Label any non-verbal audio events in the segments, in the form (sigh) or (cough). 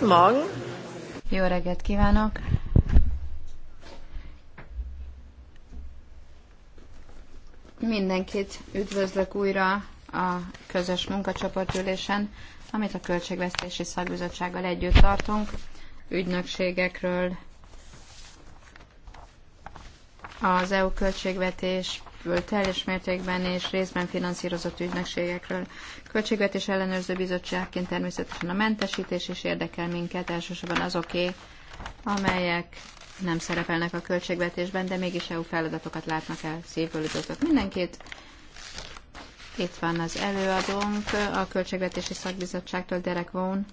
Guten Morgen. Jó reggelt kívánok. Mindenkit üdvözlök újra a közös munkacsoportülésen, amit a Költségvesztési Szakbizottsággal együtt tartunk, ügynökségekről, az EU költségvetés teljes mértékben és részben finanszírozott ügynökségekről. Költségvetés ellenőrző bizottságként természetesen a mentesítés is érdekel minket, elsősorban azoké, amelyek nem szerepelnek a költségvetésben, de mégis EU feladatokat látnak el. Szívből üdvözlök mindenkit. Itt van az előadónk, a Költségvetési Szakbizottságtól Derek Vaughan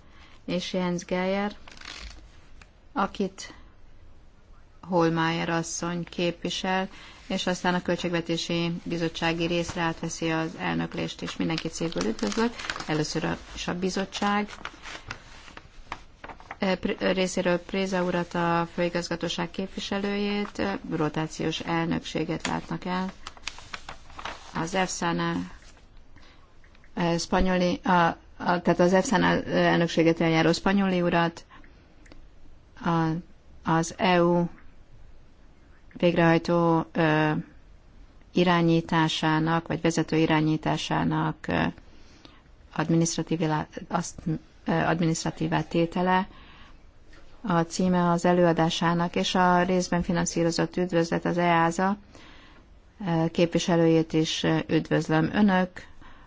és Jens Geyer, akit Holmájer asszony képvisel, és aztán a Költségvetési Bizottsági részre átveszi az elnöklést, és mindenkit szívből üdvözlök. Először a, is a bizottság részéről Préza urat, a főigazgatóság képviselőjét, rotációs elnökséget látnak el. Az EFSA-nál spanyoli, a, a, tehát az efsa elnökséget eljáró spanyoli urat, a, az EU végrehajtó irányításának, vagy vezető irányításának azt, administratív tétele, a címe az előadásának, és a részben finanszírozott üdvözlet az EÁZA képviselőjét is üdvözlöm. Önök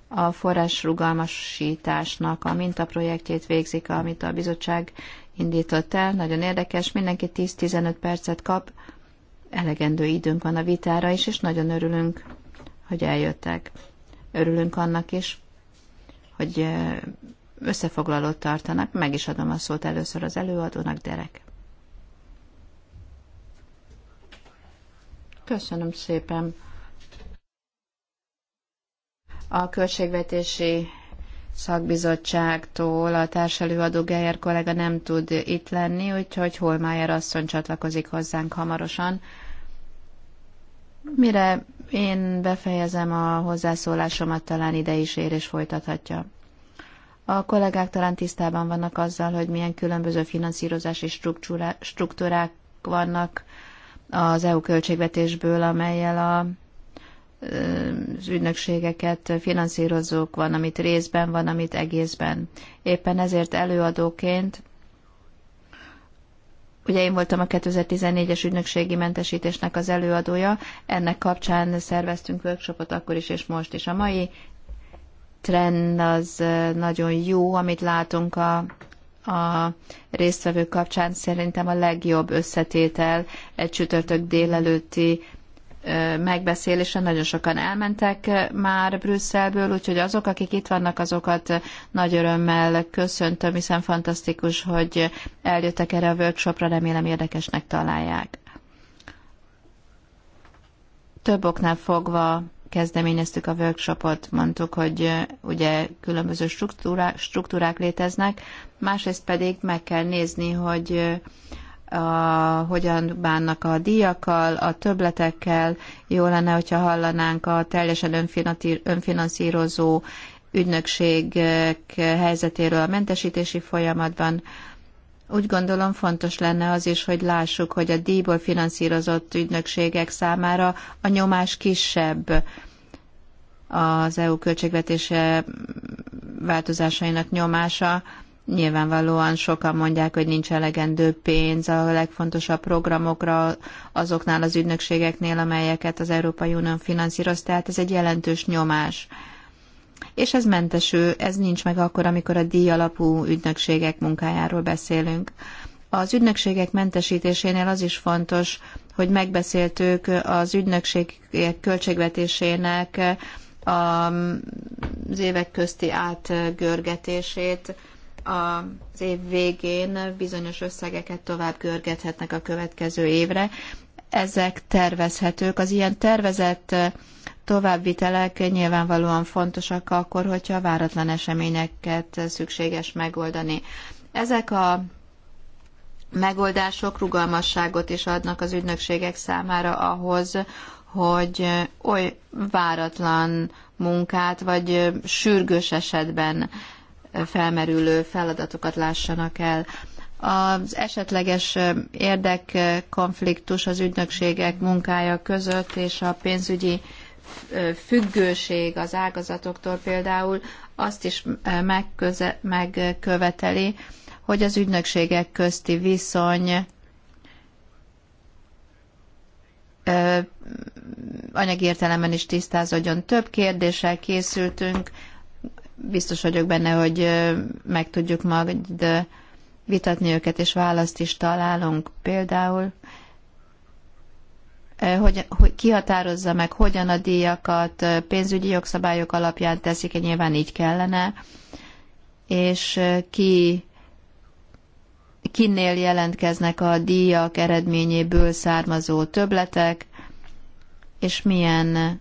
a forrás rugalmasításnak a mintaprojektjét végzik, amit a bizottság indított el. Nagyon érdekes, mindenki 10-15 percet kap elegendő időnk van a vitára is, és nagyon örülünk, hogy eljöttek. Örülünk annak is, hogy összefoglalót tartanak. Meg is adom a szót először az előadónak, Derek. Köszönöm szépen. A költségvetési szakbizottságtól a társelőadó Geyer kollega nem tud itt lenni, úgyhogy Holmájer asszony csatlakozik hozzánk hamarosan. Mire én befejezem a hozzászólásomat, talán ide is ér és folytathatja. A kollégák talán tisztában vannak azzal, hogy milyen különböző finanszírozási struktúrák vannak az EU költségvetésből, amelyel a az ügynökségeket finanszírozók, van, amit részben, van, amit egészben. Éppen ezért előadóként, ugye én voltam a 2014-es ügynökségi mentesítésnek az előadója, ennek kapcsán szerveztünk workshopot akkor is és most is. A mai trend az nagyon jó, amit látunk a, a résztvevők kapcsán szerintem a legjobb összetétel egy csütörtök délelőtti megbeszélésen nagyon sokan elmentek már Brüsszelből, úgyhogy azok, akik itt vannak, azokat nagy örömmel köszöntöm, hiszen fantasztikus, hogy eljöttek erre a workshopra, remélem érdekesnek találják. Több oknál fogva kezdeményeztük a workshopot, mondtuk, hogy ugye különböző struktúrák, struktúrák léteznek, másrészt pedig meg kell nézni, hogy a, hogyan bánnak a díjakkal, a töbletekkel. Jó lenne, hogyha hallanánk a teljesen önfinanszírozó ügynökségek helyzetéről a mentesítési folyamatban. Úgy gondolom fontos lenne az is, hogy lássuk, hogy a díjból finanszírozott ügynökségek számára a nyomás kisebb az EU költségvetése változásainak nyomása, Nyilvánvalóan sokan mondják, hogy nincs elegendő pénz a legfontosabb programokra azoknál az ügynökségeknél, amelyeket az Európai Unió finanszíroz, tehát ez egy jelentős nyomás. És ez mentesül, ez nincs meg akkor, amikor a díj alapú ügynökségek munkájáról beszélünk. Az ügynökségek mentesítésénél az is fontos, hogy megbeszéltük az ügynökségek költségvetésének mm, az évek közti átgörgetését, az év végén bizonyos összegeket tovább görgethetnek a következő évre. Ezek tervezhetők. Az ilyen tervezett eh, továbbvitelek nyilvánvalóan fontosak akkor, hogyha váratlan eseményeket szükséges megoldani. Ezek a megoldások rugalmasságot is adnak az ügynökségek számára ahhoz, hogy eh, oly váratlan munkát, vagy eh, sürgős esetben felmerülő feladatokat lássanak el. Az esetleges érdekkonfliktus az ügynökségek munkája között és a pénzügyi függőség az ágazatoktól például azt is megköze- megköveteli, hogy az ügynökségek közti viszony anyagi értelemben is tisztázódjon. Több kérdéssel készültünk biztos vagyok benne, hogy meg tudjuk majd vitatni őket, és választ is találunk. Például, hogy, hogy kihatározza meg, hogyan a díjakat pénzügyi jogszabályok alapján teszik, nyilván így kellene, és ki kinél jelentkeznek a díjak eredményéből származó töbletek, és milyen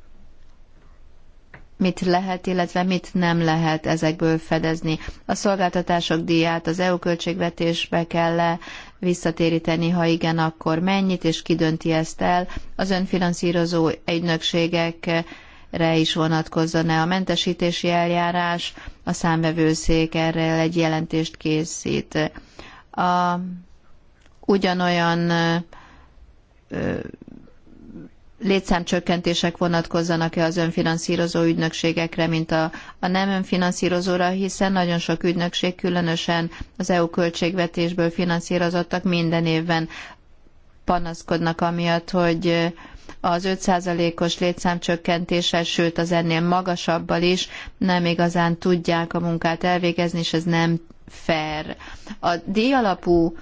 mit lehet, illetve mit nem lehet ezekből fedezni. A szolgáltatások díját az EU költségvetésbe kell -e visszatéríteni, ha igen, akkor mennyit, és ki dönti ezt el. Az önfinanszírozó egynökségekre is vonatkozzon-e a mentesítési eljárás, a számvevőszék erre egy jelentést készít. A ugyanolyan létszámcsökkentések vonatkozzanak-e az önfinanszírozó ügynökségekre, mint a, a nem önfinanszírozóra, hiszen nagyon sok ügynökség, különösen az EU költségvetésből finanszírozottak minden évben panaszkodnak amiatt, hogy az 5%-os létszámcsökkentéssel, sőt az ennél magasabbal is nem igazán tudják a munkát elvégezni, és ez nem fair. A díjalapú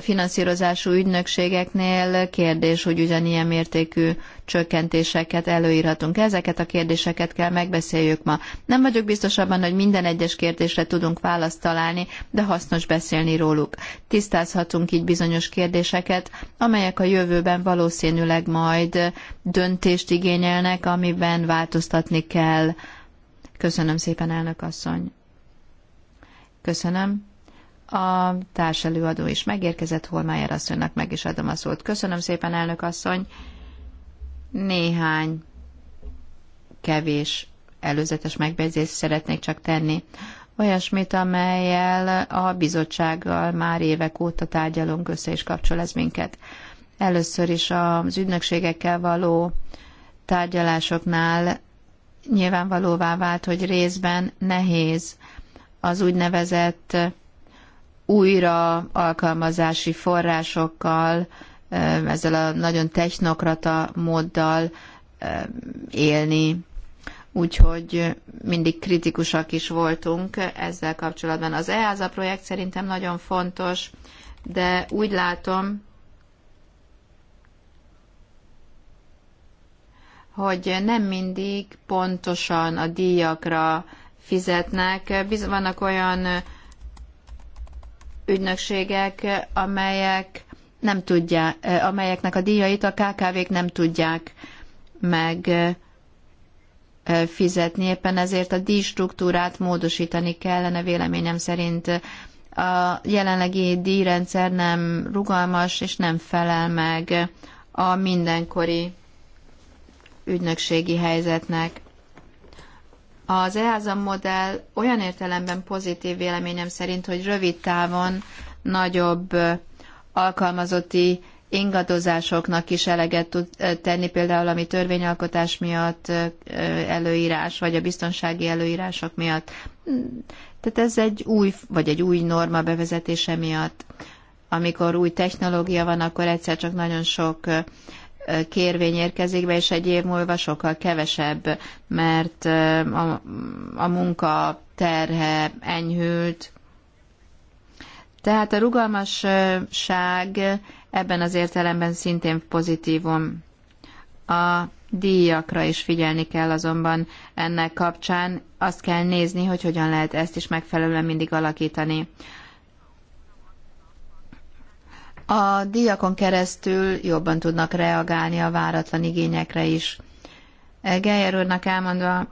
finanszírozású ügynökségeknél kérdés, hogy ugyanilyen mértékű csökkentéseket előírhatunk. Ezeket a kérdéseket kell megbeszéljük ma. Nem vagyok biztos abban, hogy minden egyes kérdésre tudunk választ találni, de hasznos beszélni róluk. Tisztázhatunk így bizonyos kérdéseket, amelyek a jövőben valószínűleg majd döntést igényelnek, amiben változtatni kell. Köszönöm szépen, elnök asszony. Köszönöm. A társelőadó is megérkezett, Holmájer asszonynak meg is adom a szót. Köszönöm szépen, elnök asszony. Néhány kevés előzetes megbejegyzést szeretnék csak tenni. Olyasmit, amelyel a bizottsággal már évek óta tárgyalunk, össze és kapcsol ez minket. Először is az ügynökségekkel való tárgyalásoknál nyilvánvalóvá vált, hogy részben nehéz az úgynevezett újra alkalmazási forrásokkal, ezzel a nagyon technokrata móddal élni. Úgyhogy mindig kritikusak is voltunk ezzel kapcsolatban. Az EASA projekt szerintem nagyon fontos, de úgy látom, hogy nem mindig pontosan a díjakra fizetnek. Biz- vannak olyan ügynökségek, amelyek nem tudja eh, amelyeknek a díjait a KKV-k nem tudják meg eh, fizetni. Éppen ezért a díjstruktúrát módosítani kellene véleményem szerint. A jelenlegi díjrendszer nem rugalmas és nem felel meg a mindenkori ügynökségi helyzetnek. Az EASA modell olyan értelemben pozitív véleményem szerint, hogy rövid távon nagyobb alkalmazotti ingadozásoknak is eleget tud tenni, például ami törvényalkotás miatt előírás, vagy a biztonsági előírások miatt. Tehát ez egy új, vagy egy új norma bevezetése miatt. Amikor új technológia van, akkor egyszer csak nagyon sok kérvény érkezik be, és egy év múlva sokkal kevesebb, mert a, a munka terhe enyhült. Tehát a rugalmasság ebben az értelemben szintén pozitívum. A díjakra is figyelni kell azonban ennek kapcsán. Azt kell nézni, hogy hogyan lehet ezt is megfelelően mindig alakítani. A díjakon keresztül jobban tudnak reagálni a váratlan igényekre is. Geyer úrnak elmondva,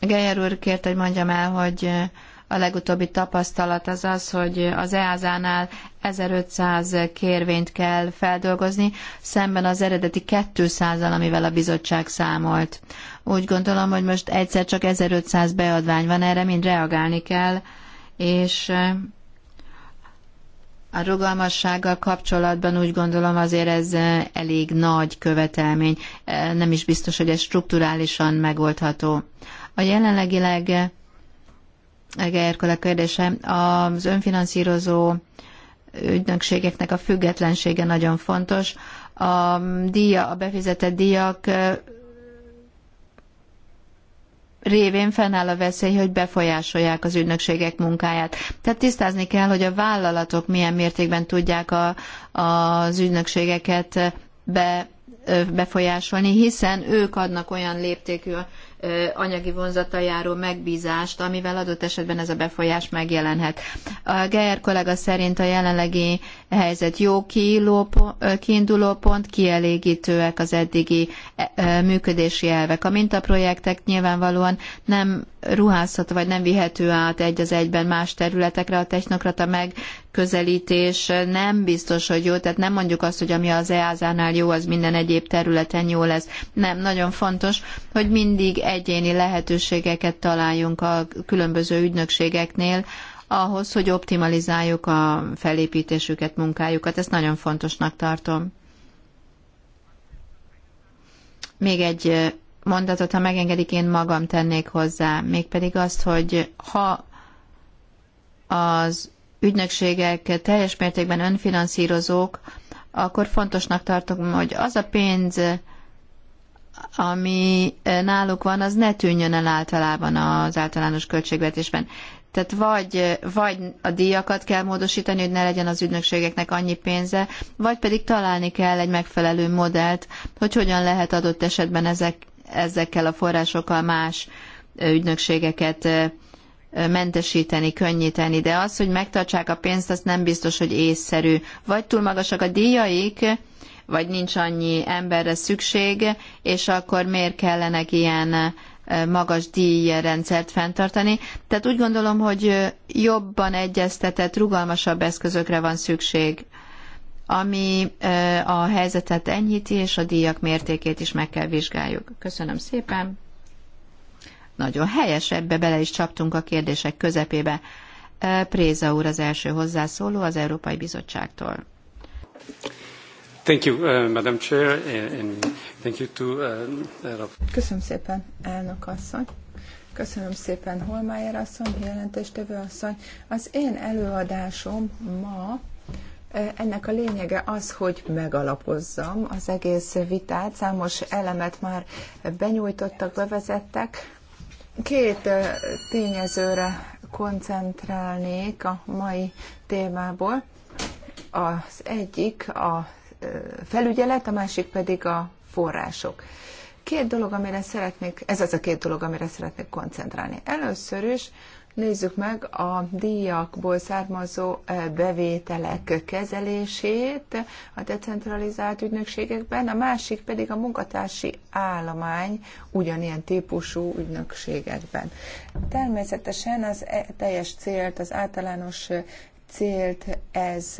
Geyer úr kért, hogy mondjam el, hogy a legutóbbi tapasztalat az az, hogy az EASA-nál 1500 kérvényt kell feldolgozni, szemben az eredeti 200-al, amivel a bizottság számolt. Úgy gondolom, hogy most egyszer csak 1500 beadvány van, erre mind reagálni kell, és a rugalmassággal kapcsolatban úgy gondolom azért ez eh, elég nagy követelmény. Eh, nem is biztos, hogy ez strukturálisan megoldható. A jelenlegileg eh, Gerkola kérdése, az önfinanszírozó ügynökségeknek a függetlensége nagyon fontos. A, díja, a befizetett díjak révén fennáll a veszély, hogy befolyásolják az ügynökségek munkáját. Tehát tisztázni kell, hogy a vállalatok milyen mértékben tudják a, az ügynökségeket be, befolyásolni, hiszen ők adnak olyan léptékű anyagi vonzata járó megbízást, amivel adott esetben ez a befolyás megjelenhet. A Geyer kollega szerint a jelenlegi helyzet jó kiinduló pont, kielégítőek az eddigi működési elvek. A mintaprojektek nyilvánvalóan nem ruházható, vagy nem vihető át egy az egyben más területekre, a technokrata megközelítés nem biztos, hogy jó, tehát nem mondjuk azt, hogy ami az EASA-nál jó, az minden egyéb területen jó lesz. Nem, nagyon fontos, hogy mindig egyéni lehetőségeket találjunk a különböző ügynökségeknél, ahhoz, hogy optimalizáljuk a felépítésüket, munkájukat. Ezt nagyon fontosnak tartom. Még egy mondatot, ha megengedik, én magam tennék hozzá, mégpedig azt, hogy ha az ügynökségek teljes mértékben önfinanszírozók, akkor fontosnak tartom, hogy az a pénz, ami náluk van, az ne tűnjön el általában az általános költségvetésben. Tehát vagy, vagy a díjakat kell módosítani, hogy ne legyen az ügynökségeknek annyi pénze, vagy pedig találni kell egy megfelelő modellt, hogy hogyan lehet adott esetben ezek ezekkel a forrásokkal más ügynökségeket mentesíteni, könnyíteni, de az, hogy megtartsák a pénzt, az nem biztos, hogy észszerű. Vagy túl magasak a díjaik, vagy nincs annyi emberre szükség, és akkor miért kellene ilyen magas díjrendszert fenntartani. Tehát úgy gondolom, hogy jobban egyeztetett, rugalmasabb eszközökre van szükség ami a helyzetet enyhíti, és a díjak mértékét is meg kell vizsgáljuk. Köszönöm szépen. Nagyon helyes, ebbe bele is csaptunk a kérdések közepébe. Préza úr az első hozzászóló az Európai Bizottságtól. Thank you, uh, Madam Chair, and thank you to, uh, uh Köszönöm szépen, elnök asszony. Köszönöm szépen, Holmájer asszony, jelentéstevő asszony. Az én előadásom ma ennek a lényege az, hogy megalapozzam az egész vitát. Számos elemet már benyújtottak, bevezettek. Két tényezőre koncentrálnék a mai témából. Az egyik a felügyelet, a másik pedig a források. Két dolog, amire szeretnék, ez az a két dolog, amire szeretnék koncentrálni. Először is Nézzük meg a díjakból származó eh, bevételek kezelését a decentralizált ügynökségekben, a másik pedig a munkatársi állomány ugyanilyen típusú ügynökségekben. Természetesen az e, teljes célt, az általános eh, célt ez,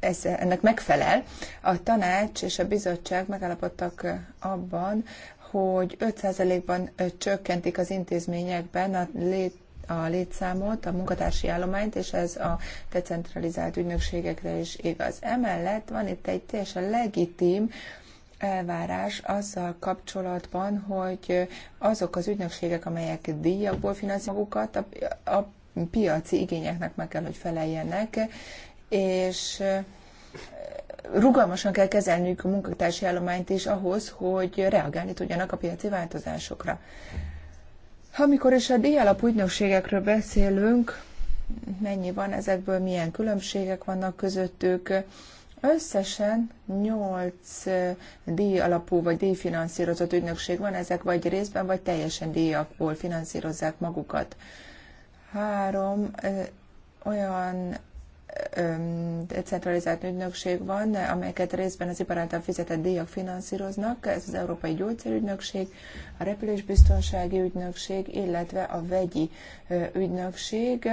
ez ennek megfelel. A tanács és a bizottság megállapodtak eh, abban, hogy 5%-ban csökkentik az intézményekben a lét a létszámot, a munkatársi állományt, és ez a decentralizált ügynökségekre is igaz. Emellett van itt egy teljesen legitim elvárás azzal kapcsolatban, hogy azok az ügynökségek, amelyek díjakból magukat, a, a piaci igényeknek meg kell, hogy feleljenek, és rugalmasan kell kezelniük a munkatársi állományt is ahhoz, hogy reagálni tudjanak a piaci változásokra. Amikor is a díjalap ügynökségekről beszélünk, mennyi van ezekből, milyen különbségek vannak közöttük, Összesen 8 eh, díj alapú vagy díjfinanszírozott ügynökség van, ezek vagy részben, vagy teljesen díjakból finanszírozzák magukat. Három eh, olyan centralizált ügynökség van, amelyeket részben az ipar által fizetett díjak finanszíroznak, ez az Európai Gyógyszerügynökség, a Repülésbiztonsági Ügynökség, illetve a Vegyi Ügynökség,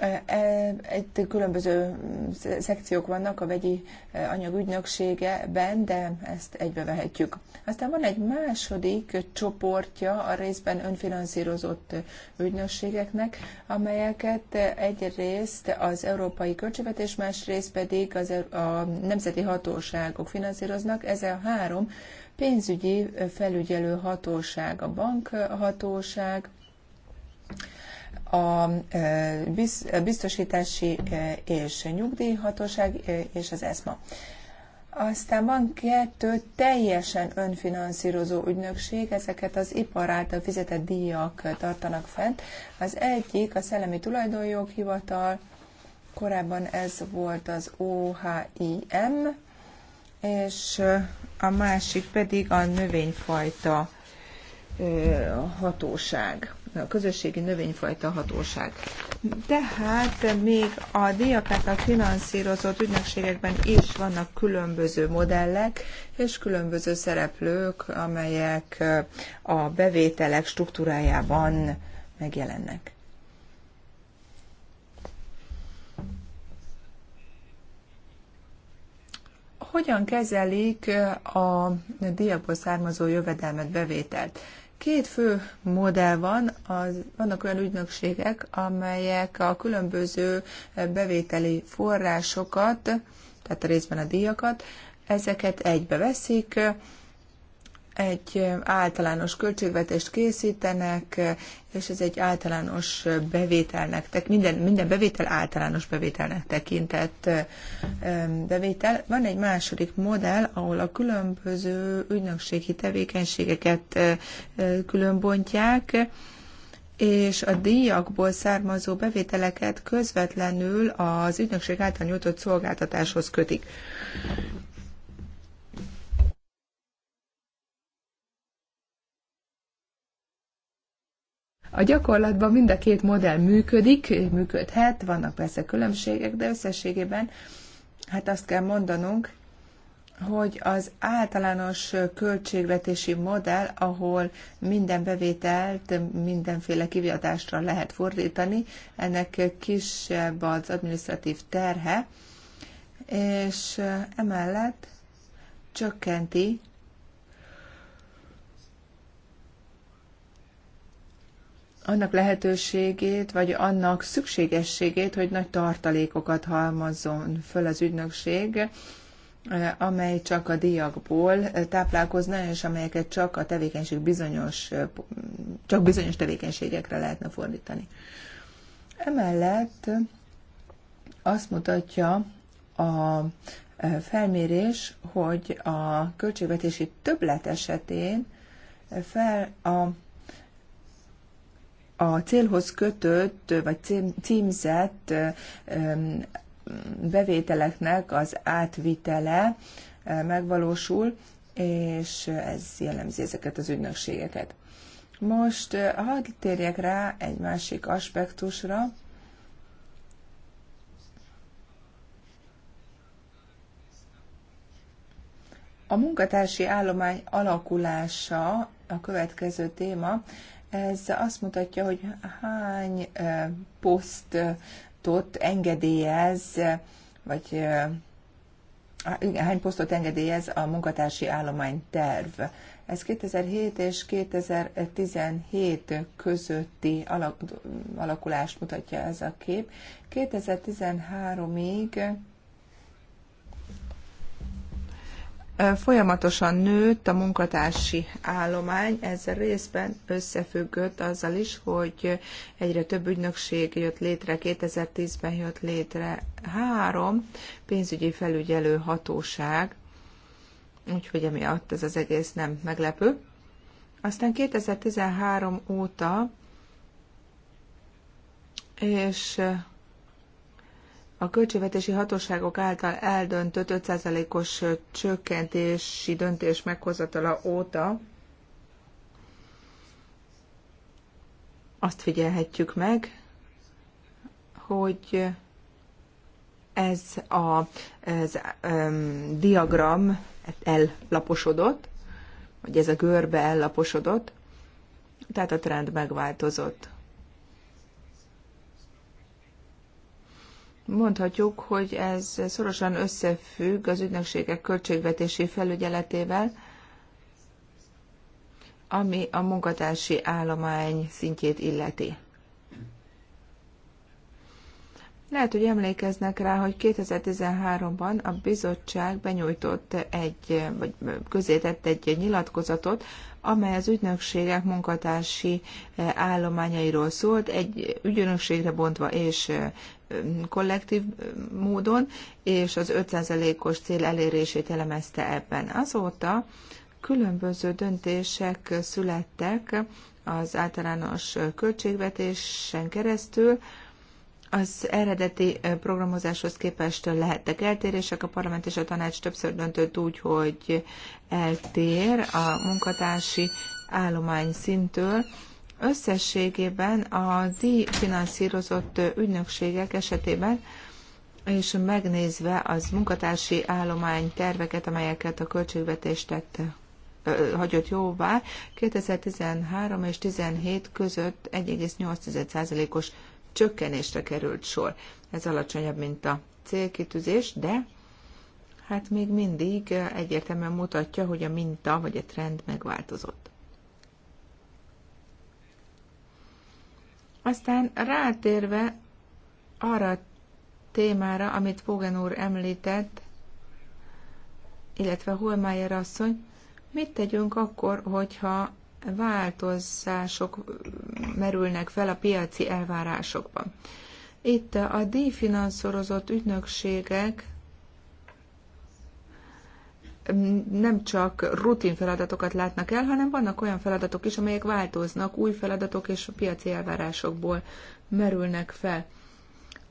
E, e, itt különböző szekciók vannak a vegyi e, anyagügynökségeben, de ezt egybevehetjük. Aztán van egy második csoportja a részben önfinanszírozott ügynökségeknek, amelyeket egyrészt az európai költségvetés, másrészt pedig az, a nemzeti hatóságok finanszíroznak. Ez a három pénzügyi felügyelő hatóság, a bankhatóság, a biztosítási és nyugdíjhatóság és az ESMA. Aztán van kettő teljesen önfinanszírozó ügynökség, ezeket az ipar által fizetett díjak tartanak fent. Az egyik a Szellemi Tulajdonjog Hivatal, korábban ez volt az OHIM, és a másik pedig a növényfajta hatóság a közösségi növényfajta hatóság. Tehát még a díjak által finanszírozott ügynökségekben is vannak különböző modellek és különböző szereplők, amelyek eh, a bevételek struktúrájában megjelennek. Hogyan kezelik eh, a díjakból származó jövedelmet, bevételt? Két fő modell van, az, vannak olyan ügynökségek, amelyek a különböző bevételi forrásokat, tehát a részben a díjakat, ezeket egybe veszik, egy általános költségvetést készítenek, és ez egy általános bevételnek, tehát minden, minden bevétel általános bevételnek tekintett bevétel. Van egy második modell, ahol a különböző ügynökségi tevékenységeket különbontják, és a díjakból származó bevételeket közvetlenül az ügynökség által nyújtott szolgáltatáshoz kötik. A gyakorlatban mind a két modell működik, működhet, vannak persze különbségek, de összességében hát azt kell mondanunk, hogy az általános költségvetési modell, ahol minden bevételt mindenféle kiviadásra lehet fordítani, ennek kisebb az administratív terhe, és emellett csökkenti annak lehetőségét, vagy annak szükségességét, hogy nagy tartalékokat halmazzon föl az ügynökség, eh, amely csak a díjakból táplálkozna, és amelyeket csak a tevékenység bizonyos, csak bizonyos tevékenységekre lehetne fordítani. Emellett azt mutatja a eh, felmérés, hogy a költségvetési többlet esetén fel a a célhoz kötött vagy címzett bevételeknek az átvitele megvalósul, és ez jellemzi ezeket az ügynökségeket. Most hadd térjek rá egy másik aspektusra, A munkatársi állomány alakulása a következő téma. Ez azt mutatja, hogy hány posztot engedélyez, vagy hány posztot engedélyez a munkatársi állományterv. Ez 2007 és 2017 közötti alakulást mutatja ez a kép. 2013-ig Folyamatosan nőtt a munkatársi állomány, ez részben összefüggött azzal is, hogy egyre több ügynökség jött létre, 2010-ben jött létre három pénzügyi felügyelő hatóság, úgyhogy emiatt ez az egész nem meglepő. Aztán 2013 óta, és a költségvetési hatóságok által eldöntött 5%-os csökkentési döntés meghozatala óta azt figyelhetjük meg, hogy ez a ez, um, diagram ellaposodott, vagy ez a görbe ellaposodott, tehát a trend megváltozott. Mondhatjuk, hogy ez szorosan összefügg az ügynökségek költségvetési felügyeletével, ami a munkatársi állomány szintjét illeti. Lehet, hogy emlékeznek rá, hogy 2013-ban a bizottság benyújtott egy, vagy közétett egy nyilatkozatot, amely az ügynökségek munkatársi eh, állományairól szólt, egy ügynökségre bontva és eh, kollektív eh, módon, és az 5%-os cél elérését elemezte ebben. Azóta különböző döntések születtek az általános költségvetésen keresztül, az eredeti programozáshoz képest lehettek eltérések. A parlament és a tanács többször döntött úgy, hogy eltér a munkatársi állomány szintől. Összességében a díj finanszírozott ügynökségek esetében és megnézve az munkatársi állomány terveket, amelyeket a költségvetés tett hagyott jóvá, 2013 és 2017 között 1,8%-os csökkenésre került sor. Ez alacsonyabb, mint a célkitűzés, de hát még mindig egyértelműen mutatja, hogy a minta vagy a trend megváltozott. Aztán rátérve arra a témára, amit Fogen úr említett, illetve Holmájer asszony, mit tegyünk akkor, hogyha változások merülnek fel a piaci elvárásokban. Itt a díjfinanszorozott ügynökségek nem csak rutin feladatokat látnak el, hanem vannak olyan feladatok is, amelyek változnak, új feladatok és a piaci elvárásokból merülnek fel.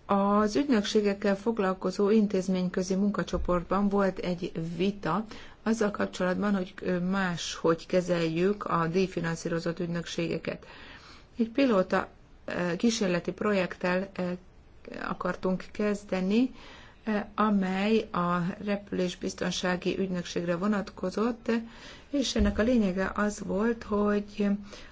Az ügynökségekkel foglalkozó intézményközi munkacsoportban volt egy vita azzal kapcsolatban, hogy más, hogy kezeljük a díjfinanszírozott ügynökségeket. Egy pilóta kísérleti projekttel akartunk kezdeni, amely a repülésbiztonsági ügynökségre vonatkozott, és ennek a lényege az volt, hogy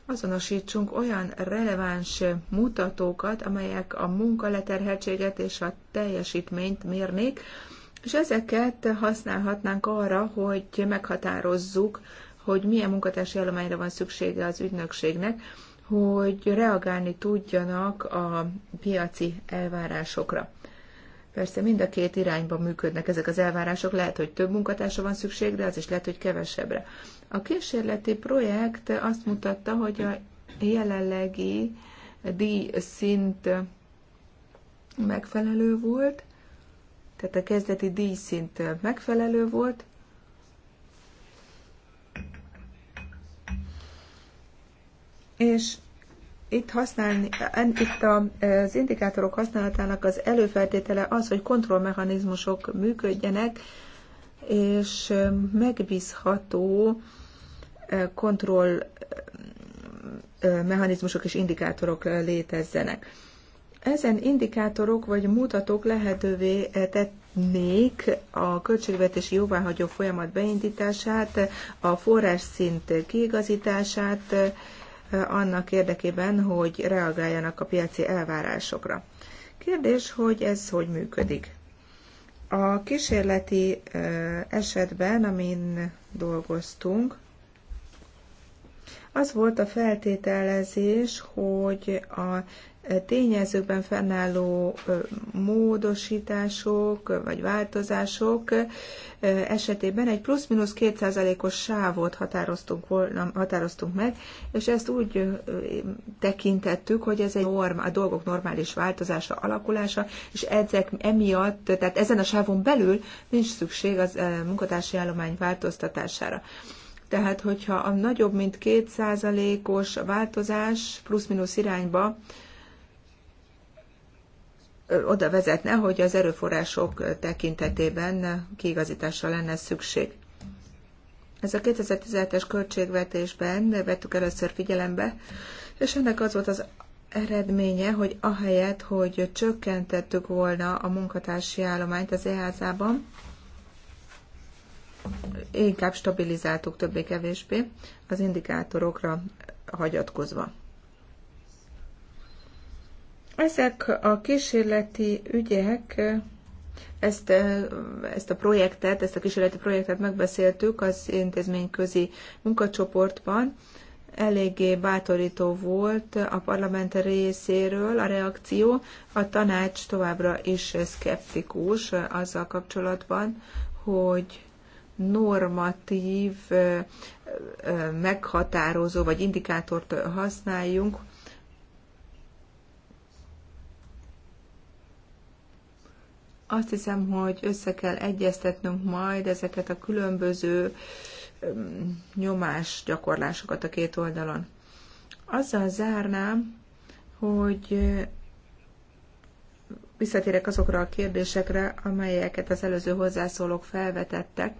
azonosítsunk olyan releváns mutatókat, amelyek a munkaleterheltséget és a teljesítményt mérnék, és ezeket használhatnánk arra, hogy meghatározzuk, hogy milyen munkatársi állományra van szüksége az ügynökségnek, hogy reagálni tudjanak a piaci elvárásokra. Persze mind a két irányban működnek ezek az elvárások, lehet, hogy több munkatársa van szükség, de az is lehet, hogy kevesebbre. A kísérleti projekt azt mutatta, hogy a jelenlegi díj szint megfelelő volt, tehát a kezdeti díjszint megfelelő volt. És itt használni, itt az indikátorok használatának az előfeltétele az, hogy kontrollmechanizmusok működjenek, és megbízható kontrollmechanizmusok és indikátorok létezzenek. Ezen indikátorok vagy mutatók lehetővé tetnék a költségvetési jóváhagyó folyamat beindítását, a forrás szint kiigazítását, eh, annak érdekében, hogy reagáljanak a piaci elvárásokra. Kérdés, hogy ez hogy működik. A kísérleti eh, esetben, amin dolgoztunk, az volt a feltételezés, hogy a tényezőkben fennálló módosítások vagy változások esetében egy plusz-minusz kétszázalékos os sávot határoztunk, volna, határoztunk meg, és ezt úgy tekintettük, hogy ez egy norm, a dolgok normális változása, alakulása, és ezek emiatt, tehát ezen a sávon belül nincs szükség az munkatársi állomány változtatására. Tehát, hogyha a nagyobb, mint 2%-os változás plusz-minusz irányba oda vezetne, hogy az erőforrások tekintetében kiigazításra lenne szükség. Ez a 2017-es költségvetésben vettük először figyelembe, és ennek az volt az eredménye, hogy ahelyett, hogy csökkentettük volna a munkatársi állományt az EHZ-ban, inkább stabilizáltuk többé-kevésbé az indikátorokra hagyatkozva. Ezek a kísérleti ügyek, ezt, ezt a projektet, ezt a kísérleti projektet megbeszéltük az intézményközi munkacsoportban. Eléggé bátorító volt a parlament részéről a reakció. A tanács továbbra is szkeptikus azzal kapcsolatban, hogy normatív meghatározó vagy indikátort használjunk, azt hiszem, hogy össze kell egyeztetnünk majd ezeket a különböző nyomás gyakorlásokat a két oldalon. Azzal zárnám, hogy visszatérek azokra a kérdésekre, amelyeket az előző hozzászólók felvetettek.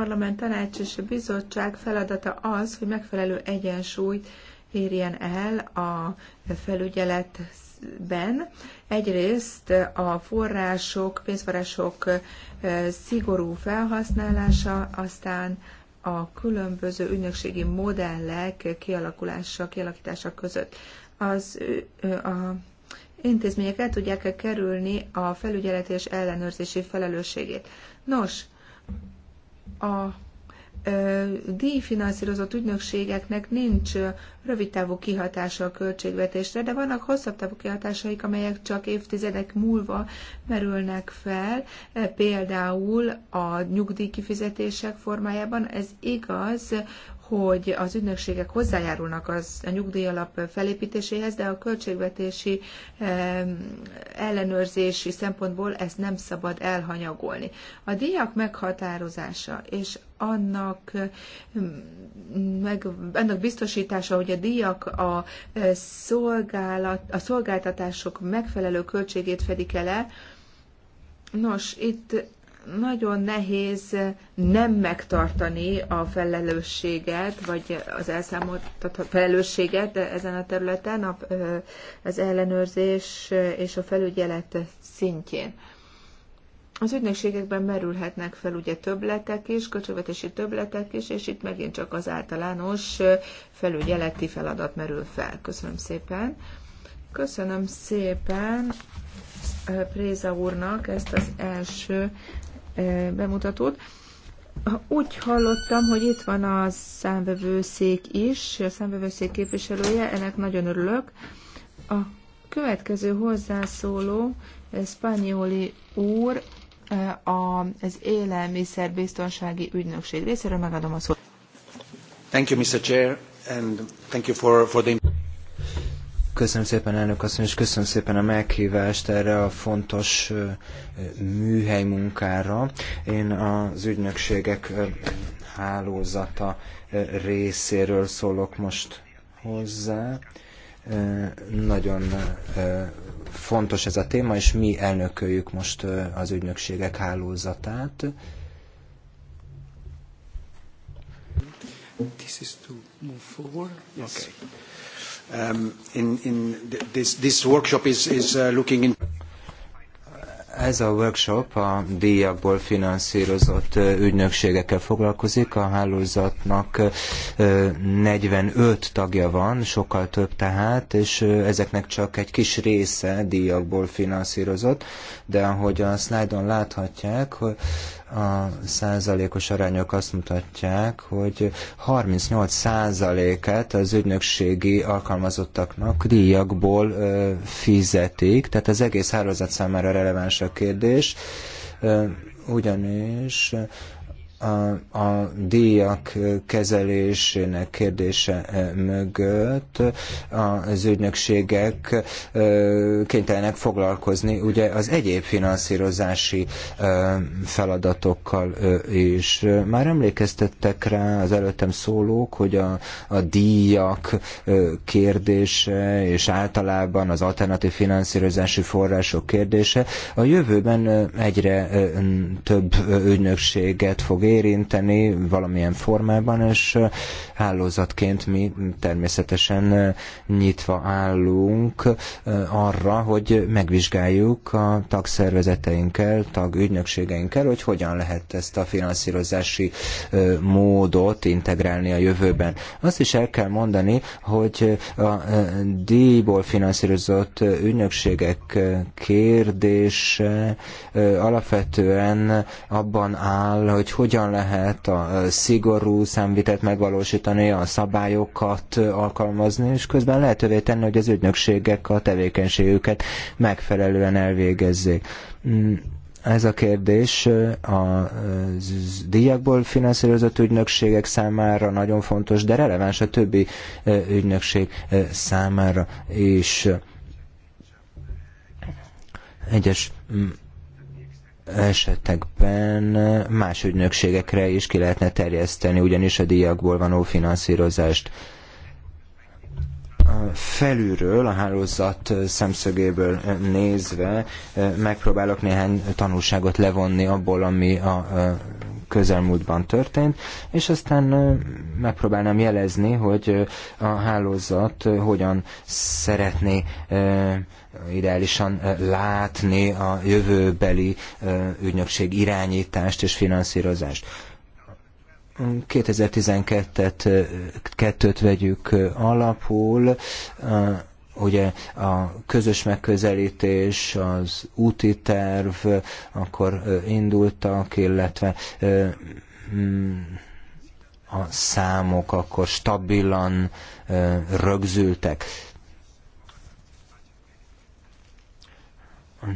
Parlament, Tanács és a Bizottság feladata az, hogy megfelelő egyensúlyt érjen el a felügyeletben. Egyrészt a források, pénzforrások szigorú felhasználása, aztán a különböző ügynökségi modellek kialakulása, kialakítása között. Az a intézmények el tudják -e kerülni a felügyeleti és ellenőrzési felelősségét. Nos, a díjfinanszírozott ügynökségeknek nincs rövidtávú kihatása a költségvetésre, de vannak hosszabb távú kihatásaik, amelyek csak évtizedek múlva merülnek fel, például a nyugdíjkifizetések formájában. Ez igaz hogy az ügynökségek hozzájárulnak az, a nyugdíjalap felépítéséhez, de a költségvetési ellenőrzési szempontból ezt nem szabad elhanyagolni. A díjak meghatározása és annak, meg, annak biztosítása, hogy a díjak a, e, szolgálat, a szolgáltatások megfelelő költségét fedik el, Nos, itt nagyon nehéz nem megtartani a felelősséget, vagy az elszámoltató felelősséget ezen a területen, az ellenőrzés és a felügyelet szintjén. Az ügynökségekben merülhetnek fel ugye többletek is, köcsövetési többletek is, és itt megint csak az általános felügyeleti feladat merül fel. Köszönöm szépen. Köszönöm szépen Préza úrnak ezt az első bemutatót. Úgy hallottam, hogy itt van a számvevőszék is, a számvevőszék képviselője, ennek nagyon örülök. A következő hozzászóló, Spanyoli úr, az élelmiszerbiztonsági ügynökség részéről megadom a szót. Thank you, Mr. Chair, and thank you for, for the... Köszönöm szépen, elnök asszony, és köszönöm szépen a meghívást erre a fontos műhely munkára. Én az ügynökségek hálózata részéről szólok most hozzá. Nagyon fontos ez a téma, és mi elnököljük most az ügynökségek hálózatát. This is to move forward. Yes. Okay um, in, in this, this workshop is, is uh, looking in ez a workshop a díjakból finanszírozott ügynökségekkel foglalkozik. A hálózatnak 45 tagja van, sokkal több tehát, és ezeknek csak egy kis része díjakból finanszírozott, de ahogy a szlájdon láthatják, a százalékos arányok azt mutatják, hogy 38 százaléket az ügynökségi alkalmazottaknak díjakból fizetik, tehát az egész hálózat számára releváns a kérdés, ugyanis a, a díjak kezelésének kérdése e, mögött az ügynökségek e, kénytelenek foglalkozni ugye az egyéb finanszírozási e, feladatokkal is. Már emlékeztettek rá az előttem szólók, hogy a, a díjak kérdése és általában az alternatív finanszírozási források kérdése a jövőben egyre több ügynökséget fog érinteni valamilyen formában, és hálózatként mi természetesen nyitva állunk arra, hogy megvizsgáljuk a tagszervezeteinkkel, tagügynökségeinkkel, hogy hogyan lehet ezt a finanszírozási módot integrálni a jövőben. Azt is el kell mondani, hogy a díjból finanszírozott ügynökségek kérdése alapvetően abban áll, hogy hogyan hogyan lehet a szigorú számvitelt megvalósítani, a szabályokat alkalmazni, és közben lehetővé tenni, hogy az ügynökségek a tevékenységüket megfelelően elvégezzék mm, ez a kérdés a díjakból finanszírozott ügynökségek számára nagyon fontos, de releváns a többi ügynökség számára is. Egyes mm, esetekben más ügynökségekre is ki lehetne terjeszteni, ugyanis a díjakból vanó finanszírozást felülről, a hálózat szemszögéből nézve megpróbálok néhány tanulságot levonni abból, ami a közelmúltban történt, és aztán megpróbálnám jelezni, hogy a hálózat hogyan szeretné ideálisan látni a jövőbeli ügynökség irányítást és finanszírozást. 2012 t vegyük alapul, ugye a közös megközelítés, az úti terv akkor indultak, illetve mm, a számok akkor stabilan rögzültek.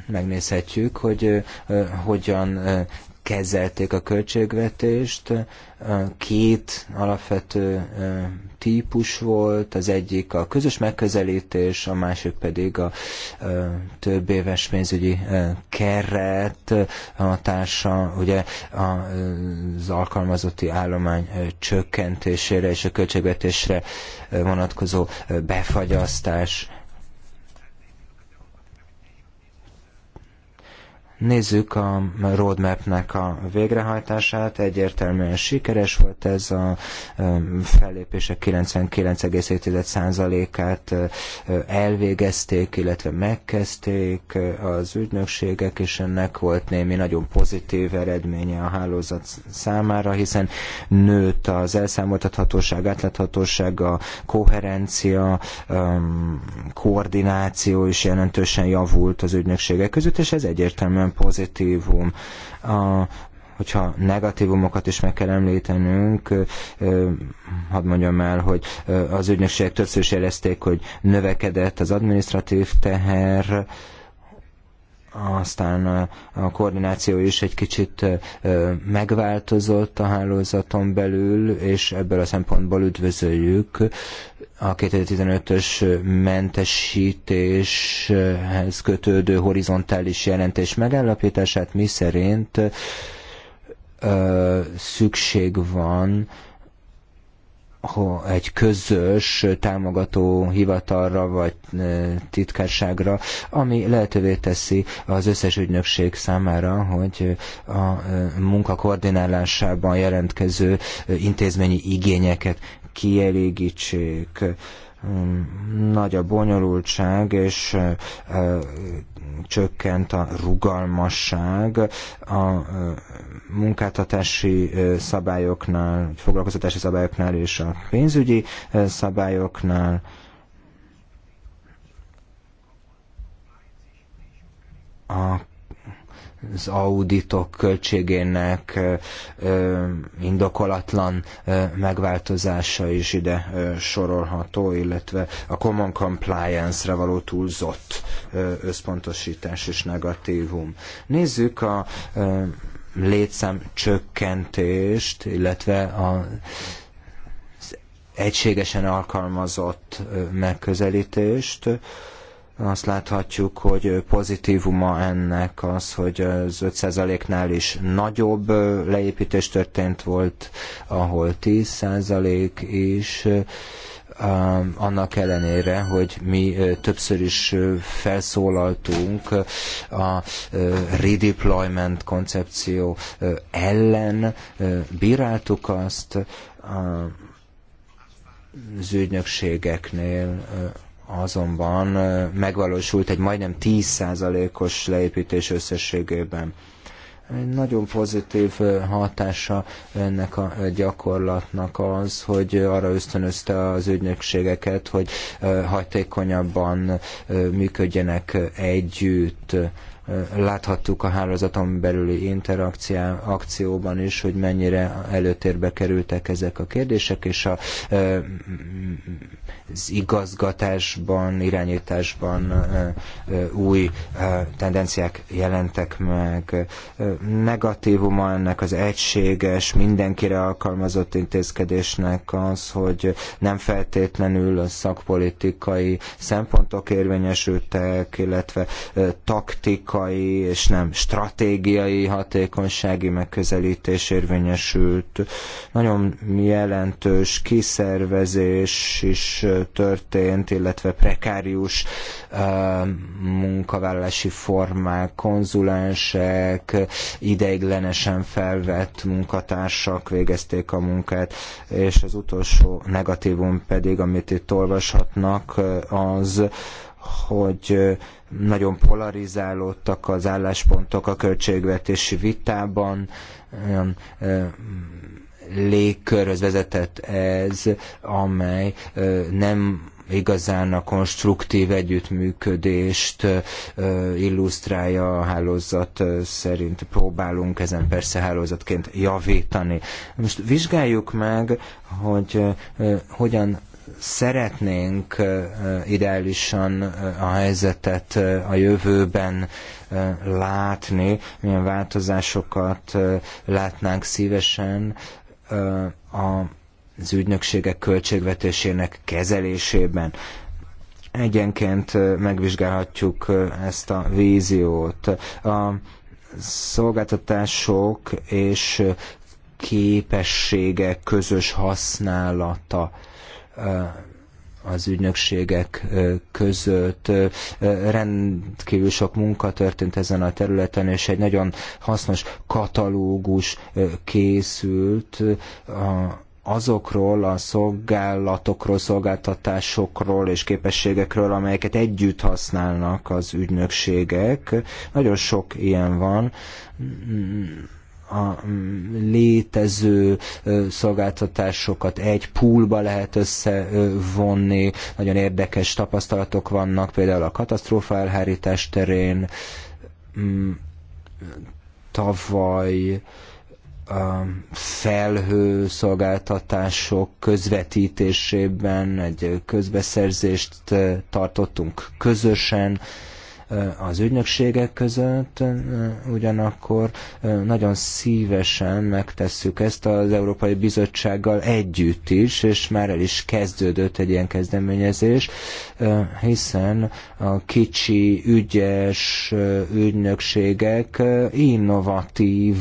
megnézhetjük, hogy hogyan kezelték a költségvetést. Két alapvető típus volt, az egyik a közös megközelítés, a másik pedig a több éves pénzügyi keret hatása, ugye az alkalmazotti állomány csökkentésére és a költségvetésre vonatkozó befagyasztás Nézzük a roadmapnek a végrehajtását. Egyértelműen sikeres volt ez a fellépések 99,7%-át elvégezték, illetve megkezdték az ügynökségek, és ennek volt némi nagyon pozitív eredménye a hálózat számára, hiszen nőtt az elszámoltathatóság, átláthatóság, a koherencia, koordináció is jelentősen javult az ügynökségek között, és ez egyértelműen külön pozitívum. A, hogyha negatívumokat is meg kell említenünk, hadd mondjam el, hogy az ügynökségek többször is jelezték, hogy növekedett az administratív teher, aztán a koordináció is egy kicsit megváltozott a hálózaton belül, és ebből a szempontból üdvözöljük a 2015-ös mentesítéshez kötődő horizontális jelentés megállapítását, mi szerint ö, szükség van egy közös támogató hivatalra vagy titkárságra, ami lehetővé teszi az összes ügynökség számára, hogy a munka koordinálásában jelentkező intézményi igényeket kielégítsék. Hm, nagy a bonyolultság, és csökkent a rugalmasság a munkáltatási szabályoknál, foglalkoztatási szabályoknál és a pénzügyi szabályoknál. A az auditok költségének indokolatlan megváltozása is ide sorolható, illetve a common compliance-re való túlzott összpontosítás és negatívum. Nézzük a létszám csökkentést, illetve a egységesen alkalmazott megközelítést azt láthatjuk, hogy pozitívuma ennek az, hogy az 5%-nál is nagyobb leépítés történt volt, ahol 10% is, annak ellenére, hogy mi többször is felszólaltunk a redeployment koncepció ellen, bíráltuk azt az ügynökségeknél, azonban megvalósult egy majdnem 10%-os leépítés összességében. Egy nagyon pozitív hatása ennek a gyakorlatnak az, hogy arra ösztönözte az ügynökségeket, hogy hatékonyabban működjenek együtt Láthattuk a hálózaton belüli interakcióban is, hogy mennyire előtérbe kerültek ezek a kérdések, és a, az igazgatásban, irányításban új tendenciák jelentek meg. Negatívuma ennek az egységes, mindenkire alkalmazott intézkedésnek az, hogy nem feltétlenül a szakpolitikai szempontok érvényesültek, illetve taktika, politikai és nem stratégiai hatékonysági megközelítés érvényesült. Nagyon jelentős kiszervezés is történt, illetve prekárius munkavállalási formák, konzulensek, ideiglenesen felvett munkatársak végezték a munkát, és az utolsó negatívum pedig, amit itt olvashatnak, az, hogy nagyon polarizálódtak az álláspontok a költségvetési vitában, olyan légkörhöz vezetett ez, amely nem igazán a konstruktív együttműködést illusztrálja a hálózat szerint. Próbálunk ezen persze hálózatként javítani. Most vizsgáljuk meg, hogy hogyan szeretnénk ideálisan a helyzetet a jövőben látni, milyen változásokat látnánk szívesen az ügynökségek költségvetésének kezelésében egyenként megvizsgálhatjuk ezt a víziót. A szolgáltatások és képességek közös használata az ügynökségek között. Rendkívül sok munka történt ezen a területen, és egy nagyon hasznos katalógus készült azokról a szolgálatokról, szolgáltatásokról és képességekről, amelyeket együtt használnak az ügynökségek. Nagyon sok ilyen van a mm, létező szolgáltatásokat egy poolba lehet összevonni, nagyon érdekes tapasztalatok vannak, például a katasztrófa elhárítás terén, mm, tavaly a felhő szolgáltatások közvetítésében egy közbeszerzést tartottunk közösen, Eh, az ügynökségek között, eh, ugyanakkor eh, nagyon szívesen megtesszük ezt az Európai Bizottsággal együtt is, és már el is kezdődött egy ilyen kezdeményezés, hiszen a kicsi, ügyes ügynökségek innovatív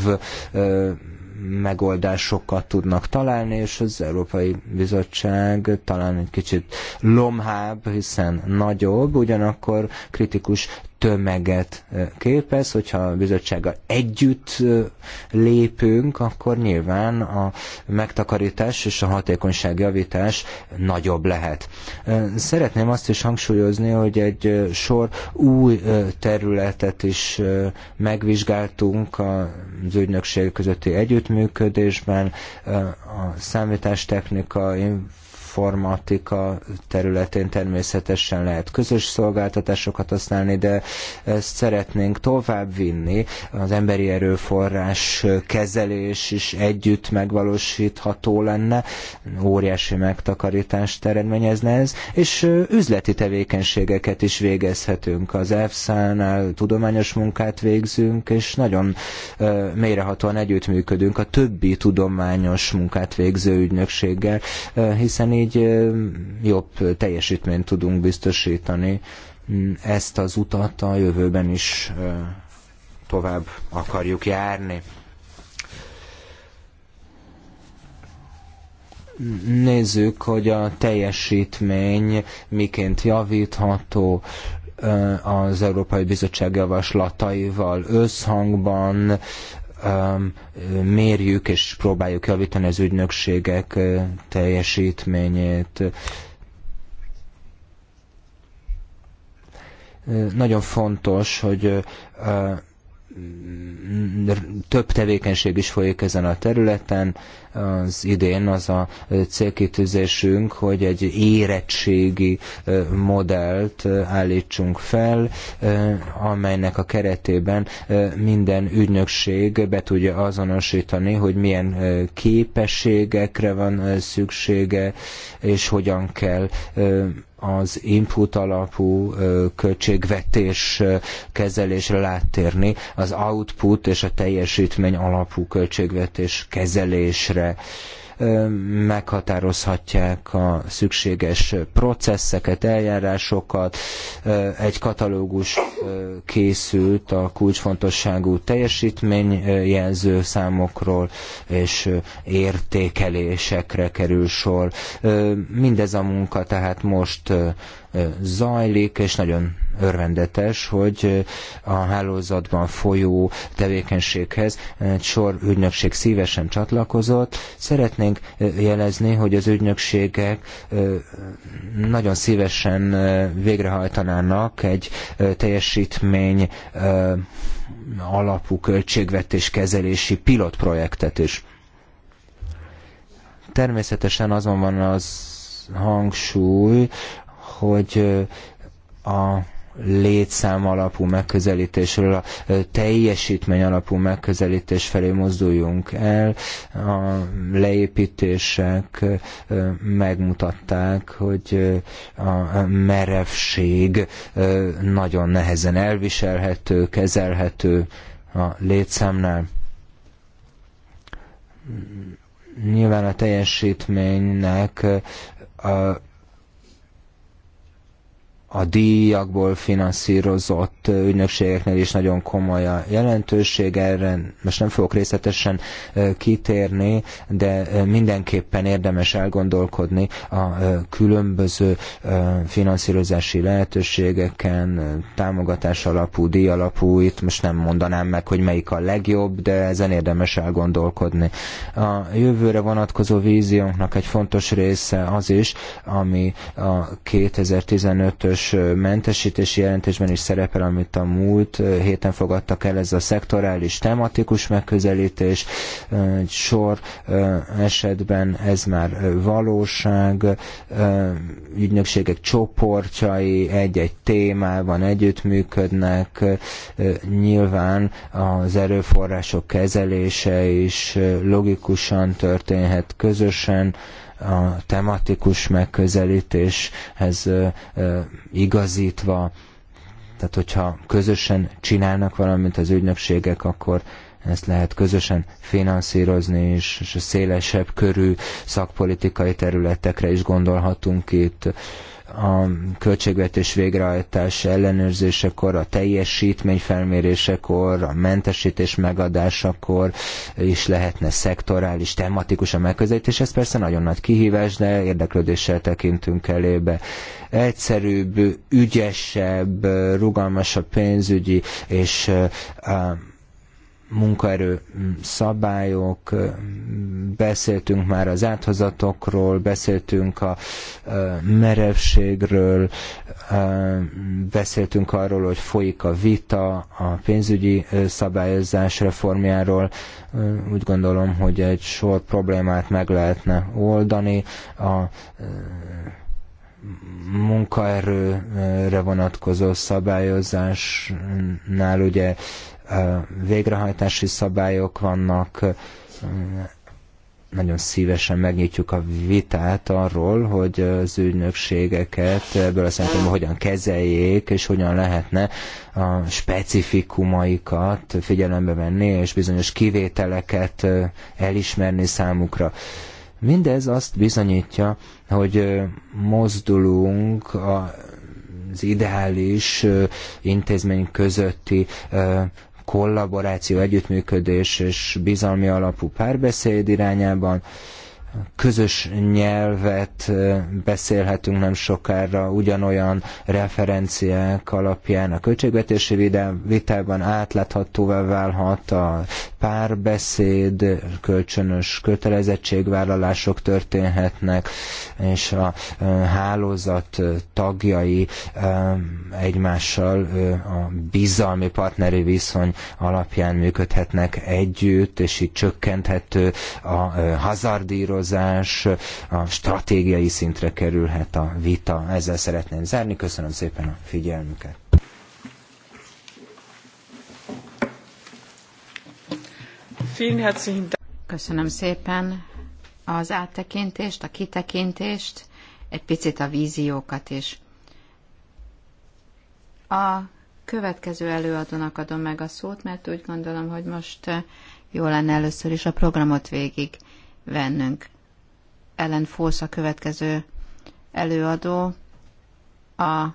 megoldásokat tudnak találni, és az Európai Bizottság talán egy kicsit lomhább, hiszen nagyobb, ugyanakkor kritikus tömeget képez, hogyha a bizottsággal együtt lépünk, akkor nyilván a megtakarítás és a hatékonyság javítás nagyobb lehet. Szeretném azt is hangsúlyozni, hogy egy sor új területet is megvizsgáltunk az ügynökség közötti együttműködésben, a számítástechnika, informatika területén természetesen lehet közös szolgáltatásokat használni, de ezt szeretnénk tovább vinni. Az emberi erőforrás kezelés is együtt megvalósítható lenne, óriási megtakarítást eredményezne ez, és üzleti tevékenységeket is végezhetünk. Az EFSA-nál tudományos munkát végzünk, és nagyon mélyrehatóan együttműködünk a többi tudományos munkát végző ügynökséggel, hiszen így így jobb teljesítményt tudunk biztosítani. Ezt az utat a jövőben is tovább akarjuk járni. Nézzük, hogy a teljesítmény miként javítható, az Európai Bizottság javaslataival összhangban Um, mérjük és próbáljuk javítani az ügynökségek uh, teljesítményét. Uh, nagyon fontos, hogy uh, több tevékenység is folyik ezen a területen. Az idén az a célkitűzésünk, hogy egy érettségi modellt állítsunk fel, amelynek a keretében minden ügynökség be tudja azonosítani, hogy milyen képességekre van szüksége, és hogyan kell az input alapú költségvetés kezelésre láttérni, az output és a teljesítmény alapú költségvetés kezelésre meghatározhatják a szükséges processzeket, eljárásokat. Egy katalógus készült a kulcsfontosságú teljesítményjelző számokról, és értékelésekre kerül sor. Mindez a munka tehát most zajlik, és nagyon örvendetes, hogy a hálózatban folyó tevékenységhez egy sor ügynökség szívesen csatlakozott. Szeretnénk jelezni, hogy az ügynökségek nagyon szívesen végrehajtanának egy teljesítmény alapú költségvetés kezelési pilotprojektet is. Természetesen azon van az hangsúly, hogy a létszám alapú megközelítésről a teljesítmény alapú megközelítés felé mozduljunk el. A leépítések megmutatták, hogy a merevség nagyon nehezen elviselhető, kezelhető a létszámnál. Nyilván a teljesítménynek a a díjakból finanszírozott ügynökségeknél is nagyon komoly a jelentőség. Erre most nem fogok részletesen kitérni, de mindenképpen érdemes elgondolkodni a különböző finanszírozási lehetőségeken, támogatás alapú, díj alapú, itt most nem mondanám meg, hogy melyik a legjobb, de ezen érdemes elgondolkodni. A jövőre vonatkozó víziónknak egy fontos része az is, ami a 2015-ös mentesítési jelentésben is szerepel, amit a múlt héten fogadtak el, ez a szektorális tematikus megközelítés. Egy sor esetben ez már valóság, ügynökségek csoportjai egy-egy témában együttműködnek, nyilván az erőforrások kezelése is logikusan történhet közösen, a tematikus megközelítéshez igazítva, tehát hogyha közösen csinálnak valamit az ügynökségek, akkor ezt lehet közösen finanszírozni, is, és a szélesebb körű szakpolitikai területekre is gondolhatunk itt a költségvetés végrehajtása ellenőrzésekor, a teljesítmény felmérésekor, a mentesítés megadásakor is lehetne szektorális, tematikus a megközelítés. Ez persze nagyon nagy kihívás, de érdeklődéssel tekintünk elébe. Egyszerűbb, ügyesebb, rugalmasabb pénzügyi és munkaerő mm, szabályok, mm, beszéltünk már az áthozatokról, beszéltünk a merevségről, beszéltünk arról, hogy folyik a vita a pénzügyi szabályozás reformjáról. Úgy gondolom, hogy egy sor problémát meg lehetne oldani. A munkaerőre vonatkozó szabályozásnál ugye végrehajtási szabályok vannak. Nagyon szívesen megnyitjuk a vitát arról, hogy az ügynökségeket ebből a szempontból hogyan kezeljék, és hogyan lehetne a specifikumaikat figyelembe venni, és bizonyos kivételeket elismerni számukra. Mindez azt bizonyítja, hogy mozdulunk a az ideális intézmény közötti kollaboráció, együttműködés és bizalmi alapú párbeszéd irányában közös nyelvet beszélhetünk nem sokára, ugyanolyan referenciák alapján a költségvetési vitában átláthatóvá válhat a párbeszéd, kölcsönös kötelezettségvállalások történhetnek, és a hálózat tagjai egymással a bizalmi partneri viszony alapján működhetnek együtt, és így csökkenthető a hazardírozás, szabályozás a stratégiai szintre kerülhet a vita. Ezzel szeretném zárni. Köszönöm szépen a figyelmüket. Köszönöm szépen az áttekintést, a kitekintést, egy picit a víziókat is. A következő előadónak adom meg a szót, mert úgy gondolom, hogy most eh, jó lenne először is a programot végig vennünk. Ellen Fosz a következő előadó. A,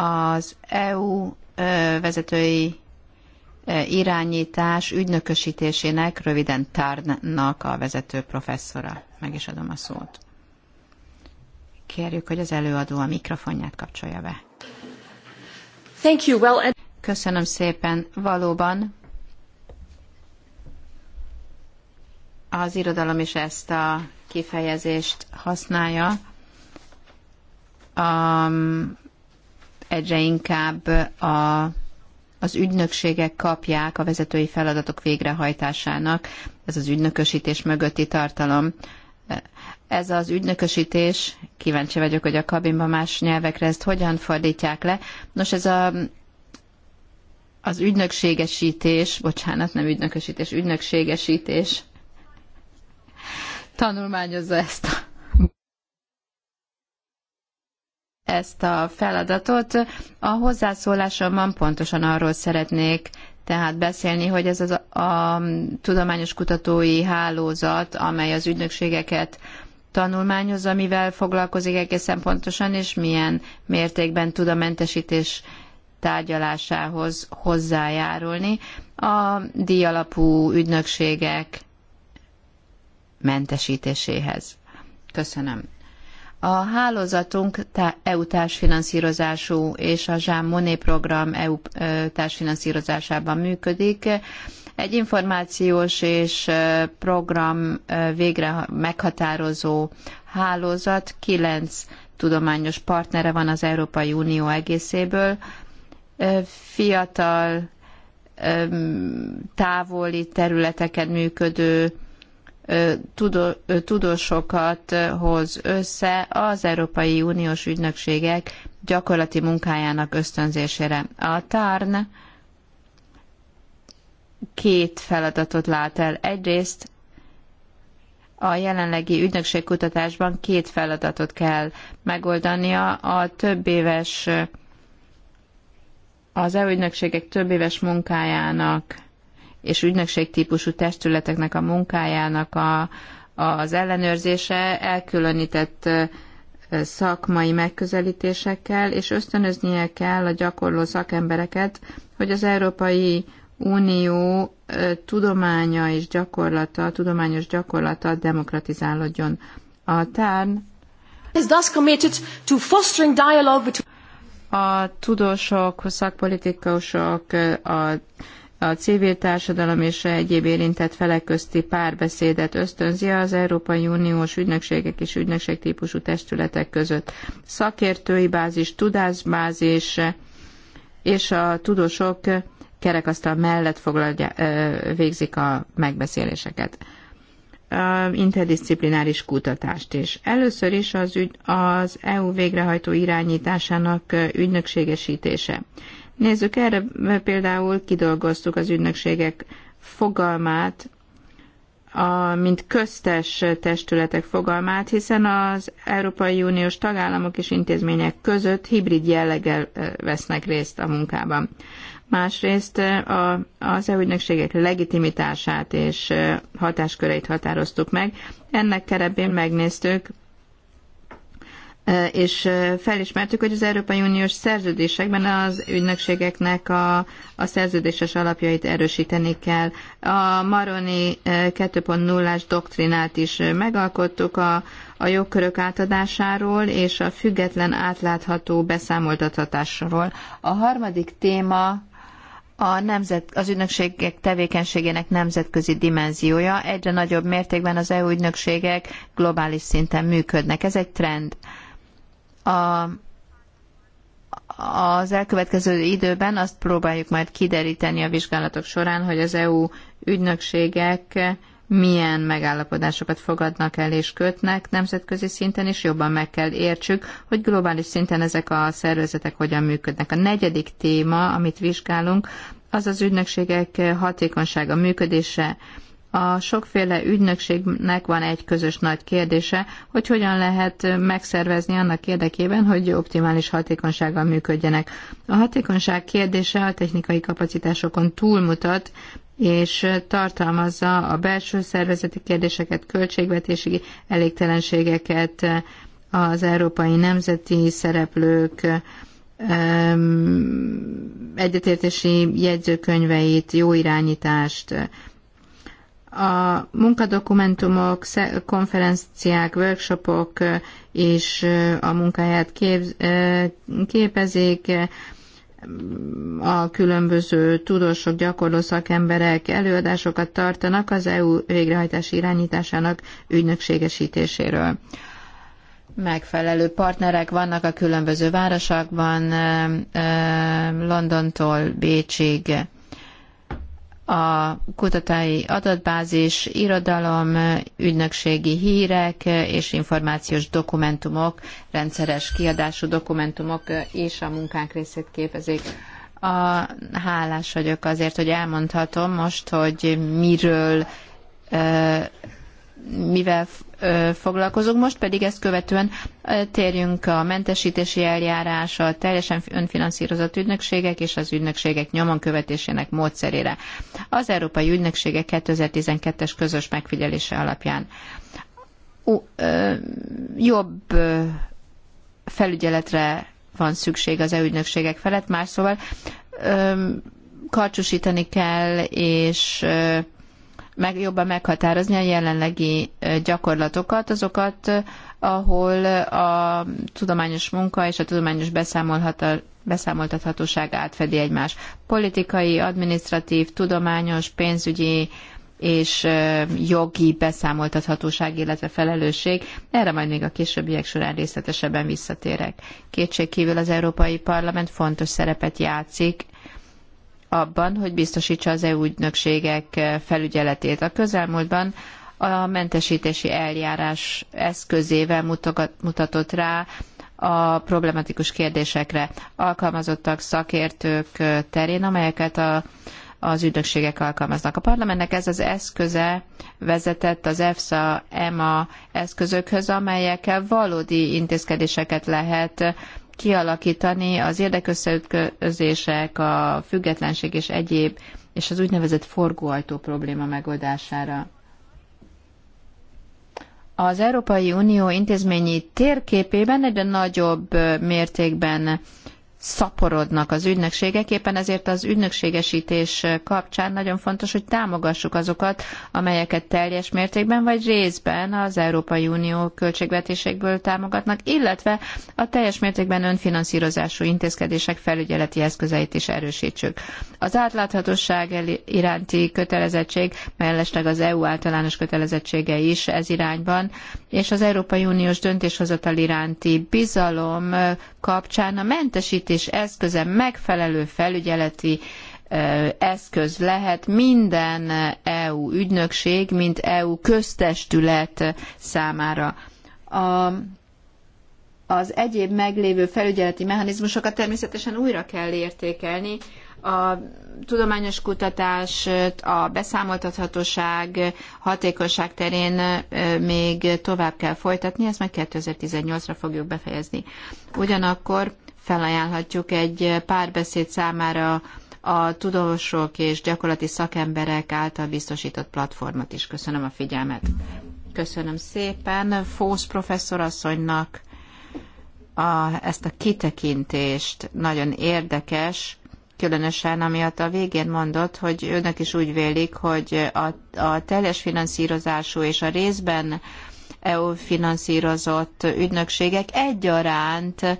az EU vezetői irányítás ügynökösítésének, röviden Tárnak a vezető professzora. Meg is adom a szót. Kérjük, hogy az előadó a mikrofonját kapcsolja be. Thank you. Well, and... Köszönöm szépen. Valóban az irodalom is ezt a kifejezést használja. A, um, egyre inkább a, az ügynökségek kapják a vezetői feladatok végrehajtásának. Ez az ügynökösítés mögötti tartalom. Ez az ügynökösítés, kíváncsi vagyok, hogy a kabinban más nyelvekre ezt hogyan fordítják le. Nos, ez a, az ügynökségesítés, bocsánat, nem ügynökösítés, ügynökségesítés tanulmányozza ezt a ezt a feladatot. A hozzászólásomban pontosan arról szeretnék tehát beszélni, hogy ez az a, a tudományos kutatói hálózat, amely az ügynökségeket tanulmányozza, mivel foglalkozik egészen pontosan, és milyen mértékben tud a mentesítés tárgyalásához hozzájárulni. A díjalapú ügynökségek mentesítéséhez. Köszönöm. A hálózatunk EU társfinanszírozású és a Jean Monnet program EU társfinanszírozásában működik. Egy információs és program végre meghatározó hálózat, kilenc tudományos partnere van az Európai Unió egészéből, fiatal, távoli területeken működő tudósokat hoz össze az Európai Uniós ügynökségek gyakorlati munkájának ösztönzésére. A TARN két feladatot lát el. Egyrészt a jelenlegi ügynökségkutatásban két feladatot kell megoldania. A több éves, az EU ügynökségek több éves munkájának és ügynökségtípusú testületeknek a munkájának a, az ellenőrzése elkülönített szakmai megközelítésekkel, és ösztönöznie kell a gyakorló szakembereket, hogy az Európai Unió tudománya és gyakorlata, tudományos gyakorlata demokratizálódjon. A tárn is thus committed to fostering dialogue between a tudósok, szakpolitikusok, a a civil társadalom és egyéb érintett felek közti párbeszédet ösztönzi az Európai Uniós ügynökségek és típusú testületek között. Szakértői bázis, tudásbázis és a tudósok kerekasztal mellett foglalja, végzik a megbeszéléseket interdisziplináris kutatást is. Először is az, ügy, az EU végrehajtó irányításának ügynökségesítése. Nézzük, erre például kidolgoztuk az ügynökségek fogalmát, a, mint köztes testületek fogalmát, hiszen az Európai Uniós tagállamok és intézmények között hibrid jelleggel vesznek részt a munkában. Másrészt a, az EU ügynökségek legitimitását és hatásköreit határoztuk meg. Ennek keretében megnéztük E, és e, felismertük, hogy az Európai Uniós szerződésekben az ügynökségeknek a, a szerződéses alapjait erősíteni kell. A Maroni 2.0-as e, doktrinát is megalkottuk a, a jogkörök átadásáról és a független átlátható beszámoltathatásról. A harmadik téma a nemzet, az ügynökségek tevékenységének nemzetközi dimenziója. Egyre nagyobb mértékben az EU ügynökségek globális szinten működnek. Ez egy trend a, az elkövetkező időben azt próbáljuk majd kideríteni a vizsgálatok során, hogy az EU ügynökségek milyen megállapodásokat fogadnak el és kötnek nemzetközi szinten, és jobban meg kell értsük, hogy globális szinten ezek a szervezetek hogyan működnek. A negyedik téma, amit vizsgálunk, az az ügynökségek hatékonysága működése, a sokféle ügynökségnek van egy közös nagy kérdése, hogy hogyan lehet megszervezni annak érdekében, hogy optimális hatékonysággal működjenek. A hatékonyság kérdése a technikai kapacitásokon túlmutat, és tartalmazza a belső szervezeti kérdéseket, költségvetési elégtelenségeket, az európai nemzeti szereplők egyetértési jegyzőkönyveit, jó irányítást, a munkadokumentumok, konferenciák, workshopok és a munkáját képezik, a különböző tudósok, gyakorló szakemberek előadásokat tartanak az EU végrehajtási irányításának ügynökségesítéséről. Megfelelő partnerek vannak a különböző városokban, Londontól Bécsig, a kutatási adatbázis, irodalom, ügynökségi hírek és információs dokumentumok, rendszeres kiadású dokumentumok és a munkánk részét képezik. A, hálás vagyok azért, hogy elmondhatom most, hogy miről mivel foglalkozunk most, pedig ezt követően térjünk a mentesítési eljárásra, a teljesen önfinanszírozott ügynökségek és az ügynökségek nyomon követésének módszerére. Az Európai Ügynökségek 2012-es közös megfigyelése alapján ö, jobb ö, felügyeletre van szükség az EU ügynökségek felett, más szóval ö, karcsúsítani kell, és meg, jobban meghatározni a jelenlegi gyakorlatokat, azokat, ahol a tudományos munka és a tudományos beszámoltathatóság átfedi egymást. Politikai, administratív, tudományos, pénzügyi és jogi beszámoltathatóság, illetve felelősség. Erre majd még a későbbiek során részletesebben visszatérek. Kétségkívül az Európai Parlament fontos szerepet játszik abban, hogy biztosítsa az EU ügynökségek eh, felügyeletét. A közelmúltban a mentesítési eljárás eszközével mutogat, mutatott rá a problematikus kérdésekre alkalmazottak szakértők eh, terén, amelyeket a, az ügynökségek alkalmaznak. A parlamentnek ez az eszköze vezetett az EFSA-EMA eszközökhöz, amelyekkel valódi intézkedéseket lehet kialakítani az érdekösszeütközések, a függetlenség és egyéb, és az úgynevezett forgóajtó probléma megoldására. Az Európai Unió intézményi térképében egyre nagyobb mértékben szaporodnak az ügynökségek, éppen ezért az ügynökségesítés kapcsán nagyon fontos, hogy támogassuk azokat, amelyeket teljes mértékben vagy részben az Európai Unió költségvetésekből támogatnak, illetve a teljes mértékben önfinanszírozású intézkedések felügyeleti eszközeit is erősítsük. Az átláthatóság iránti kötelezettség, mellesleg az EU általános kötelezettsége is ez irányban és az Európai Uniós döntéshozatal iránti bizalom kapcsán a mentesítés eszköze megfelelő felügyeleti eszköz lehet minden EU ügynökség, mint EU köztestület számára. A, az egyéb meglévő felügyeleti mechanizmusokat természetesen újra kell értékelni, a tudományos kutatást, a beszámoltathatóság, hatékonyság terén még tovább kell folytatni, ezt majd 2018-ra fogjuk befejezni. Ugyanakkor felajánlhatjuk egy párbeszéd számára a tudósok és gyakorlati szakemberek által biztosított platformot is. Köszönöm a figyelmet. Köszönöm szépen Fósz professzorasszonynak a, ezt a kitekintést. Nagyon érdekes különösen amiatt a végén mondott, hogy önök is úgy vélik, hogy a, a teljes finanszírozású és a részben EU finanszírozott ügynökségek egyaránt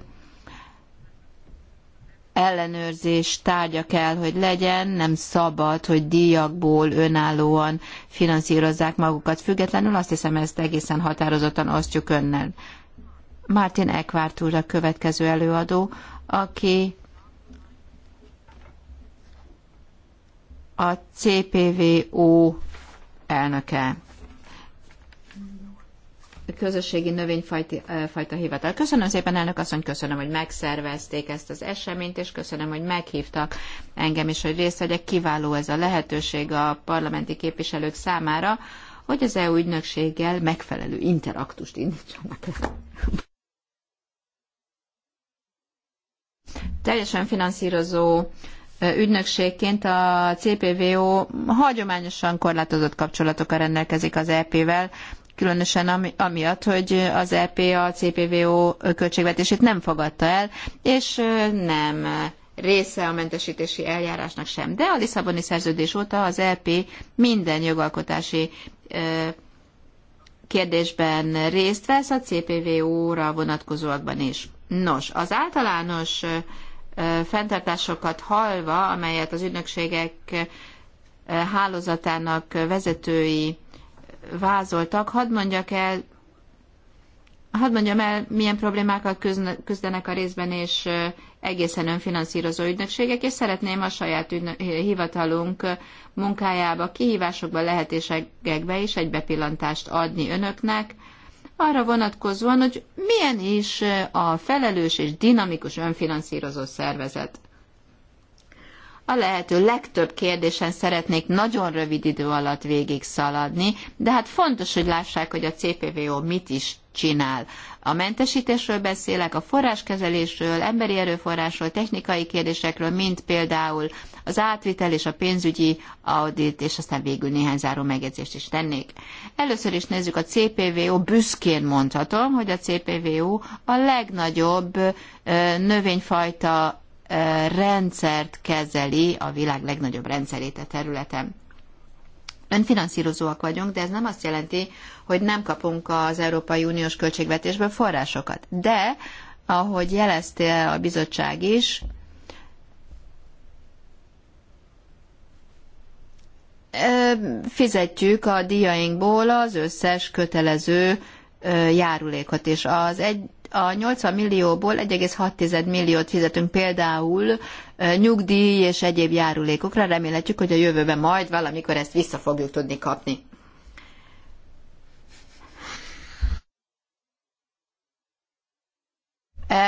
ellenőrzés tárgya kell, hogy legyen, nem szabad, hogy díjakból önállóan finanszírozzák magukat függetlenül. Azt hiszem, ezt egészen határozottan osztjuk önnel. Martin Ekvárt úr a következő előadó, aki a CPVO elnöke. Közösségi növényfajta hivatal. Köszönöm szépen, elnök asszony, köszönöm, hogy megszervezték ezt az eseményt, és köszönöm, hogy meghívtak engem is, hogy részt vegyek. Kiváló ez a lehetőség a parlamenti képviselők számára, hogy az EU ügynökséggel megfelelő interaktust indítsanak. Teljesen finanszírozó ügynökségként a CPVO hagyományosan korlátozott kapcsolatokkal rendelkezik az EP-vel, különösen ami amiatt, hogy az EP a CPVO költségvetését nem fogadta el, és nem része a mentesítési eljárásnak sem. De a Lisszaboni szerződés óta az EP minden jogalkotási kérdésben részt vesz a CPVO-ra vonatkozóakban is. Nos, az általános fenntartásokat hallva, amelyet az ügynökségek hálózatának vezetői vázoltak, hadd mondjak el, hadd mondjam el, milyen problémákat küzdenek a részben és egészen önfinanszírozó ügynökségek, és szeretném a saját ügynök, hivatalunk munkájába, kihívásokba, lehetőségekbe is egy bepillantást adni önöknek, arra vonatkozóan, hogy milyen is a felelős és dinamikus önfinanszírozó szervezet a lehető legtöbb kérdésen szeretnék nagyon rövid idő alatt végig szaladni, de hát fontos, hogy lássák, hogy a CPVO mit is csinál. A mentesítésről beszélek, a forráskezelésről, emberi erőforrásról, technikai kérdésekről, mint például az átvitel és a pénzügyi audit, és aztán végül néhány záró megjegyzést is tennék. Először is nézzük a CPVO, büszkén mondhatom, hogy a CPVO a legnagyobb növényfajta rendszert kezeli a világ legnagyobb rendszerét a területen. Önfinanszírozóak vagyunk, de ez nem azt jelenti, hogy nem kapunk az Európai Uniós költségvetésből forrásokat. De, ahogy jelezte a bizottság is, fizetjük a díjainkból az összes kötelező járulékot, és az egy a 80 millióból 1,6 milliót fizetünk például nyugdíj és egyéb járulékokra. Remélhetjük, hogy a jövőben majd valamikor ezt vissza fogjuk tudni kapni.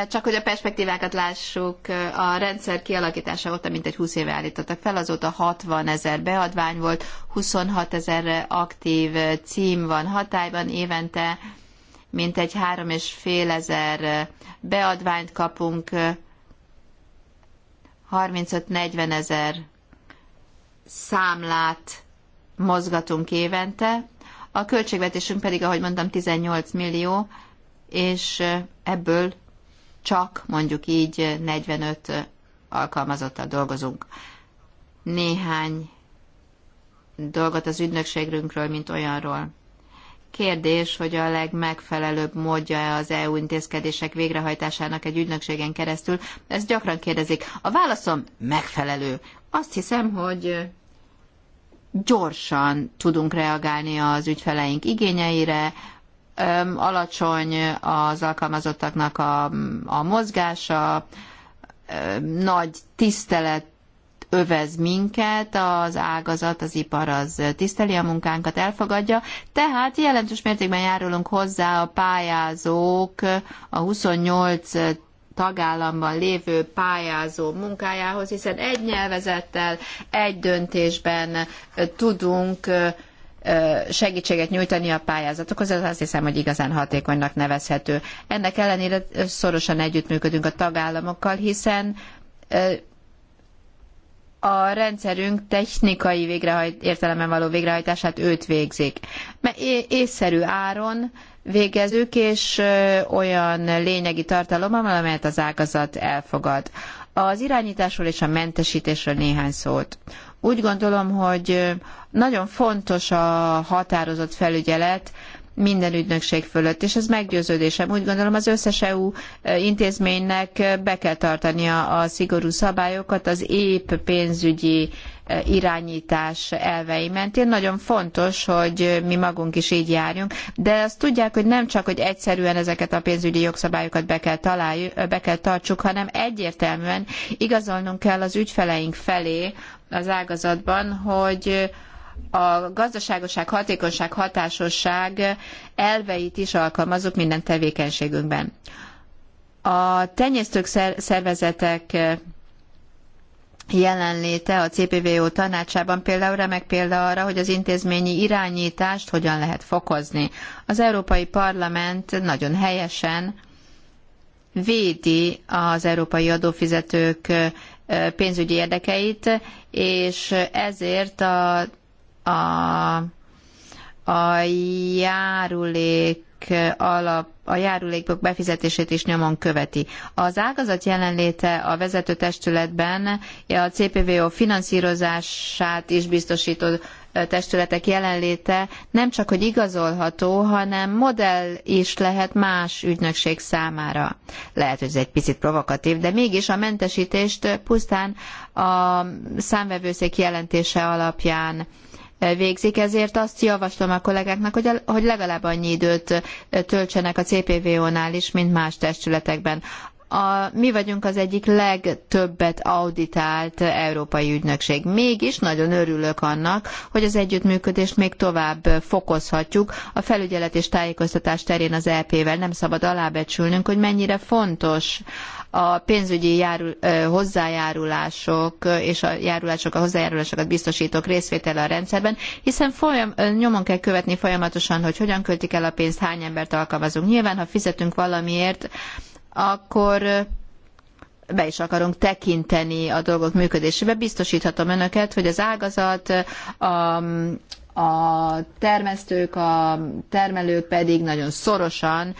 Csak hogy a perspektívákat lássuk, a rendszer kialakítása óta mintegy 20 éve állítottak fel, azóta 60 ezer beadvány volt, 26 ezer aktív cím van hatályban évente, mintegy három és fél ezer beadványt kapunk, 35-40 ezer számlát mozgatunk évente, a költségvetésünk pedig, ahogy mondtam, 18 millió, és ebből csak mondjuk így 45 alkalmazottal dolgozunk. Néhány dolgot az ügynökségünkről, mint olyanról Kérdés, hogy a legmegfelelőbb módja az EU intézkedések végrehajtásának egy ügynökségen keresztül. Ezt gyakran kérdezik. A válaszom megfelelő. Azt hiszem, hogy gyorsan tudunk reagálni az ügyfeleink igényeire, alacsony az alkalmazottaknak a, a mozgása, nagy tisztelet övez minket, az ágazat, az ipar az tiszteli a munkánkat, elfogadja, tehát jelentős mértékben járulunk hozzá a pályázók, a 28 tagállamban lévő pályázó munkájához, hiszen egy nyelvezettel, egy döntésben tudunk segítséget nyújtani a pályázatokhoz, ez azt hiszem, hogy igazán hatékonynak nevezhető. Ennek ellenére szorosan együttműködünk a tagállamokkal, hiszen a rendszerünk technikai végrehajt, értelemben való végrehajtását őt végzik. Mert észszerű áron végezzük, és olyan lényegi tartalommal, amelyet az ágazat elfogad. Az irányításról és a mentesítésről néhány szót. Úgy gondolom, hogy nagyon fontos a határozott felügyelet, minden ügynökség fölött, és ez meggyőződésem. Úgy gondolom az összes EU e, intézménynek e, be kell tartania a szigorú szabályokat az épp pénzügyi e, irányítás elvei mentén. Nagyon fontos, hogy mi magunk is így járjunk, de azt tudják, hogy nem csak, hogy egyszerűen ezeket a pénzügyi jogszabályokat be kell, találjuk, be kell tartsuk, hanem egyértelműen igazolnunk kell az ügyfeleink felé az ágazatban, hogy a gazdaságosság, hatékonyság, hatásosság elveit is alkalmazunk minden tevékenységünkben. A tenyésztők szervezetek jelenléte a CPVO tanácsában például remek példa arra, hogy az intézményi irányítást hogyan lehet fokozni. Az Európai Parlament nagyon helyesen védi az európai adófizetők pénzügyi érdekeit, és ezért a a, a járulék alap, a járulékok befizetését is nyomon követi. Az ágazat jelenléte a vezető testületben a CPVO finanszírozását is biztosító testületek jelenléte nem csak hogy igazolható, hanem modell is lehet más ügynökség számára. Lehet, hogy ez egy picit provokatív, de mégis a mentesítést pusztán a számvevőszék jelentése alapján végzik, ezért azt javaslom a kollégáknak, hogy, hogy legalább annyi időt töltsenek a CPVO-nál is, mint más testületekben. A, mi vagyunk az egyik legtöbbet auditált európai ügynökség. Mégis nagyon örülök annak, hogy az együttműködést még tovább fokozhatjuk. A felügyelet és tájékoztatás terén az EP-vel nem szabad alábecsülnünk, hogy mennyire fontos a pénzügyi járul, hozzájárulások és a járulások, a hozzájárulásokat biztosítók részvétele a rendszerben, hiszen folyam, nyomon kell követni folyamatosan, hogy hogyan költik el a pénzt, hány embert alkalmazunk. Nyilván, ha fizetünk valamiért, akkor be is akarunk tekinteni a dolgok működésébe. Biztosíthatom önöket, hogy az ágazat, a, a termesztők, a termelők pedig nagyon szorosan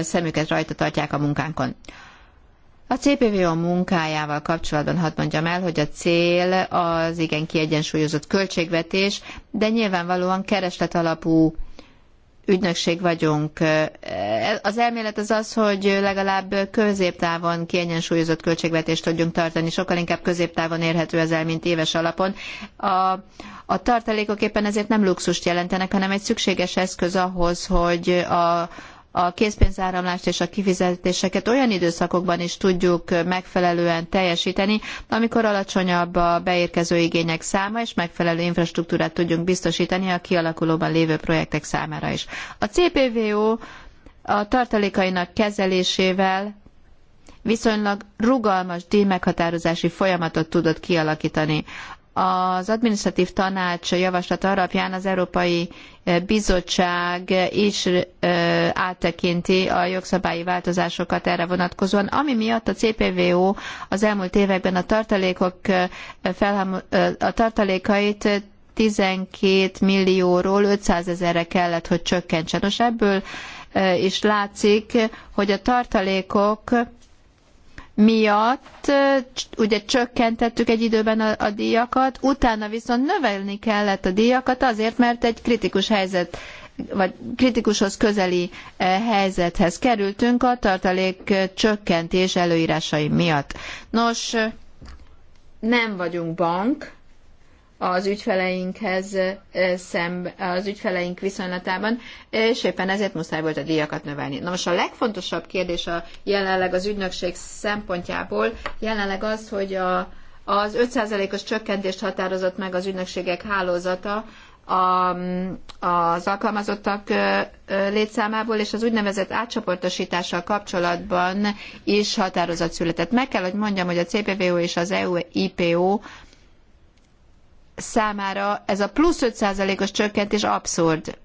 szemüket rajta tartják a munkánkon. A CPVO munkájával kapcsolatban hadd mondjam el, hogy a cél az igen kiegyensúlyozott költségvetés, de nyilvánvalóan kereslet alapú ügynökség vagyunk. Az elmélet az az, hogy legalább középtávon kiegyensúlyozott költségvetést tudjunk tartani, sokkal inkább középtávon érhető ez el, mint éves alapon. A, a tartalékok éppen ezért nem luxust jelentenek, hanem egy szükséges eszköz ahhoz, hogy a a készpénzáramlást és a kifizetéseket olyan időszakokban is tudjuk megfelelően teljesíteni, amikor alacsonyabb a beérkező igények száma, és megfelelő infrastruktúrát tudjunk biztosítani a kialakulóban lévő projektek számára is. A CPVO a tartalékainak kezelésével viszonylag rugalmas díjmeghatározási folyamatot tudott kialakítani az adminisztratív tanács javaslata alapján az Európai eh, Bizottság eh, is eh, áttekinti a jogszabályi változásokat erre vonatkozóan, ami miatt a CPVO az elmúlt években a tartalékok felham, a tartalékait 12 millióról 500 ezerre kellett, hogy csökkentsen. Nos, ebből is látszik, hogy a tartalékok miatt ugye csökkentettük egy időben a, a díjakat, utána viszont növelni kellett a díjakat azért, mert egy kritikus helyzet vagy kritikushoz közeli helyzethez kerültünk a tartalék csökkentés előírásai miatt. Nos, nem vagyunk bank, az ügyfeleinkhez szem, az ügyfeleink viszonylatában, és éppen ezért muszáj volt a díjakat növelni. Na most a legfontosabb kérdés a jelenleg az ügynökség szempontjából jelenleg az, hogy a, az 5%-os csökkentést határozott meg az ügynökségek hálózata, a, az alkalmazottak létszámából, és az úgynevezett átcsoportosítással kapcsolatban is határozat született. Meg kell, hogy mondjam, hogy a CPVO és az EU-IPO számára ez a plusz 5%-os csökkentés abszurd.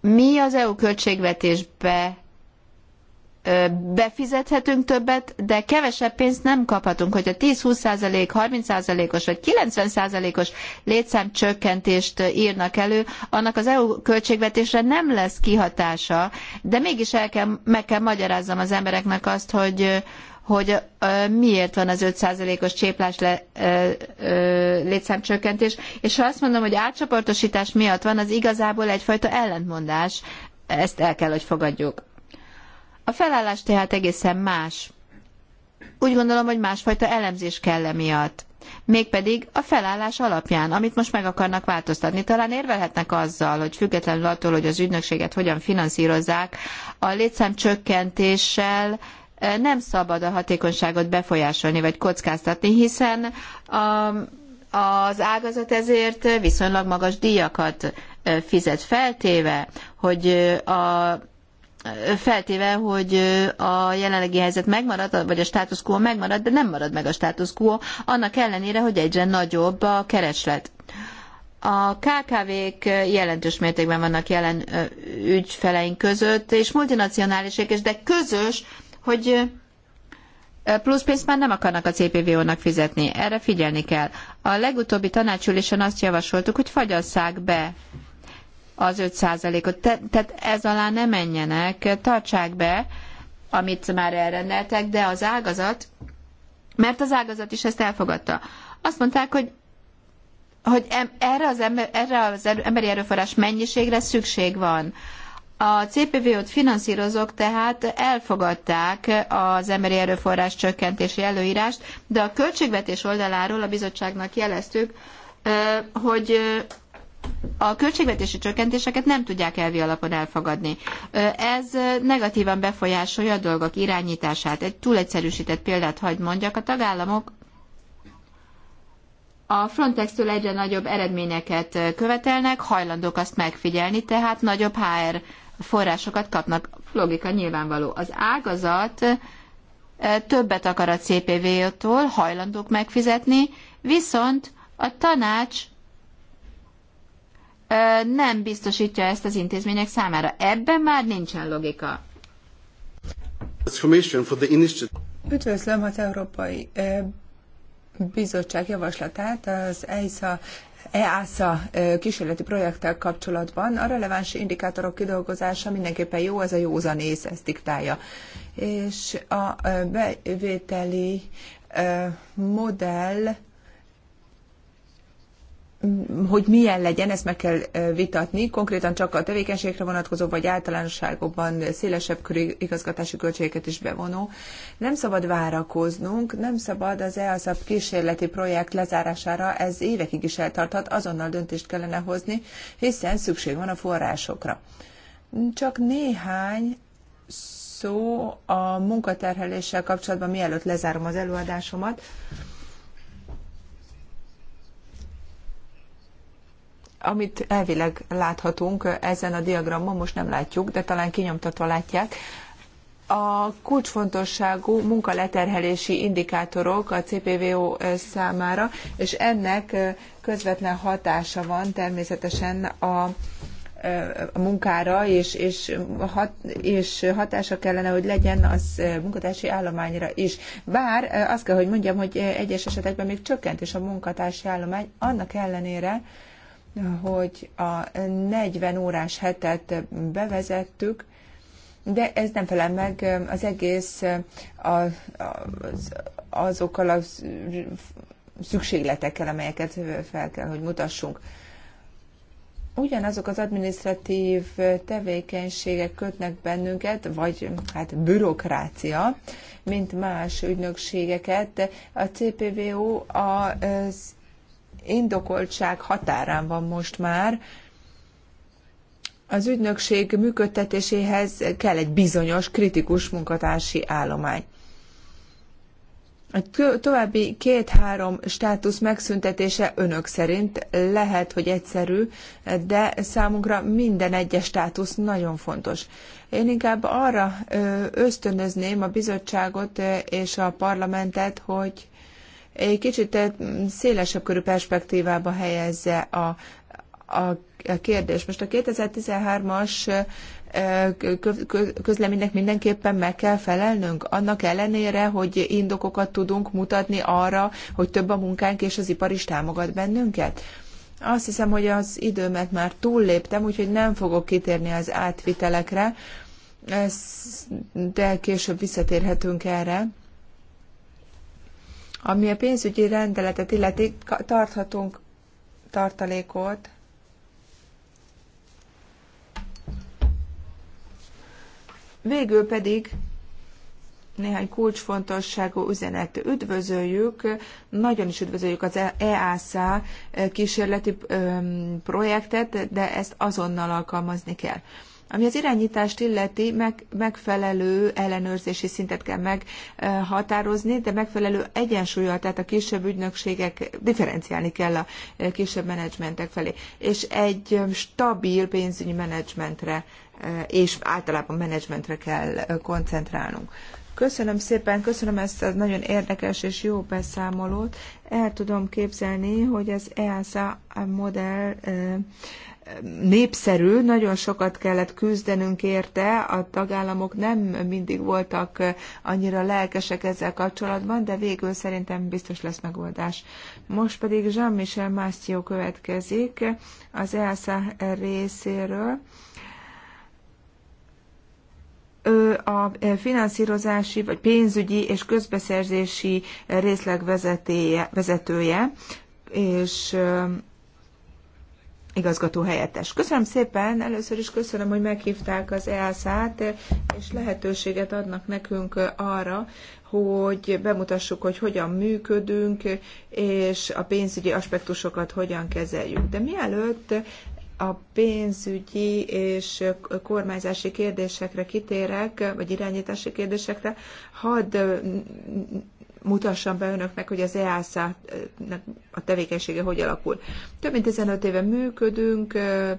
Mi az EU költségvetésbe befizethetünk többet, de kevesebb pénzt nem kaphatunk. Hogyha 10-20%, 30%-os vagy 90%-os létszámcsökkentést írnak elő, annak az EU költségvetésre nem lesz kihatása, de mégis el kell, meg kell magyaráznom az embereknek azt, hogy, hogy miért van az 5%-os cséplás le, létszámcsökkentés, és ha azt mondom, hogy átcsoportosítás miatt van, az igazából egyfajta ellentmondás, ezt el kell, hogy fogadjuk. A felállás tehát egészen más. Úgy gondolom, hogy másfajta elemzés kell emiatt. Mégpedig a felállás alapján, amit most meg akarnak változtatni. Talán érvelhetnek azzal, hogy függetlenül attól, hogy az ügynökséget hogyan finanszírozzák, a létszám csökkentéssel nem szabad a hatékonyságot befolyásolni vagy kockáztatni, hiszen a, az ágazat ezért viszonylag magas díjakat fizet feltéve, hogy a feltéve, hogy a jelenlegi helyzet megmarad, vagy a status quo megmarad, de nem marad meg a status quo, annak ellenére, hogy egyre nagyobb a kereslet. A KKV-k jelentős mértékben vannak jelen ügyfeleink között, és multinacionálisek, és de közös hogy plusz pénzt már nem akarnak a CPVO-nak fizetni. Erre figyelni kell. A legutóbbi tanácsülésen azt javasoltuk, hogy fagyasszák be az 5%-ot. Te, tehát ez alá ne menjenek, tartsák be, amit már elrendeltek, de az ágazat, mert az ágazat is ezt elfogadta. Azt mondták, hogy hogy em, erre, az ember, erre az emberi erőforrás mennyiségre szükség van a CPV-t finanszírozók tehát elfogadták az emberi erőforrás csökkentési előírást, de a költségvetés oldaláról a bizottságnak jeleztük, hogy a költségvetési csökkentéseket nem tudják elvi alapon elfogadni. Ez negatívan befolyásolja a dolgok irányítását. Egy egyszerűsített példát hagy mondjak. A tagállamok a Frontex-től egyre nagyobb eredményeket követelnek, hajlandók azt megfigyelni, tehát nagyobb HR forrásokat kapnak. Logika nyilvánvaló. Az ágazat e, többet akar a CPV-tól, hajlandók megfizetni, viszont a tanács e, nem biztosítja ezt az intézmények számára. Ebben már nincsen logika. Üdvözlöm az Európai e, Bizottság javaslatát az EISA EASA kísérleti projekttel kapcsolatban a releváns indikátorok kidolgozása mindenképpen jó, ez a józan ész, ezt diktálja. És a bevételi modell hogy milyen legyen, ezt meg kell vitatni, konkrétan csak a tevékenységre vonatkozó, vagy általánosságokban szélesebb körű igazgatási költségeket is bevonó. Nem szabad várakoznunk, nem szabad az EASZAP kísérleti projekt lezárására, ez évekig is eltarthat, azonnal döntést kellene hozni, hiszen szükség van a forrásokra. Csak néhány szó a munkaterheléssel kapcsolatban, mielőtt lezárom az előadásomat. amit elvileg láthatunk ezen a diagramon, most nem látjuk, de talán kinyomtatva látják, a kulcsfontosságú munkaleterhelési indikátorok a CPVO számára, és ennek közvetlen hatása van természetesen a, a munkára, és, és, hat, és hatása kellene, hogy legyen az munkatársi állományra is. Bár azt kell, hogy mondjam, hogy egyes esetekben még csökkent is a munkatársi állomány, annak ellenére, hogy a 40 órás hetet bevezettük, de ez nem felel meg az egész az, az, azokkal a az szükségletekkel, amelyeket fel kell, hogy mutassunk. Ugyanazok az administratív tevékenységek kötnek bennünket, vagy hát bürokrácia, mint más ügynökségeket. A CPVO az indokoltság határán van most már. Az ügynökség működtetéséhez kell egy bizonyos kritikus munkatársi állomány. A további két-három státusz megszüntetése önök szerint lehet, hogy egyszerű, de számunkra minden egyes státusz nagyon fontos. Én inkább arra ösztönözném a bizottságot és a parlamentet, hogy egy kicsit eh, szélesebb körű perspektívába helyezze a, a kérdést. Most a 2013-as eh, közleménynek mindenképpen meg kell felelnünk, annak ellenére, hogy indokokat tudunk mutatni arra, hogy több a munkánk és az ipar is támogat bennünket. Azt hiszem, hogy az időmet már túlléptem, úgyhogy nem fogok kitérni az átvitelekre, de később visszatérhetünk erre. Ami a pénzügyi rendeletet illeti, tarthatunk tartalékot. Végül pedig néhány kulcsfontosságú üzenet. Üdvözöljük, nagyon is üdvözöljük az EASA kísérleti projektet, de ezt azonnal alkalmazni kell. Ami az irányítást illeti, meg, megfelelő ellenőrzési szintet kell meghatározni, de megfelelő egyensúlyal, tehát a kisebb ügynökségek, differenciálni kell a kisebb menedzsmentek felé, és egy stabil pénzügyi menedzsmentre eh, és általában menedzsmentre kell eh, koncentrálnunk. Köszönöm szépen, köszönöm ezt a nagyon érdekes és jó beszámolót. El tudom képzelni, hogy az EASA modell eh, népszerű, nagyon sokat kellett küzdenünk érte, a tagállamok nem mindig voltak annyira lelkesek ezzel kapcsolatban, de végül szerintem biztos lesz megoldás. Most pedig Jean-Michel Mastion következik az ELSA részéről. Ő a finanszírozási vagy pénzügyi és közbeszerzési részleg vezetője, és igazgató helyettes. Köszönöm szépen, először is köszönöm, hogy meghívták az EASZ-át, és lehetőséget adnak nekünk arra, hogy bemutassuk, hogy hogyan működünk, és a pénzügyi aspektusokat hogyan kezeljük. De mielőtt a pénzügyi és kormányzási kérdésekre kitérek, vagy irányítási kérdésekre, hadd mutassam be önöknek, hogy az EASA eh, a tevékenysége hogy alakul. Több mint 15 éve működünk, eh,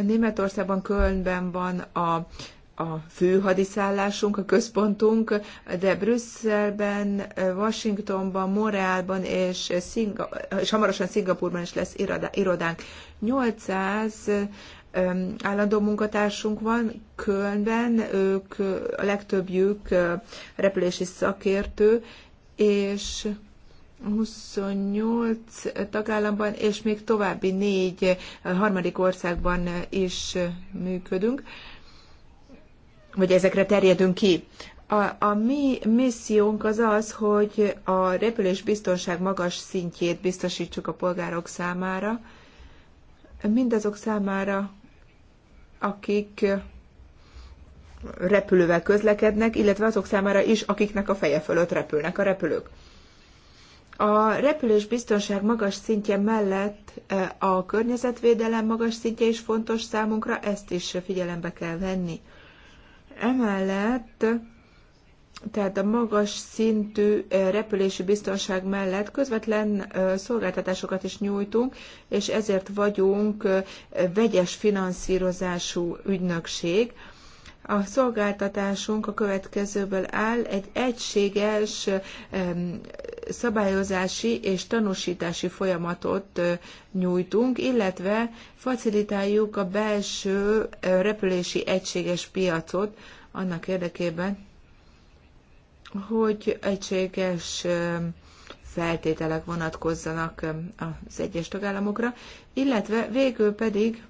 Németországban, Kölnben van a a fő hadiszállásunk, a központunk, de Brüsszelben, eh, Washingtonban, Morálban és, Szinga- és hamarosan Szingapurban is lesz irodánk. 800 állandó munkatársunk van Kölnben, ők a legtöbbjük repülési szakértő, és 28 tagállamban, és még további négy harmadik országban is működünk, vagy ezekre terjedünk ki. A, a mi missziónk az az, hogy a repülés biztonság magas szintjét biztosítsuk a polgárok számára, mindazok számára, akik repülővel közlekednek, illetve azok számára is, akiknek a feje fölött repülnek a repülők. A repülés biztonság magas szintje mellett e, a környezetvédelem magas szintje is fontos számunkra, ezt is figyelembe kell venni. Emellett, tehát a magas szintű e, repülési biztonság mellett közvetlen e, szolgáltatásokat is nyújtunk, és ezért vagyunk vegyes finanszírozású ügynökség, a szolgáltatásunk a következőből áll, egy egységes szabályozási és tanúsítási folyamatot nyújtunk, illetve facilitáljuk a belső repülési egységes piacot annak érdekében, hogy egységes feltételek vonatkozzanak az egyes tagállamokra, illetve végül pedig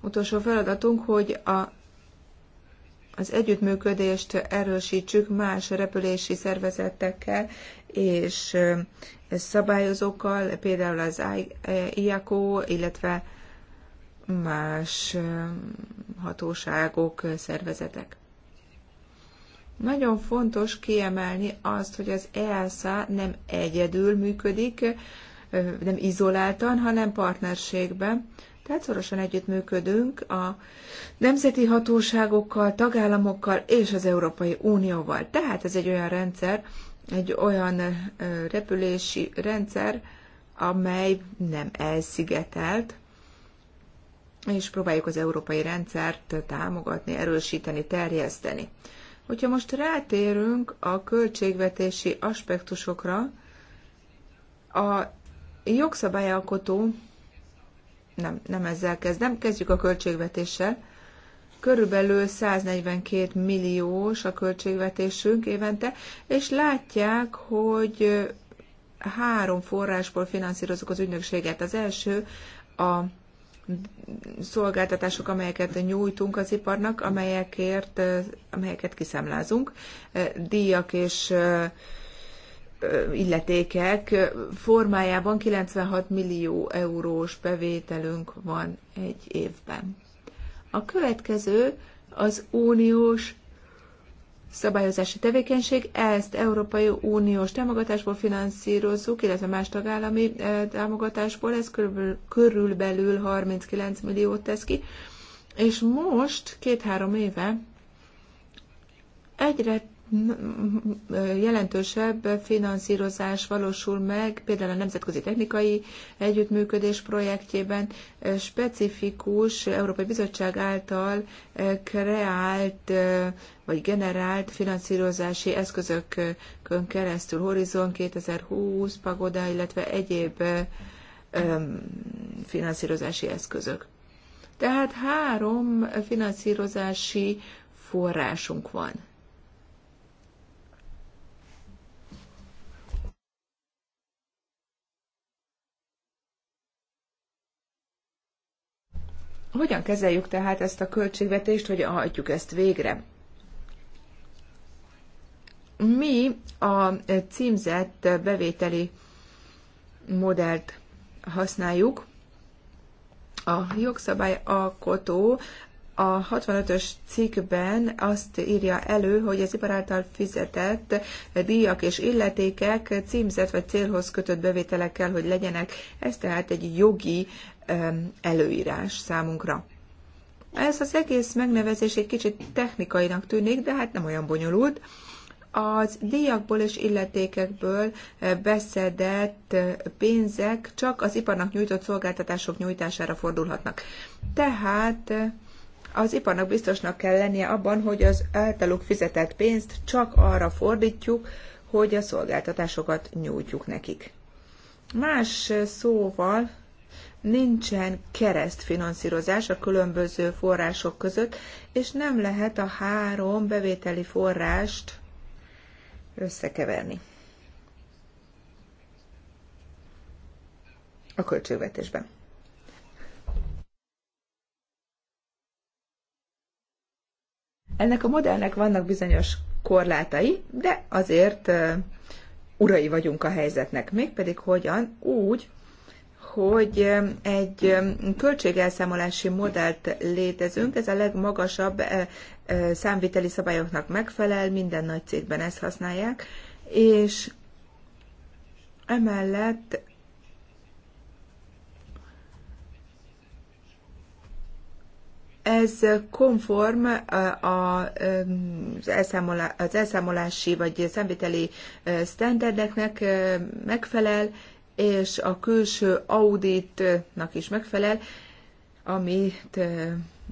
utolsó feladatunk, hogy a, az együttműködést erősítsük más repülési szervezetekkel és szabályozókkal, például az IACO, illetve más hatóságok, szervezetek. Nagyon fontos kiemelni azt, hogy az EASA nem egyedül működik, nem izoláltan, hanem partnerségben tehát szorosan együttműködünk a nemzeti hatóságokkal, tagállamokkal és az Európai Unióval. Tehát ez egy olyan rendszer, egy olyan repülési rendszer, amely nem elszigetelt, és próbáljuk az európai rendszert támogatni, erősíteni, terjeszteni. Hogyha most rátérünk a költségvetési aspektusokra, a jogszabályalkotó nem, nem ezzel kezdem. Kezdjük a költségvetéssel. Körülbelül 142 milliós a költségvetésünk évente, és látják, hogy három forrásból finanszírozunk az ügynökséget. Az első a szolgáltatások, amelyeket nyújtunk az iparnak, amelyekért, amelyeket kiszámlázunk, díjak és illetékek formájában 96 millió eurós bevételünk van egy évben. A következő az uniós szabályozási tevékenység, ezt Európai Uniós támogatásból finanszírozzuk, illetve más tagállami támogatásból, ez körülbelül, körülbelül 39 milliót tesz ki, és most, két-három éve egyre jelentősebb finanszírozás valósul meg, például a Nemzetközi Technikai Együttműködés projektjében eh, specifikus Európai Bizottság által eh, kreált eh, vagy generált finanszírozási eszközökön keresztül Horizon 2020, Pagoda, illetve egyéb finanszírozási eszközök. Tehát három finanszírozási forrásunk van Hogyan kezeljük tehát ezt a költségvetést, hogy hajtjuk ezt végre? Mi a címzett bevételi modellt használjuk, a jogszabályalkotó a 65-ös cikkben azt írja elő, hogy az ipar által fizetett díjak és illetékek címzett vagy célhoz kötött bevételekkel, hogy legyenek. Ez tehát egy jogi előírás számunkra. Ez az egész megnevezés egy kicsit technikainak tűnik, de hát nem olyan bonyolult. Az díjakból és illetékekből eh, beszedett eh, pénzek csak az iparnak nyújtott szolgáltatások nyújtására fordulhatnak. Tehát eh, az iparnak biztosnak kell lennie abban, hogy az általuk fizetett pénzt csak arra fordítjuk, hogy a szolgáltatásokat nyújtjuk nekik. Más szóval nincsen keresztfinanszírozás a különböző források között, és nem lehet a három bevételi forrást összekeverni a költségvetésben. Ennek a modellnek vannak bizonyos korlátai, de azért urai vagyunk a helyzetnek. Mégpedig hogyan? Úgy, hogy egy költségelszámolási modellt létezünk, ez a legmagasabb számviteli szabályoknak megfelel, minden nagy cégben ezt használják, és emellett ez konform az, elszámolási vagy számviteli standardeknek megfelel, és a külső auditnak is megfelel, amit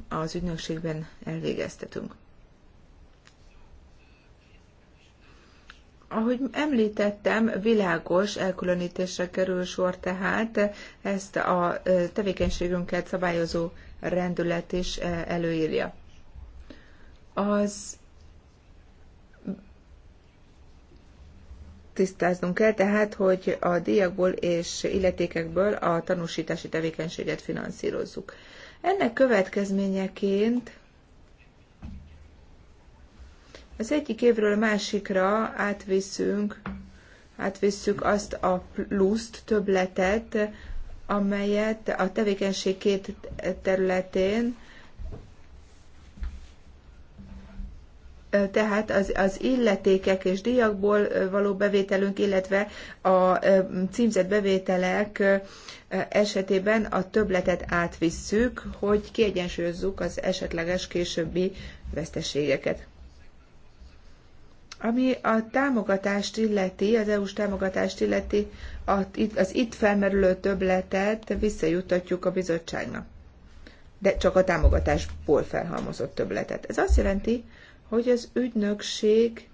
az ügynökségben elvégeztetünk. Ahogy említettem, világos elkülönítésre kerül sor tehát ezt a tevékenységünket szabályozó rendület is eh, előírja. Az tisztáznunk kell tehát, hogy a díjakból és illetékekből a tanúsítási tevékenységet finanszírozzuk. Ennek következményeként az egyik évről a másikra átviszünk, átvisszük azt a pluszt, többletet, amelyet a tevékenység két területén, tehát az, az illetékek és díjakból való bevételünk, illetve a címzett bevételek esetében a többletet átvisszük, hogy kiegyensúlyozzuk az esetleges későbbi veszteségeket. Ami a támogatást illeti, az EU-s támogatást illeti, az itt felmerülő többletet visszajutatjuk a bizottságnak, de csak a támogatásból felhalmozott többletet. Ez azt jelenti, hogy az ügynökség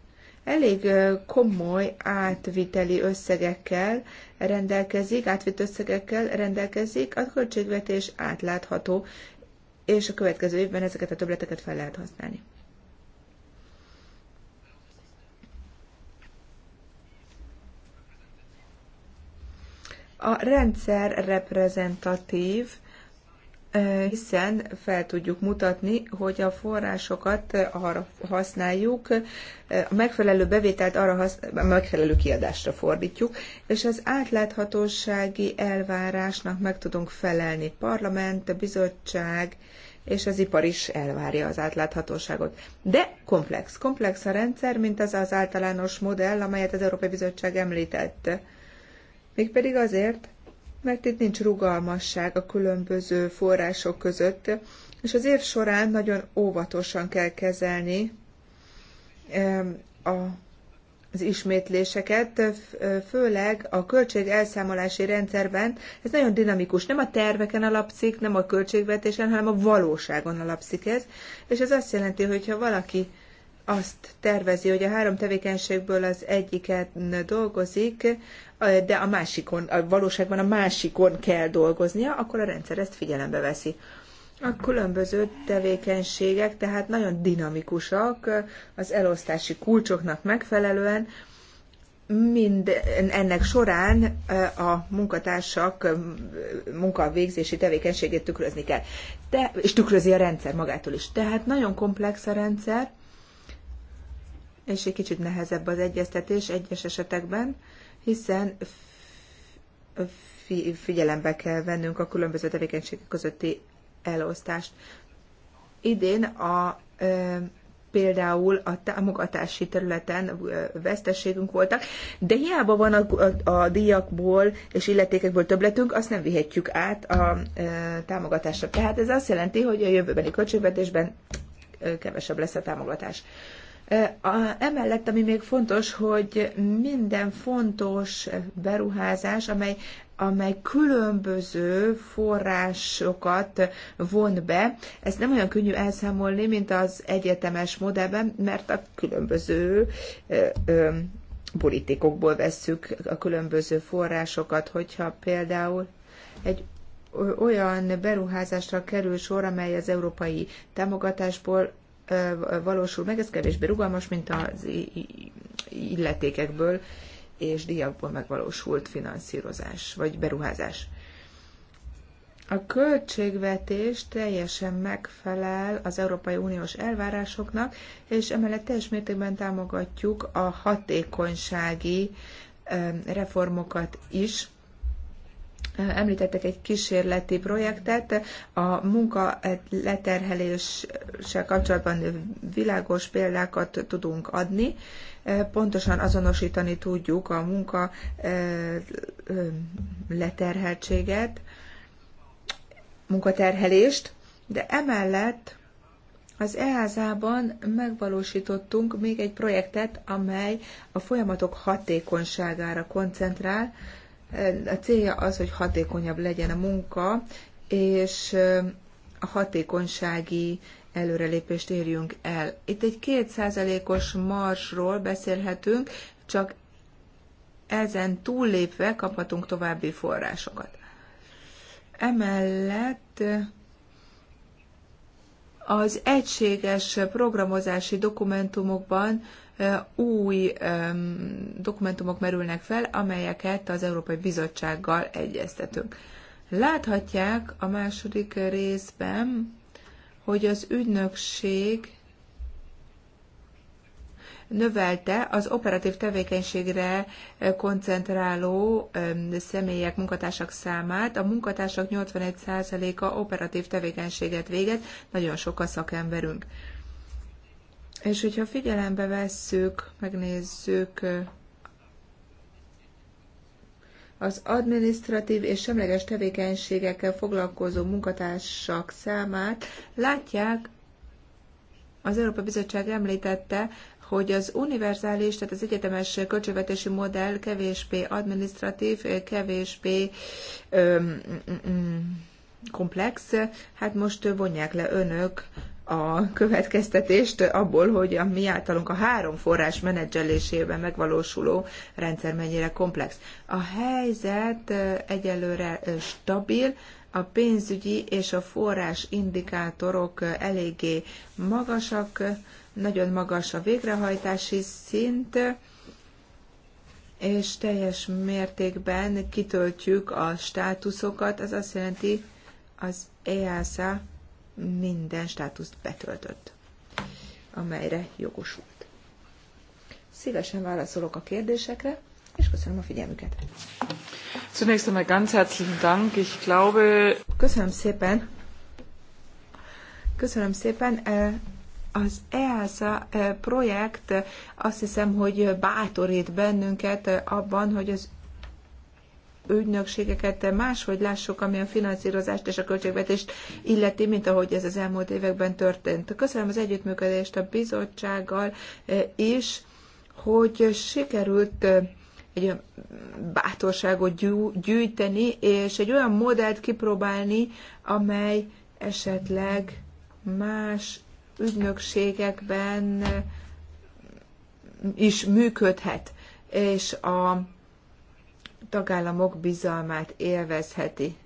elég komoly átviteli összegekkel rendelkezik, átvitt összegekkel rendelkezik, a költségvetés átlátható, és a következő évben ezeket a töbleteket fel lehet használni. A rendszer reprezentatív, hiszen fel tudjuk mutatni, hogy a forrásokat arra használjuk, a megfelelő bevételt arra használjuk, a megfelelő kiadásra fordítjuk, és az átláthatósági elvárásnak meg tudunk felelni. Parlament, a bizottság és az ipar is elvárja az átláthatóságot. De komplex. Komplex a rendszer, mint az az általános modell, amelyet az Európai Bizottság említett. Mégpedig azért, mert itt nincs rugalmasság a különböző források között, és az év során nagyon óvatosan kell kezelni a az ismétléseket, főleg a költség elszámolási rendszerben, ez nagyon dinamikus, nem a terveken alapszik, nem a költségvetésen, hanem a valóságon alapszik ez, és ez azt jelenti, hogy ha valaki azt tervezi, hogy a három tevékenységből az egyiken dolgozik, de a másikon, a valóságban a másikon kell dolgoznia, akkor a rendszer ezt figyelembe veszi. A különböző tevékenységek tehát nagyon dinamikusak, az elosztási kulcsoknak megfelelően, mind ennek során eh, a munkatársak eh, munkavégzési tevékenységét tükrözni kell. De, és tükrözi a rendszer magától is. Tehát nagyon komplex a rendszer, és egy kicsit nehezebb az egyeztetés egyes esetekben, hiszen figyelembe kell vennünk a különböző tevékenységek közötti elosztást. Idén a például a támogatási területen veszteségünk voltak, de hiába van a, a, a díjakból és illetékekből többletünk, azt nem vihetjük át a e, támogatásra. Tehát ez azt jelenti, hogy a jövőbeni költségvetésben kevesebb lesz a támogatás. Emellett, ami még fontos, hogy minden fontos beruházás, amely amely különböző forrásokat von be. Ez nem olyan könnyű elszámolni, mint az egyetemes modellben, mert a különböző politikokból vesszük a különböző forrásokat, hogyha például egy olyan beruházásra kerül sor, amely az európai támogatásból valósul meg, ez kevésbé rugalmas, mint az illetékekből és díjakból megvalósult finanszírozás vagy beruházás. A költségvetés teljesen megfelel az Európai Uniós elvárásoknak, és emellett teljes mértékben támogatjuk a hatékonysági reformokat is, Említettek egy kísérleti projektet, a munka leterheléssel kapcsolatban világos példákat tudunk adni, pontosan azonosítani tudjuk a munka leterheltséget, munkaterhelést, de emellett az EHZ-ban megvalósítottunk még egy projektet, amely a folyamatok hatékonyságára koncentrál, a célja az, hogy hatékonyabb legyen a munka, és a hatékonysági előrelépést érjünk el. Itt egy kétszázalékos marsról beszélhetünk, csak ezen túllépve kaphatunk további forrásokat. Emellett az egységes programozási dokumentumokban új dokumentumok merülnek fel, amelyeket az Európai Bizottsággal egyeztetünk. Láthatják a második részben, hogy az ügynökség növelte az operatív tevékenységre koncentráló személyek, munkatársak számát. A munkatársak 81%-a operatív tevékenységet végez, nagyon sok a szakemberünk. És hogyha figyelembe vesszük, megnézzük az administratív és semleges tevékenységekkel foglalkozó munkatársak számát, látják, az Európa Bizottság említette, hogy az univerzális, tehát az egyetemes költségvetési modell kevésbé administratív, kevésbé öm, öm, mm, mm, mm, komplex. Hát most vonják le önök a következtetést abból, hogy a mi általunk a három forrás menedzselésében megvalósuló rendszer mennyire komplex. A helyzet egyelőre stabil, a pénzügyi és a forrás indikátorok eléggé magasak, nagyon magas a végrehajtási szint, és teljes mértékben kitöltjük a státuszokat, az azt jelenti, az EASA minden státuszt betöltött, amelyre jogosult. Szívesen válaszolok a kérdésekre, és köszönöm a figyelmüket. Zunächst einmal ganz herzlichen Dank. Ich glaube... Köszönöm szépen. Köszönöm szépen. E, az EASA e, projekt azt hiszem, hogy bátorít bennünket e, abban, hogy az ügynökségeket máshogy lássuk, ami a finanszírozást és a költségvetést illeti, mint ahogy ez az elmúlt években történt. Köszönöm az együttműködést a bizottsággal eh, is, hogy sikerült eh, egy olyan bátorságot gyűjteni, és egy olyan modellt kipróbálni, amely esetleg más ügynökségekben eh, is működhet. És a tagállamok bizalmát élvezheti.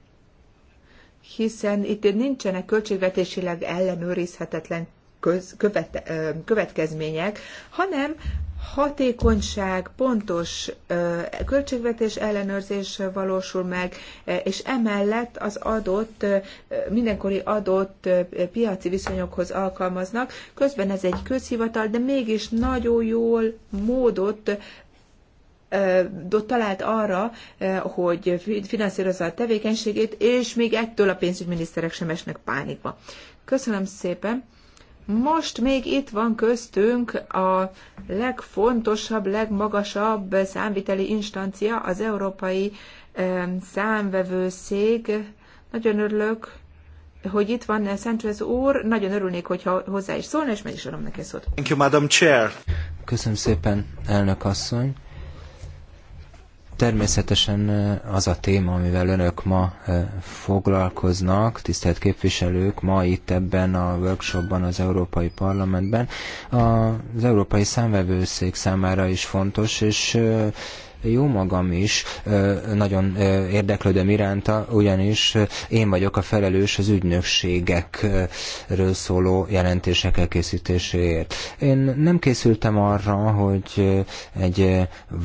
Hiszen itt nincsenek költségvetésileg ellenőrizhetetlen köz, követ, következmények, hanem hatékonyság, pontos költségvetés ellenőrzés valósul meg, és emellett az adott, mindenkori adott piaci viszonyokhoz alkalmaznak. Közben ez egy közhivatal, de mégis nagyon jól módot talált arra, hogy finanszírozza a tevékenységét, és még ettől a pénzügyminiszterek sem esnek pánikba. Köszönöm szépen! Most még itt van köztünk a legfontosabb, legmagasabb számviteli instancia, az Európai Számvevőszék. Nagyon örülök, hogy itt van Sánchez úr. Nagyon örülnék, hogyha hozzá is szólna, és meg is adom neki szót. Thank you, Madam Chair. Köszönöm szépen, elnök asszony. Természetesen az a téma, amivel önök ma foglalkoznak, tisztelt képviselők, ma itt ebben a workshopban az Európai Parlamentben, az Európai Számvevőszék számára is fontos, és jó magam is nagyon érdeklődöm iránta, ugyanis én vagyok a felelős az ügynökségekről szóló jelentések elkészítéséért. Én nem készültem arra, hogy egy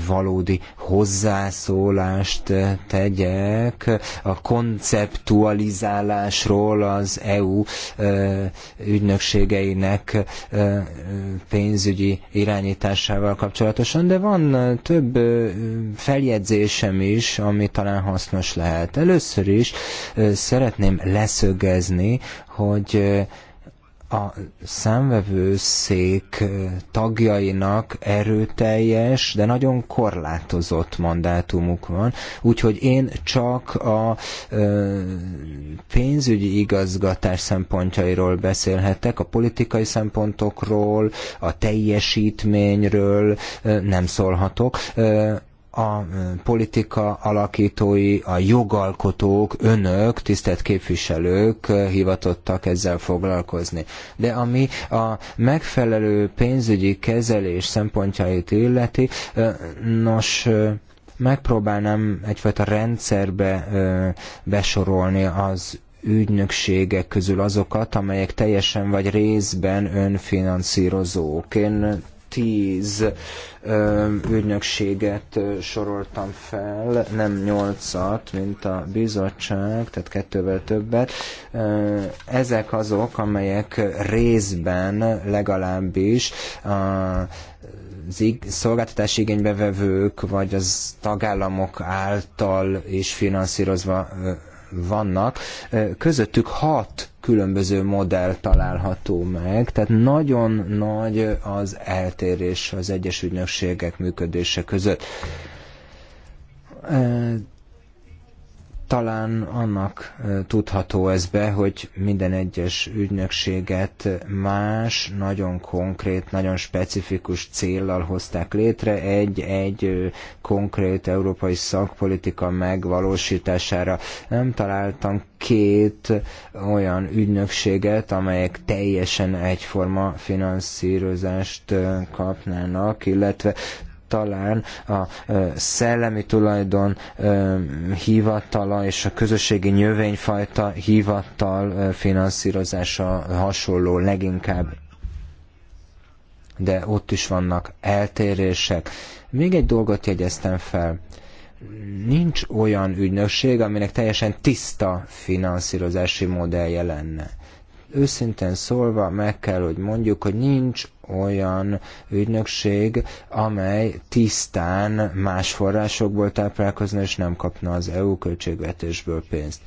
valódi hozzászólást tegyek a konceptualizálásról az EU ügynökségeinek pénzügyi irányításával kapcsolatosan, de van több feljegyzésem is, ami talán hasznos lehet. Először is szeretném leszögezni, hogy a számvevőszék tagjainak erőteljes, de nagyon korlátozott mandátumuk van, úgyhogy én csak a pénzügyi igazgatás szempontjairól beszélhetek, a politikai szempontokról, a teljesítményről nem szólhatok a politika alakítói, a jogalkotók, önök, tisztelt képviselők hivatottak ezzel foglalkozni. De ami a megfelelő pénzügyi kezelés szempontjait illeti, nos, megpróbálnám egyfajta rendszerbe besorolni az ügynökségek közül azokat, amelyek teljesen vagy részben önfinanszírozók. Én tíz ügynökséget soroltam fel, nem nyolcat, mint a bizottság, tehát kettővel többet. Ezek azok, amelyek részben legalábbis a szolgáltatási igénybevevők, vagy az tagállamok által is finanszírozva vannak, közöttük hat különböző modell található meg, tehát nagyon nagy az eltérés az egyes ügynökségek működése között talán annak tudható ez be, hogy minden egyes ügynökséget más, nagyon konkrét, nagyon specifikus céllal hozták létre, egy-egy konkrét európai szakpolitika megvalósítására. Nem találtam két olyan ügynökséget, amelyek teljesen egyforma finanszírozást kapnának, illetve talán a szellemi tulajdon hivatala és a közösségi növényfajta hivatal finanszírozása hasonló leginkább de ott is vannak eltérések. Még egy dolgot jegyeztem fel. Nincs olyan ügynökség, aminek teljesen tiszta finanszírozási modellje lenne. Őszintén szólva meg kell, hogy mondjuk, hogy nincs olyan ügynökség, amely tisztán más forrásokból táplálkozna, és nem kapna az EU költségvetésből pénzt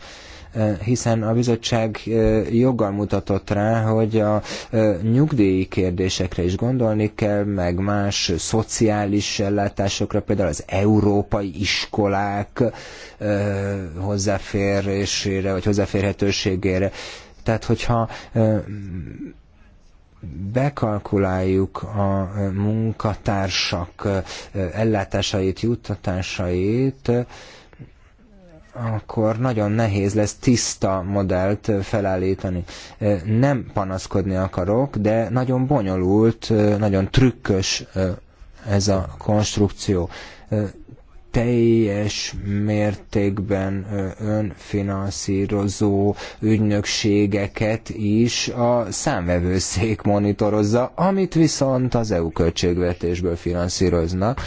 hiszen a bizottság joggal mutatott rá, hogy a nyugdíj kérdésekre is gondolni kell, meg más szociális ellátásokra, például az európai iskolák hozzáférésére, vagy hozzáférhetőségére. Tehát, hogyha bekalkuláljuk a munkatársak ellátásait, juttatásait, akkor nagyon nehéz lesz tiszta modellt felállítani. Nem panaszkodni akarok, de nagyon bonyolult, nagyon trükkös ez a konstrukció teljes mértékben önfinanszírozó ügynökségeket is a számvevőszék monitorozza, amit viszont az EU költségvetésből finanszíroznak.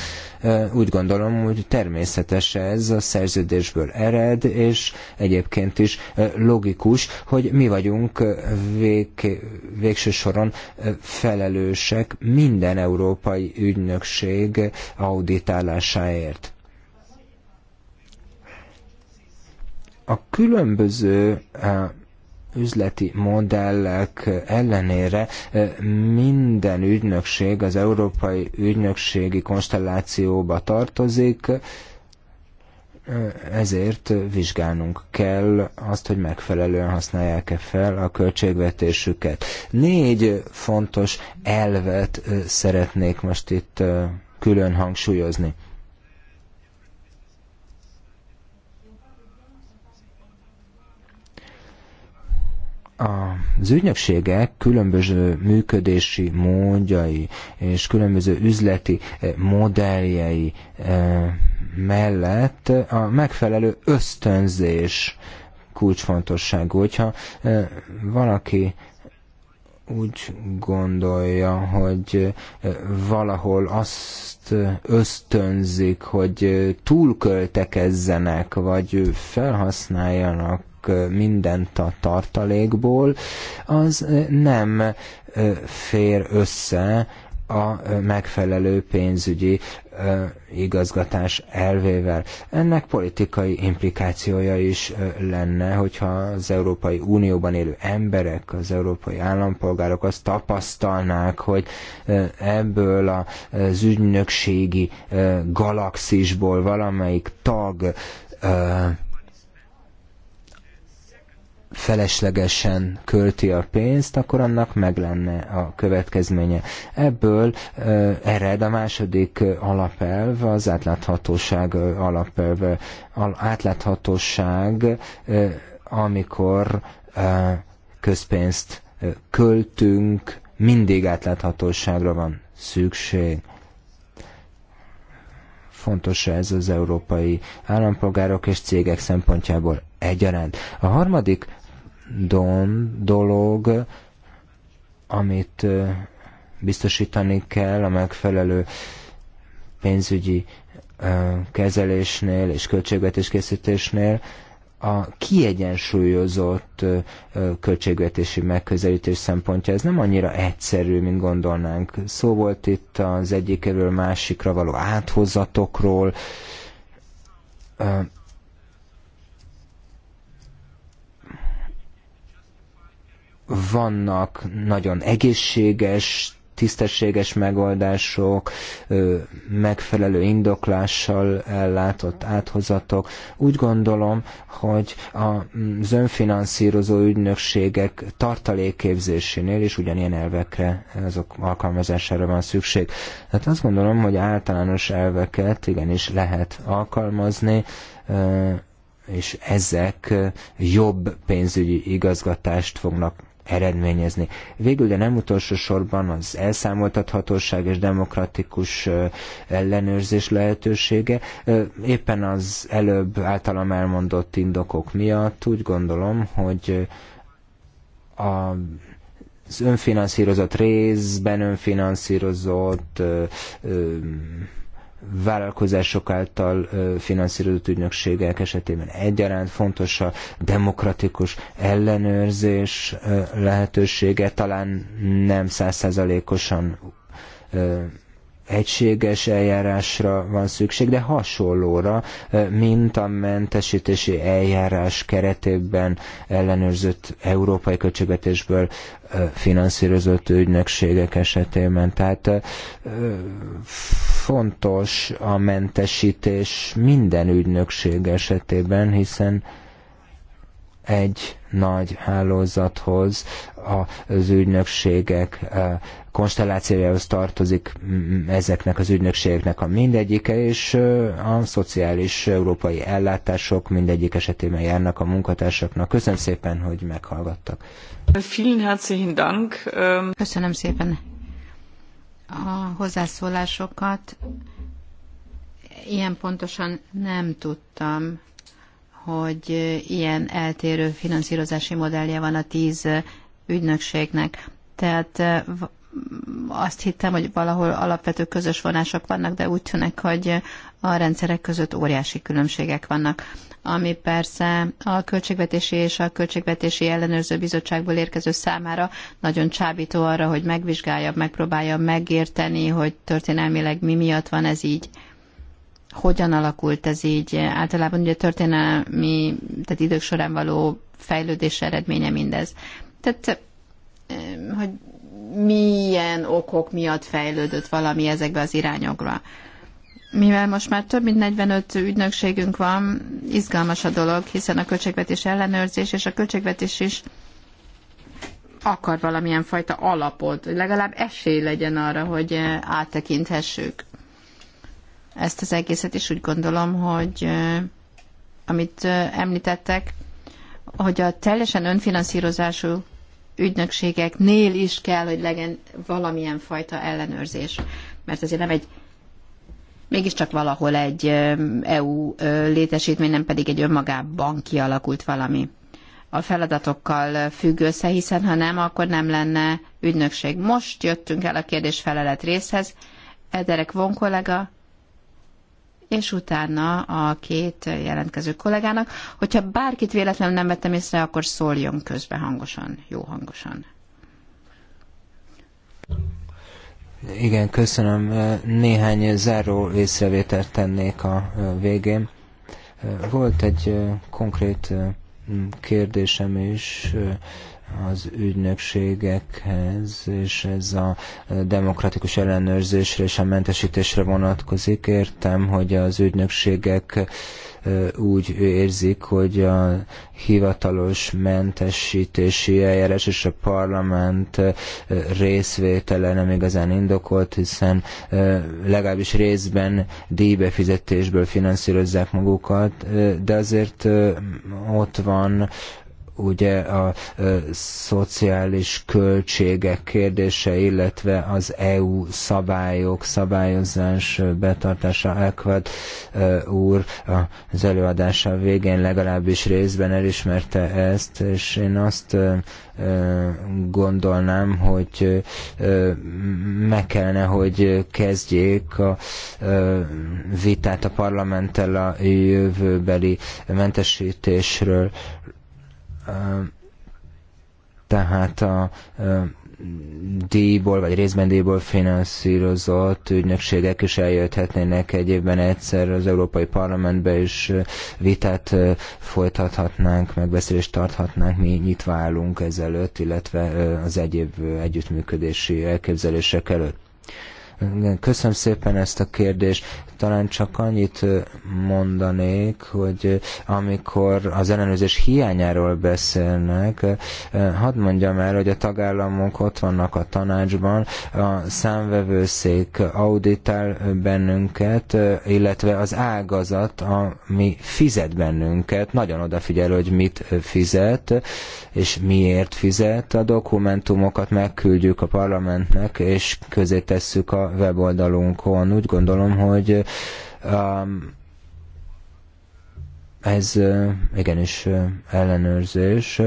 Úgy gondolom, hogy természetes ez a szerződésből ered, és egyébként is logikus, hogy mi vagyunk vég, végső soron felelősek minden európai ügynökség auditálásáért. A különböző e, üzleti modellek ellenére e, minden ügynökség az európai ügynökségi konstellációba tartozik, e, ezért vizsgálnunk kell azt, hogy megfelelően használják-e fel a költségvetésüket. Négy fontos elvet szeretnék most itt külön hangsúlyozni. az ügynökségek különböző működési módjai és különböző üzleti eh, modelljei eh, mellett a megfelelő ösztönzés kulcsfontosságú. Hogyha eh, valaki úgy gondolja, hogy valahol azt ösztönzik, hogy túlköltekezzenek, vagy felhasználjanak mindent a tartalékból, az nem fér össze a megfelelő pénzügyi igazgatás elvével. Ennek politikai implikációja is lenne, hogyha az Európai Unióban élő emberek, az európai állampolgárok azt tapasztalnák, hogy ebből az ügynökségi galaxisból valamelyik tag feleslegesen költi a pénzt, akkor annak meg lenne a következménye. Ebből ered a második alapelv, az átláthatóság alapelve. Átláthatóság, amikor közpénzt költünk, mindig átláthatóságra van szükség fontos ez az európai állampolgárok és cégek szempontjából egyaránt. A harmadik don, dolog, amit biztosítani kell a megfelelő pénzügyi kezelésnél és költségvetés készítésnél a kiegyensúlyozott költségvetési megközelítés szempontja. Ez nem annyira egyszerű, mint gondolnánk. Szó volt itt az egyik másikra való áthozatokról, vannak nagyon egészséges, tisztességes megoldások, megfelelő indoklással ellátott áthozatok. Úgy gondolom, hogy a önfinanszírozó ügynökségek tartalékképzésénél is ugyanilyen elvekre, azok alkalmazására van szükség. Tehát azt gondolom, hogy általános elveket igenis lehet alkalmazni, és ezek jobb pénzügyi igazgatást fognak eredményezni. Végül, de nem utolsó sorban az elszámoltathatóság és demokratikus ellenőrzés lehetősége. Éppen az előbb általam elmondott indokok miatt úgy gondolom, hogy a az önfinanszírozott részben önfinanszírozott ö, ö, vállalkozások által finanszírozott ügynökségek esetében egyaránt fontos a demokratikus ellenőrzés lehetősége, talán nem százszázalékosan egységes eljárásra van szükség, de hasonlóra, mint a mentesítési eljárás keretében ellenőrzött európai költségvetésből finanszírozott ügynökségek esetében. Tehát fontos a mentesítés minden ügynökség esetében, hiszen egy nagy hálózathoz az ügynökségek eh, konstellációjához tartozik mm, ezeknek az ügynökségeknek a mindegyike, és eh, a szociális európai ellátások mindegyik esetében járnak a munkatársaknak. Köszönöm szépen, hogy meghallgattak. Köszönöm szépen a hozzászólásokat. Ilyen pontosan nem tudtam, hogy ilyen eltérő finanszírozási modellje van a tíz ügynökségnek. Tehát eh, azt hittem, hogy valahol alapvető közös vonások vannak, de úgy tűnik, hogy a rendszerek között óriási különbségek vannak ami persze a Költségvetési és a Költségvetési Ellenőrző Bizottságból érkező számára nagyon csábító arra, hogy megvizsgálja, megpróbálja megérteni, hogy történelmileg mi miatt van ez így hogyan alakult ez így? Általában ugye történelmi, tehát idők során való fejlődés eredménye mindez. Tehát, eh, hogy milyen okok miatt fejlődött valami ezekbe az irányokra mivel most már több mint 45 ügynökségünk van, izgalmas a dolog, hiszen a költségvetés ellenőrzés és a költségvetés is akar valamilyen fajta alapot, hogy legalább esély legyen arra, hogy eh, áttekinthessük ezt az egészet, is úgy gondolom, hogy eh, amit eh, említettek, hogy a teljesen önfinanszírozású ügynökségeknél is kell, hogy legyen valamilyen fajta ellenőrzés, mert azért nem egy mégiscsak valahol egy EU létesítmény, nem pedig egy önmagában kialakult valami. A feladatokkal függ össze, hiszen ha nem, akkor nem lenne ügynökség. Most jöttünk el a kérdés-felelet részhez. Ederek von kollega, és utána a két jelentkező kollégának. Hogyha bárkit véletlenül nem vettem észre, akkor szóljon közbe hangosan, jó hangosan. Igen, köszönöm. Néhány záró észrevételt tennék a végén. Volt egy konkrét kérdésem is az ügynökségekhez, és ez a demokratikus ellenőrzésre és a mentesítésre vonatkozik. Értem, hogy az ügynökségek úgy érzik, hogy a hivatalos mentesítési eljárás és a parlament részvétele nem igazán indokolt, hiszen legalábbis részben díjbefizetésből finanszírozzák magukat, de azért ott van ugye a szociális költségek kérdése, illetve az EU szabályok, szabályozás betartása Ekvad úr az előadása végén legalábbis részben elismerte ezt, és én azt gondolnám, hogy meg kellene, hogy kezdjék a vitát a parlamenttel a jövőbeli mentesítésről, tehát a díjból, vagy részben díjból finanszírozott ügynökségek is eljöhetnének egy évben egyszer az Európai Parlamentbe, és vitát folytathatnánk, megbeszélést tarthatnánk, mi nyitva állunk ezelőtt, illetve az egyéb együttműködési elképzelések előtt. Köszönöm szépen ezt a kérdést. Talán csak annyit mondanék, hogy amikor az ellenőrzés hiányáról beszélnek, hadd mondjam el, hogy a tagállamok ott vannak a tanácsban, a számvevőszék auditál bennünket, illetve az ágazat, ami fizet bennünket, nagyon odafigyel, hogy mit fizet, és miért fizet. A dokumentumokat megküldjük a parlamentnek, és közé tesszük a weboldalunkon. Úgy gondolom, hogy Um, ez uh, igenis uh, ellenőrzés,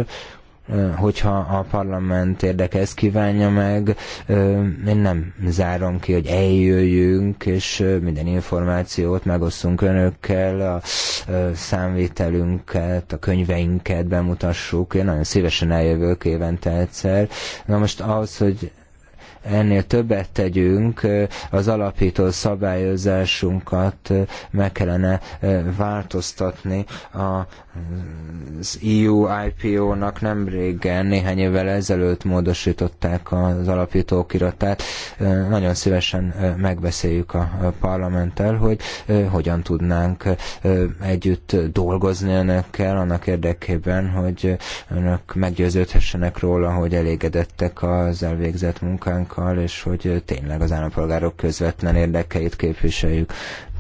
uh, hogyha a parlament érdeke ezt kívánja meg, én nem zárom ki, hogy eljöjjünk, és minden információt megosszunk önökkel, a számvételünket, a könyveinket bemutassuk. Én nagyon szívesen eljövök évente egyszer. Na most ahhoz, hogy ennél többet tegyünk, az alapító szabályozásunkat meg kellene változtatni a az EU IPO-nak nem régen, néhány évvel ezelőtt módosították az alapító okiratát. Nagyon szívesen megbeszéljük a parlamenttel, hogy hogyan tudnánk együtt dolgozni önökkel annak érdekében, hogy önök meggyőződhessenek róla, hogy elégedettek az elvégzett munkánkkal, és hogy tényleg az állampolgárok közvetlen érdekeit képviseljük.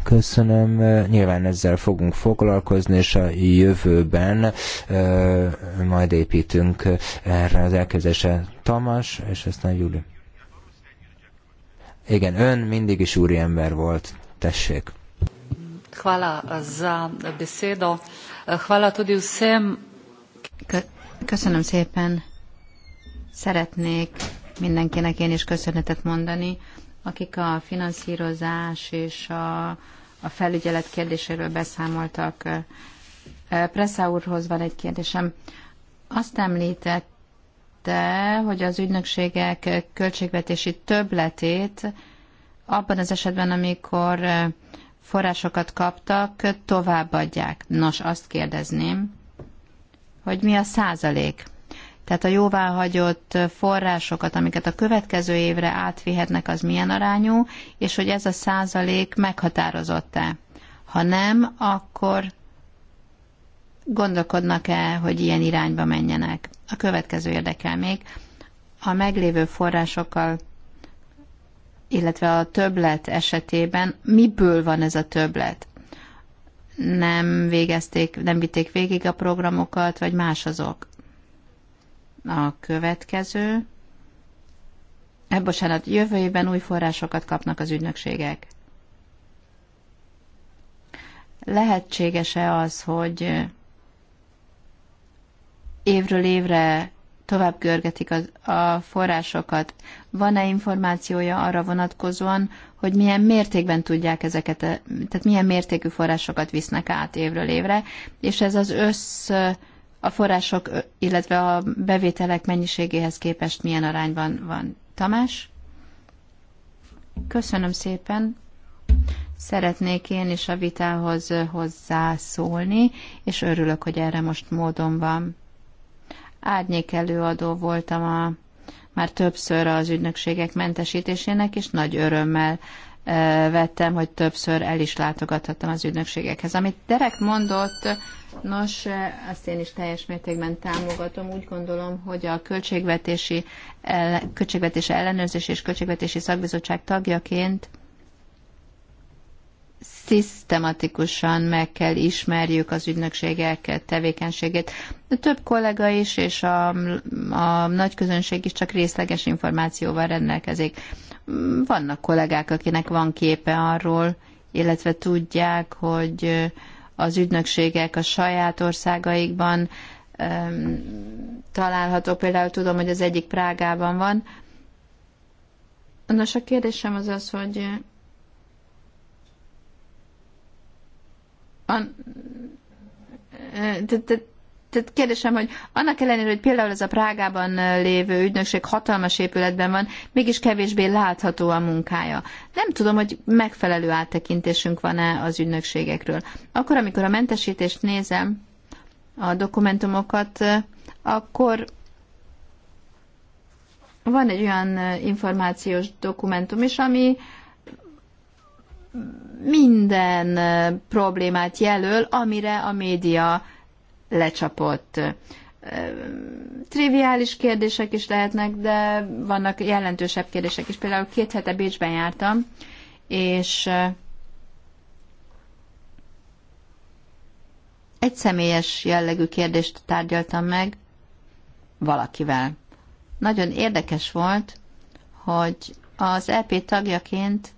Köszönöm. Nyilván ezzel fogunk foglalkozni, és a jövőben majd építünk erre az elkezdése Tamas, és aztán Júli. Igen, ön mindig is úriember volt. Tessék. Hvala za besedo. Hvala tudi vsem. Köszönöm szépen. Szeretnék mindenkinek én is köszönetet mondani, akik a finanszírozás és a, a felügyelet kérdéséről beszámoltak. pressa úrhoz van egy kérdésem. Azt említette, hogy az ügynökségek költségvetési többletét abban az esetben, amikor forrásokat kaptak, továbbadják. Nos, azt kérdezném, hogy mi a százalék? Tehát a jóváhagyott forrásokat, amiket a következő évre átvihetnek, az milyen arányú, és hogy ez a százalék meghatározott-e. Ha nem, akkor gondolkodnak-e, hogy ilyen irányba menjenek. A következő érdekel még. A meglévő forrásokkal, illetve a többlet esetében miből van ez a többlet? Nem végezték, nem vitték végig a programokat, vagy más azok? A következő. E, bocsánat, jövő évben új forrásokat kapnak az ügynökségek. Lehetséges-e az, hogy évről évre tovább görgetik a, a forrásokat. Van-e információja arra vonatkozóan, hogy milyen mértékben tudják ezeket, e, tehát milyen mértékű forrásokat visznek át évről évre, és ez az össz a források, illetve a bevételek mennyiségéhez képest milyen arányban van. Tamás? Köszönöm szépen. Szeretnék én is a vitához hozzászólni, és örülök, hogy erre most módon van. Árnyék előadó voltam a, már többször az ügynökségek mentesítésének, és nagy örömmel vettem, hogy többször el is látogathattam az ügynökségekhez. Amit Derek mondott, Nos, e, azt én is teljes mértékben támogatom. Úgy gondolom, hogy a költségvetési ellen, költségvetési ellenőrzés és költségvetési szakbizottság tagjaként szisztematikusan meg kell ismerjük az ügynökségek tevékenységét. De több kollega is, és a, a nagy közönség is csak részleges információval rendelkezik. Vannak kollégák, akinek van képe arról, illetve tudják, hogy az ügynökségek a saját országaikban található. Például tudom, hogy az egyik Prágában van. Nos, a kérdésem az az, hogy a, de tehát kérdésem, hogy annak ellenére, hogy például ez a Prágában lévő ügynökség hatalmas épületben van, mégis kevésbé látható a munkája. Nem tudom, hogy megfelelő áttekintésünk van-e az ügynökségekről. Akkor, amikor a mentesítést nézem, a dokumentumokat, akkor van egy olyan információs dokumentum is, ami minden problémát jelöl, amire a média lecsapott. Triviális kérdések is lehetnek, de vannak jelentősebb kérdések is. Például két hete Bécsben jártam, és egy személyes jellegű kérdést tárgyaltam meg valakivel. Nagyon érdekes volt, hogy az EP tagjaként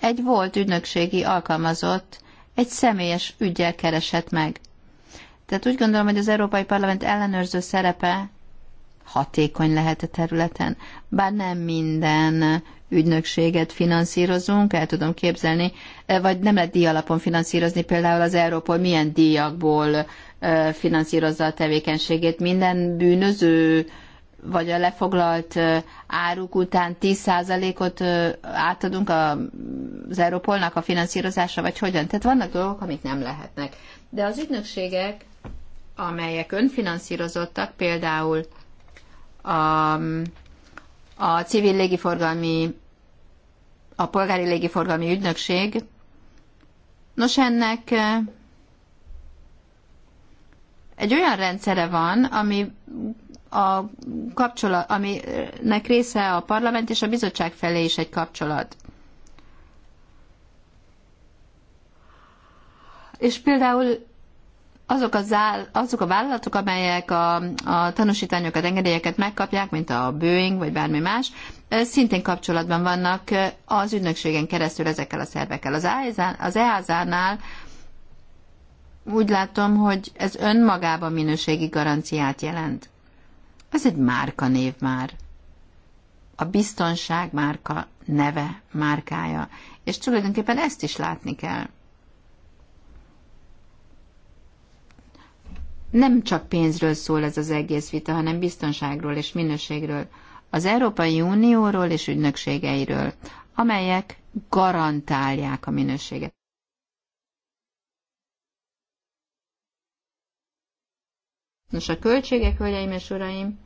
egy volt ügynökségi alkalmazott egy személyes ügyel keresett meg. Tehát úgy gondolom, hogy az Európai Parlament ellenőrző szerepe hatékony lehet a területen. Bár nem minden ügynökséget finanszírozunk, el tudom képzelni, eh, vagy nem lehet díj alapon finanszírozni, például az Európa milyen díjakból eh, finanszírozza a tevékenységét. Minden bűnöző vagy a lefoglalt áruk után 10%-ot átadunk az Európolnak a finanszírozásra, vagy hogyan? Tehát vannak dolgok, amik nem lehetnek. De az ügynökségek, amelyek önfinanszírozottak, például a, a civil légiforgalmi, a polgári légiforgalmi ügynökség, nos ennek egy olyan rendszere van, ami a kapcsolat, aminek része a parlament és a bizottság felé is egy kapcsolat. És például azok, az áll, azok a vállalatok, amelyek a, a tanúsítványokat, engedélyeket megkapják, mint a Boeing vagy bármi más, szintén kapcsolatban vannak az ügynökségen keresztül ezekkel a szervekkel. Az, az EASA-nál úgy látom, hogy ez önmagában minőségi garanciát jelent. Ez egy márka név már. A biztonság márka neve, márkája. És tulajdonképpen ezt is látni kell. Nem csak pénzről szól ez az egész vita, hanem biztonságról és minőségről. Az Európai Unióról és ügynökségeiről, amelyek garantálják a minőséget. Nos, a költségek, hölgyeim és uraim,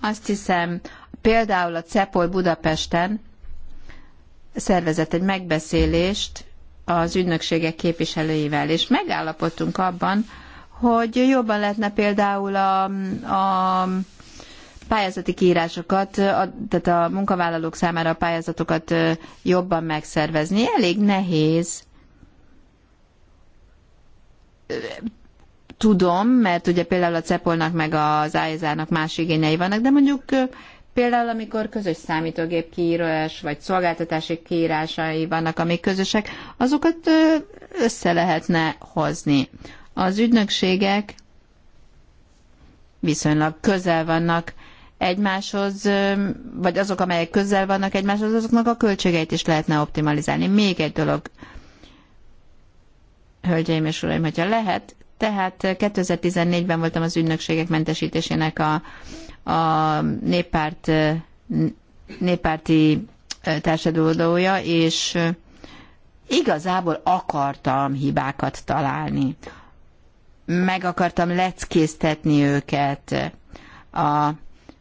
azt hiszem, például a CEPOL Budapesten szervezett egy megbeszélést az ügynökségek képviselőivel, és megállapodtunk abban, hogy jobban lehetne például a, a pályázati kiírásokat, a, tehát a munkavállalók számára a pályázatokat jobban megszervezni. Elég nehéz tudom, mert ugye például a Cepolnak meg az ISR-nak más igényei vannak, de mondjuk például amikor közös számítógép kiírás vagy szolgáltatási kiírásai vannak, amik közösek, azokat össze lehetne hozni. Az ügynökségek viszonylag közel vannak egymáshoz, vagy azok, amelyek közel vannak egymáshoz, azoknak a költségeit is lehetne optimalizálni. Még egy dolog, hölgyeim és uraim, hogyha lehet. Tehát 2014-ben voltam az ügynökségek mentesítésének a, a néppárt, néppárti társadalója, és igazából akartam hibákat találni. Meg akartam leckésztetni őket a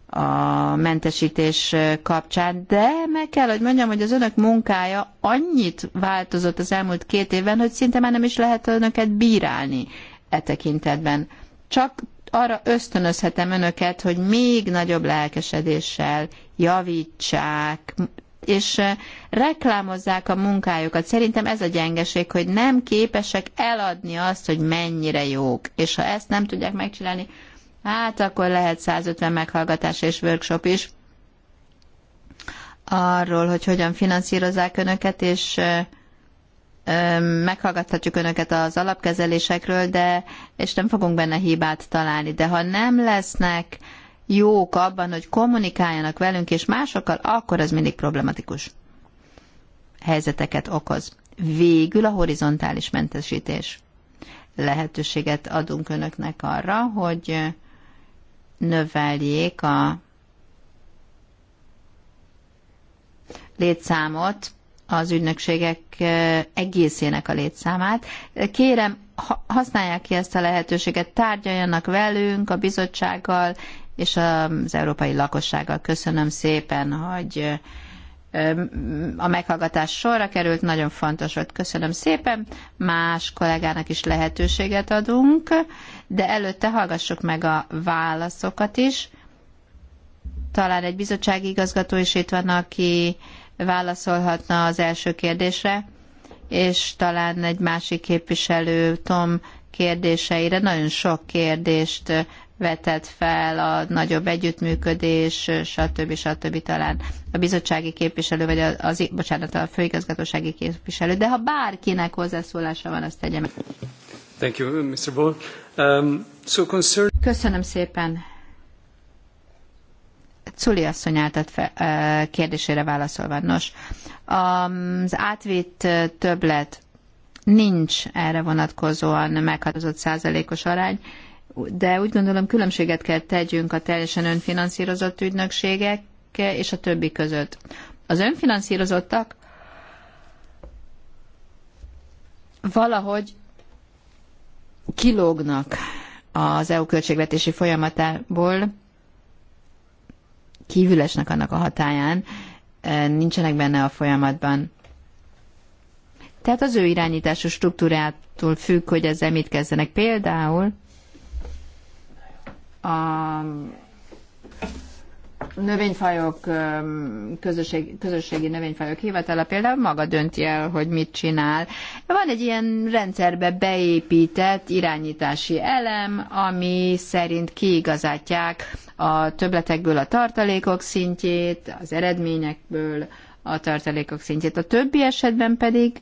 a mentesítés kapcsán, de meg kell, hogy mondjam, hogy az önök munkája annyit változott az elmúlt két évben, hogy szinte már nem is lehet önöket bírálni e tekintetben. Csak arra ösztönözhetem önöket, hogy még nagyobb lelkesedéssel javítsák, és reklámozzák a munkájukat. Szerintem ez a gyengeség, hogy nem képesek eladni azt, hogy mennyire jók. És ha ezt nem tudják megcsinálni, hát akkor lehet 150 meghallgatás és workshop is arról, hogy hogyan finanszírozzák önöket, és meghallgathatjuk önöket az alapkezelésekről, de és nem fogunk benne hibát találni. De ha nem lesznek jók abban, hogy kommunikáljanak velünk és másokkal, akkor ez mindig problematikus helyzeteket okoz. Végül a horizontális mentesítés. Lehetőséget adunk önöknek arra, hogy növeljék a létszámot, az ügynökségek egészének a létszámát. Kérem, használják ki ezt a lehetőséget, tárgyaljanak velünk, a bizottsággal és az európai lakossággal. Köszönöm szépen, hogy a meghallgatás sorra került, nagyon fontos volt. Köszönöm szépen. Más kollégának is lehetőséget adunk, de előtte hallgassuk meg a válaszokat is. Talán egy bizottsági igazgató is itt van, aki válaszolhatna az első kérdésre, és talán egy másik képviselő, Tom, kérdéseire. Nagyon sok kérdést vetett fel, a nagyobb együttműködés, stb. stb. talán a bizottsági képviselő, vagy az, bocsánat, a főigazgatósági képviselő, de ha bárkinek hozzászólása van, azt tegye meg. Thank you, Mr. Ball. Um, so concern... Köszönöm szépen. Culi asszony álltad fel, kérdésére válaszolva. Nos, az átvitt többlet nincs erre vonatkozóan meghatározott százalékos arány, de úgy gondolom különbséget kell tegyünk a teljesen önfinanszírozott ügynökségek és a többi között. Az önfinanszírozottak valahogy kilógnak az EU költségvetési folyamatából, kívülesnek annak a hatáján, e, nincsenek benne a folyamatban. Tehát az ő irányítású struktúrától függ, hogy ezzel mit kezdenek. Például a növényfajok, közösség, közösségi növényfajok hivatala például maga dönti el, hogy mit csinál. Van egy ilyen rendszerbe beépített irányítási elem, ami szerint kiigazátják a töbletekből a tartalékok szintjét, az eredményekből a tartalékok szintjét. A többi esetben pedig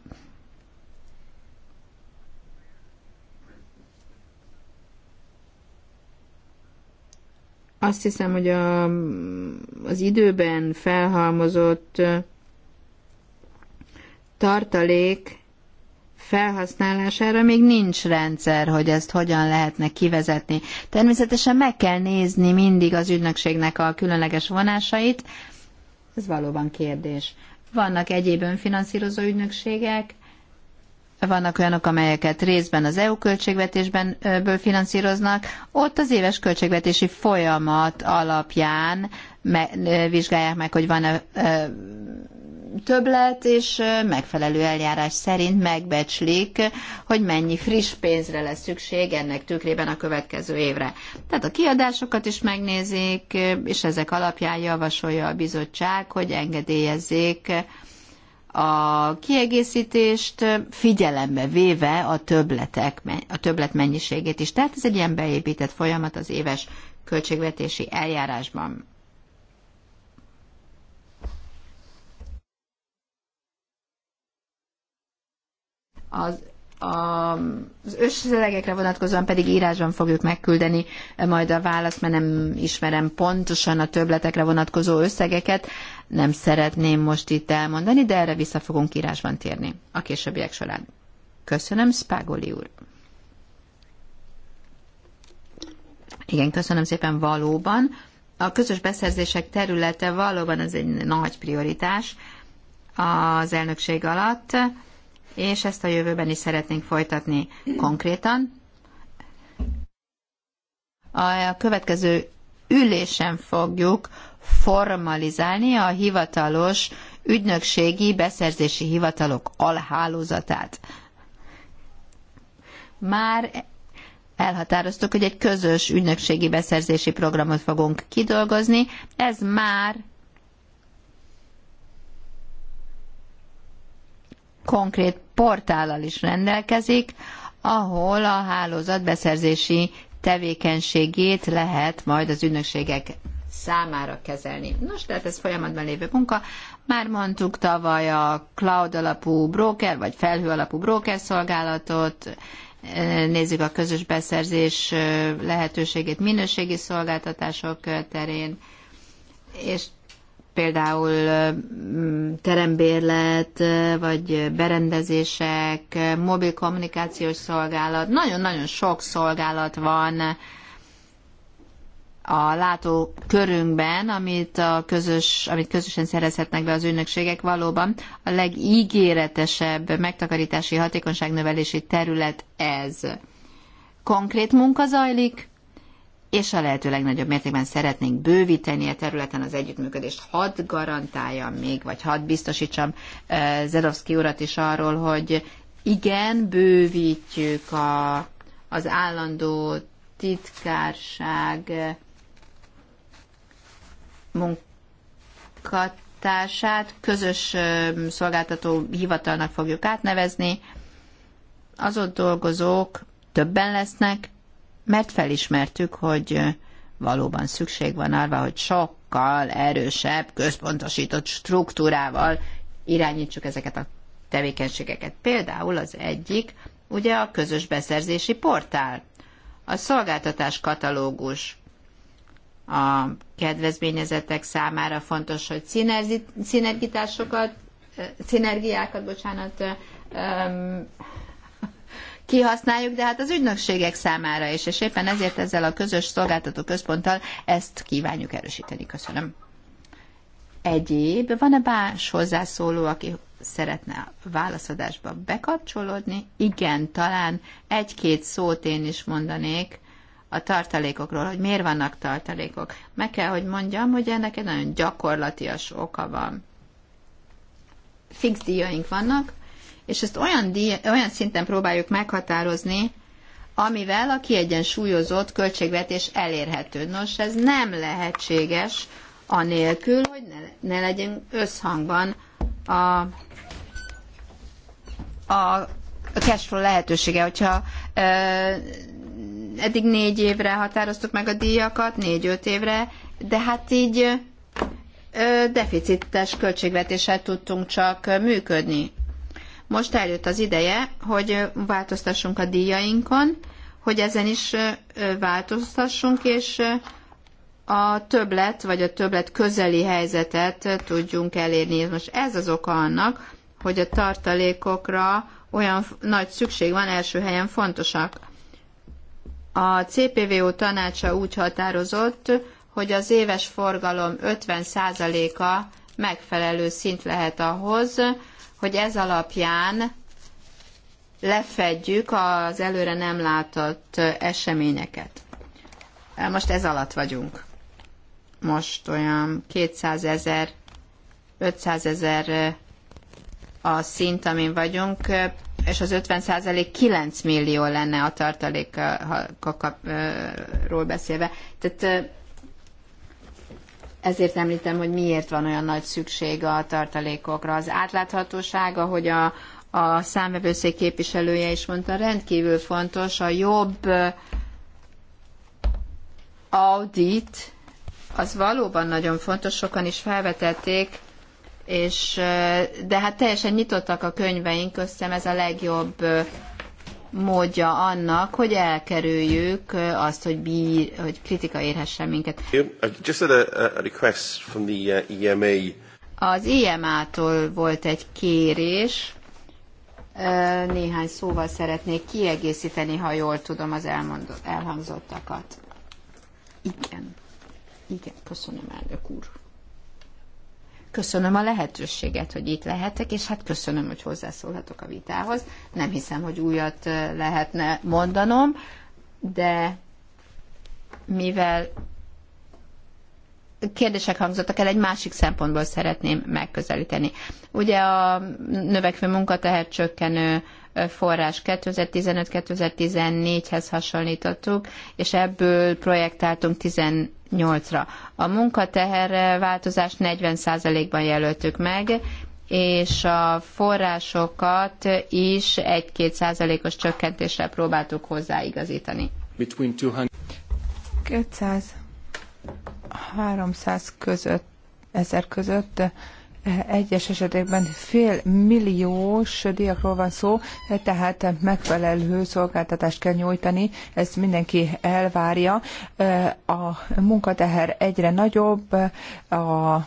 Azt hiszem, hogy a, az időben felhalmozott tartalék felhasználására még nincs rendszer, hogy ezt hogyan lehetne kivezetni. Természetesen meg kell nézni mindig az ügynökségnek a különleges vonásait. Ez valóban kérdés. Vannak egyéb önfinanszírozó ügynökségek, vannak olyanok, amelyeket részben az EU költségvetésbenből finanszíroznak, ott az éves költségvetési folyamat alapján me, vizsgálják meg, hogy van-e többlet, és megfelelő eljárás szerint megbecslik, hogy mennyi friss pénzre lesz szükség ennek tükrében a következő évre. Tehát a kiadásokat is megnézik, és ezek alapján javasolja a bizottság, hogy engedélyezzék a kiegészítést figyelembe véve a, többletek, a többlet mennyiségét is. Tehát ez egy ilyen beépített folyamat az éves költségvetési eljárásban. Az, a, az összegekre vonatkozóan pedig írásban fogjuk megküldeni majd a választ, mert nem ismerem pontosan a többletekre vonatkozó összegeket nem szeretném most itt elmondani, de erre vissza fogunk írásban térni a későbbiek során. Köszönöm, Spágoli úr. Igen, köszönöm szépen valóban. A közös beszerzések területe valóban ez egy nagy prioritás az elnökség alatt, és ezt a jövőben is szeretnénk folytatni konkrétan. A következő ülésen fogjuk formalizálni a hivatalos ügynökségi beszerzési hivatalok alhálózatát. Már elhatároztuk, hogy egy közös ügynökségi beszerzési programot fogunk kidolgozni. Ez már konkrét portállal is rendelkezik, ahol a hálózat beszerzési tevékenységét lehet majd az ügynökségek számára kezelni. Nos, tehát ez folyamatban lévő munka. Már mondtuk tavaly a cloud alapú broker, vagy felhő alapú broker szolgálatot, nézzük a közös beszerzés lehetőségét minőségi szolgáltatások terén, és például terembérlet, vagy berendezések, mobil kommunikációs szolgálat, nagyon-nagyon sok szolgálat van, a látókörünkben, amit, a közös, amit közösen szerezhetnek be az ünnökségek valóban a legígéretesebb megtakarítási hatékonyságnövelési terület ez. Konkrét munka zajlik, és a lehető legnagyobb mértékben szeretnénk bővíteni a területen az együttműködést. Hadd garantáljam még, vagy hadd biztosítsam eh, Zedowski urat is arról, hogy igen, bővítjük a, az állandó titkárság eh, munkatársát közös szolgáltató hivatalnak fogjuk átnevezni. Az ott dolgozók többen lesznek, mert felismertük, hogy valóban szükség van arra, hogy sokkal erősebb, központosított struktúrával irányítsuk ezeket a tevékenységeket. Például az egyik, ugye a közös beszerzési portál, a szolgáltatás katalógus, a kedvezményezettek számára fontos, hogy szinergitásokat, szinergiákat, bocsánat, kihasználjuk, de hát az ügynökségek számára is, és éppen ezért ezzel a közös szolgáltató központtal ezt kívánjuk erősíteni. Köszönöm. Egyéb, van-e más hozzászóló, aki szeretne a válaszadásba bekapcsolódni? Igen, talán egy-két szót én is mondanék a tartalékokról, hogy miért vannak tartalékok. Meg kell, hogy mondjam, hogy ennek egy nagyon gyakorlatias oka van. Fix díjaink vannak, és ezt olyan, díj, olyan szinten próbáljuk meghatározni, amivel a kiegyensúlyozott költségvetés elérhető. Nos, ez nem lehetséges anélkül, hogy ne, ne legyünk összhangban a, a cashflow lehetősége, hogyha ö, eddig négy évre határoztuk meg a díjakat, négy-öt évre, de hát így deficites költségvetéssel tudtunk csak működni. Most eljött az ideje, hogy változtassunk a díjainkon, hogy ezen is változtassunk, és a többlet, vagy a többlet közeli helyzetet tudjunk elérni. Most ez az oka annak, hogy a tartalékokra olyan nagy szükség van, első helyen fontosak. A CPVO tanácsa úgy határozott, hogy az éves forgalom 50%-a megfelelő szint lehet ahhoz, hogy ez alapján lefedjük az előre nem látott eseményeket. Most ez alatt vagyunk. Most olyan 200 ezer, 500 ezer a szint, amin vagyunk és az 50 százalék 9 millió lenne a tartalékról beszélve. Tehát ezért említem, hogy miért van olyan nagy szükség a tartalékokra. Az átláthatóság, ahogy a, a számvevőszék képviselője is mondta, rendkívül fontos a jobb audit, az valóban nagyon fontos, sokan is felvetették, és, de hát teljesen nyitottak a könyveink, összem ez a legjobb módja annak, hogy elkerüljük azt, hogy, bír, hogy kritika érhessen minket. Just a, a request from the uh, EMA. Az IMA-tól e volt egy kérés, néhány szóval szeretnék kiegészíteni, ha jól tudom az elmondott, elhangzottakat. Igen. Igen, köszönöm, elnök úr. Köszönöm a lehetőséget, hogy itt lehetek, és hát köszönöm, hogy hozzászólhatok a vitához. Nem hiszem, hogy újat lehetne mondanom, de mivel kérdések hangzottak el, egy másik szempontból szeretném megközelíteni. Ugye a növekvő munkatehet csökkenő forrás 2015-2014-hez hasonlítottuk, és ebből projektáltunk 2008-ra. A munkateher változást 40%-ban jelöltük meg, és a forrásokat is 1-2 százalékos csökkentésre próbáltuk hozzáigazítani. 200 300 között, ezer között egyes esetekben fél milliós diakról van szó, tehát megfelelő szolgáltatást kell nyújtani, ezt mindenki elvárja. A munkateher egyre nagyobb, a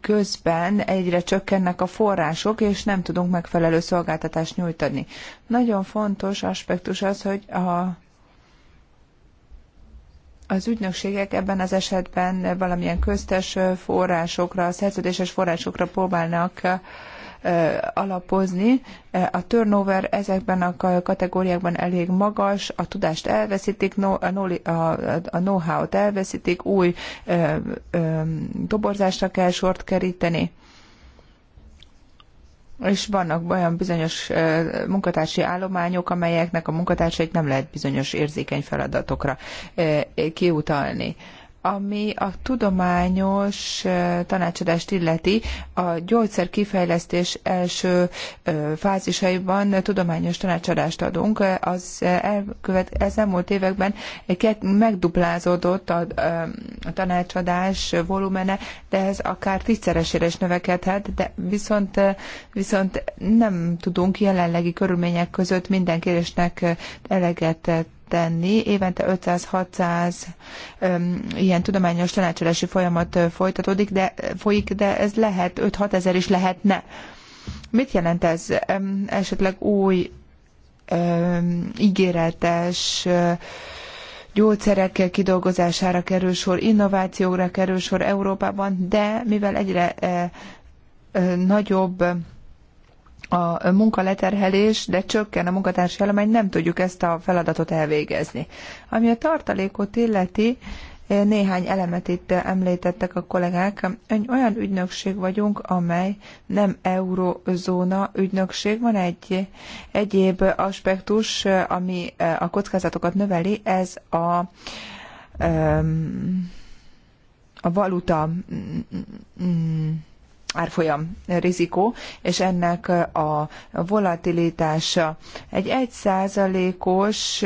közben egyre csökkennek a források, és nem tudunk megfelelő szolgáltatást nyújtani. Nagyon fontos aspektus az, hogy a az ügynökségek ebben az esetben valamilyen köztes forrásokra, szerződéses forrásokra próbálnak alapozni. A turnover ezekben a kategóriákban elég magas, a tudást elveszítik, a know-how-t elveszítik, új doborzásra kell sort keríteni és vannak olyan bizonyos munkatársi állományok, amelyeknek a munkatársait nem lehet bizonyos érzékeny feladatokra kiutalni ami a tudományos tanácsadást illeti, a gyógyszer kifejlesztés első fázisaiban tudományos tanácsadást adunk. Az, elkövet, ez elmúlt években megduplázódott a, a tanácsadás volumene, de ez akár tízszeresére is növekedhet, de viszont, viszont nem tudunk jelenlegi körülmények között minden kérésnek eleget tenni. Évente 500-600 ilyen tudományos tanácsadási folyamat folytatódik, de folyik, de ez lehet, 5-6 ezer is lehetne. Mit jelent ez? Esetleg új ígéretes gyógyszerek kidolgozására kerül sor, innovációra kerül sor Európában, de mivel egyre nagyobb a munkaleterhelés, de csökken a munkatársi elemény, nem tudjuk ezt a feladatot elvégezni. Ami a tartalékot illeti, eh, néhány elemet itt említettek a kollégák. Egy olyan ügynökség vagyunk, amely nem eurozóna ügynökség. Van egy egyéb aspektus, eh, ami eh, a kockázatokat növeli, ez a a valuta mm, mm, mm, árfolyam rizikó, és ennek a volatilitása. Egy 1 százalékos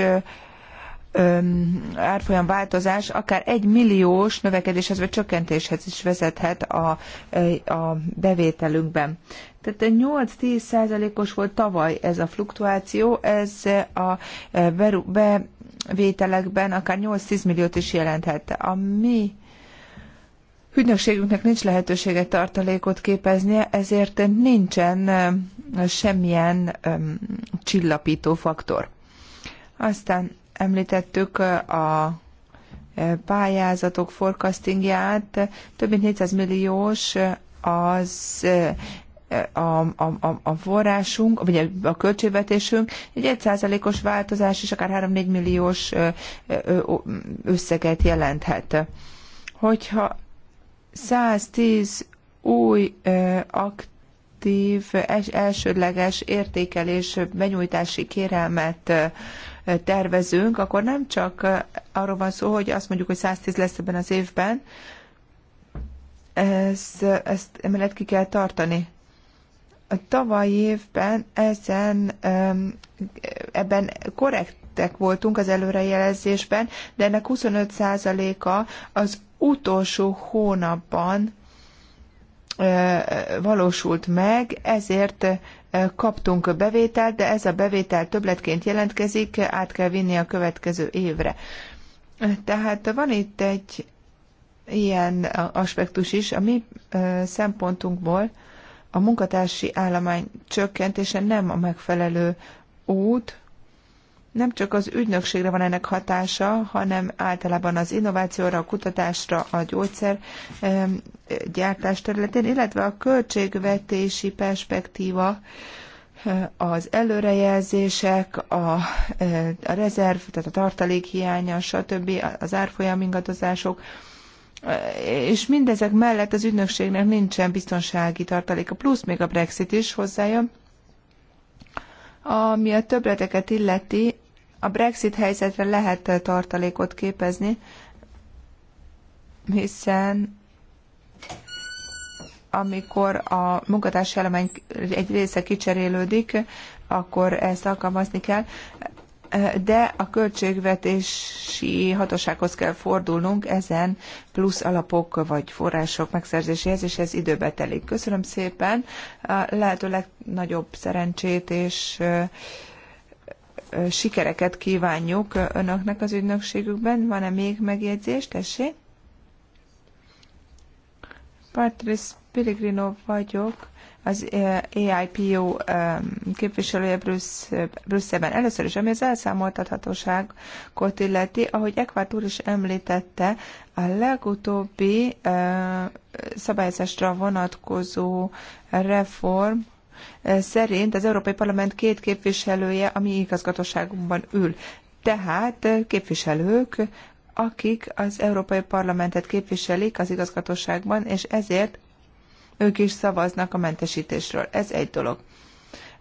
árfolyam változás akár egy milliós növekedéshez vagy csökkentéshez is vezethet a, a bevételünkben. Tehát 8-10 százalékos volt tavaly ez a fluktuáció, ez a bevételekben akár 8-10 milliót is jelenthette, A mi ügynökségünknek nincs lehetősége tartalékot képeznie, ezért nincsen semmilyen csillapító faktor. Aztán említettük a pályázatok forecastingját, több mint 400 milliós az a, a, a, a forrásunk, vagy a költségvetésünk egy 1%-os változás is akár 3-4 milliós összeget jelenthet. Hogyha 110 új aktív, elsődleges értékelés benyújtási kérelmet tervezünk, akkor nem csak arról van szó, hogy azt mondjuk, hogy 110 lesz ebben az évben, ez, ezt emellett ki kell tartani. A tavalyi évben ezen, ebben korrektek voltunk az előrejelzésben, de ennek 25%-a az utolsó hónapban valósult meg, ezért kaptunk bevételt, de ez a bevétel többletként jelentkezik, át kell vinni a következő évre. Tehát van itt egy ilyen aspektus is, a mi szempontunkból a munkatársi állomány csökkentése nem a megfelelő út, nem csak az ügynökségre van ennek hatása, hanem általában az innovációra, a kutatásra, a gyógyszer gyártás területén, illetve a költségvetési perspektíva, eh, az előrejelzések, a, eh, a rezerv, tehát a tartalék hiánya, stb., az árfolyam ingadozások, eh, és mindezek mellett az ügynökségnek nincsen biztonsági tartaléka, plusz még a Brexit is hozzájön. Ami a többleteket illeti, a Brexit helyzetre lehet eh, tartalékot képezni, hiszen amikor a munkatársi elemény egy része kicserélődik, akkor ezt alkalmazni kell, de a költségvetési hatósághoz kell fordulnunk ezen plusz alapok vagy források megszerzéséhez, és ez időbe telik. Köszönöm szépen, a nagyobb legnagyobb szerencsét és eh, sikereket kívánjuk önöknek az ügynökségükben. Van-e még megjegyzés? Tessék! Patrice Pellegrino vagyok, az AIPO képviselője Brüsszelben. Először is, ami az elszámoltathatóságot illeti, ahogy Ekvátor is említette, a legutóbbi szabályozásra vonatkozó reform szerint az Európai Parlament két képviselője a mi igazgatóságunkban ül. Tehát képviselők, akik az Európai Parlamentet képviselik az igazgatóságban, és ezért ők is szavaznak a mentesítésről. Ez egy dolog.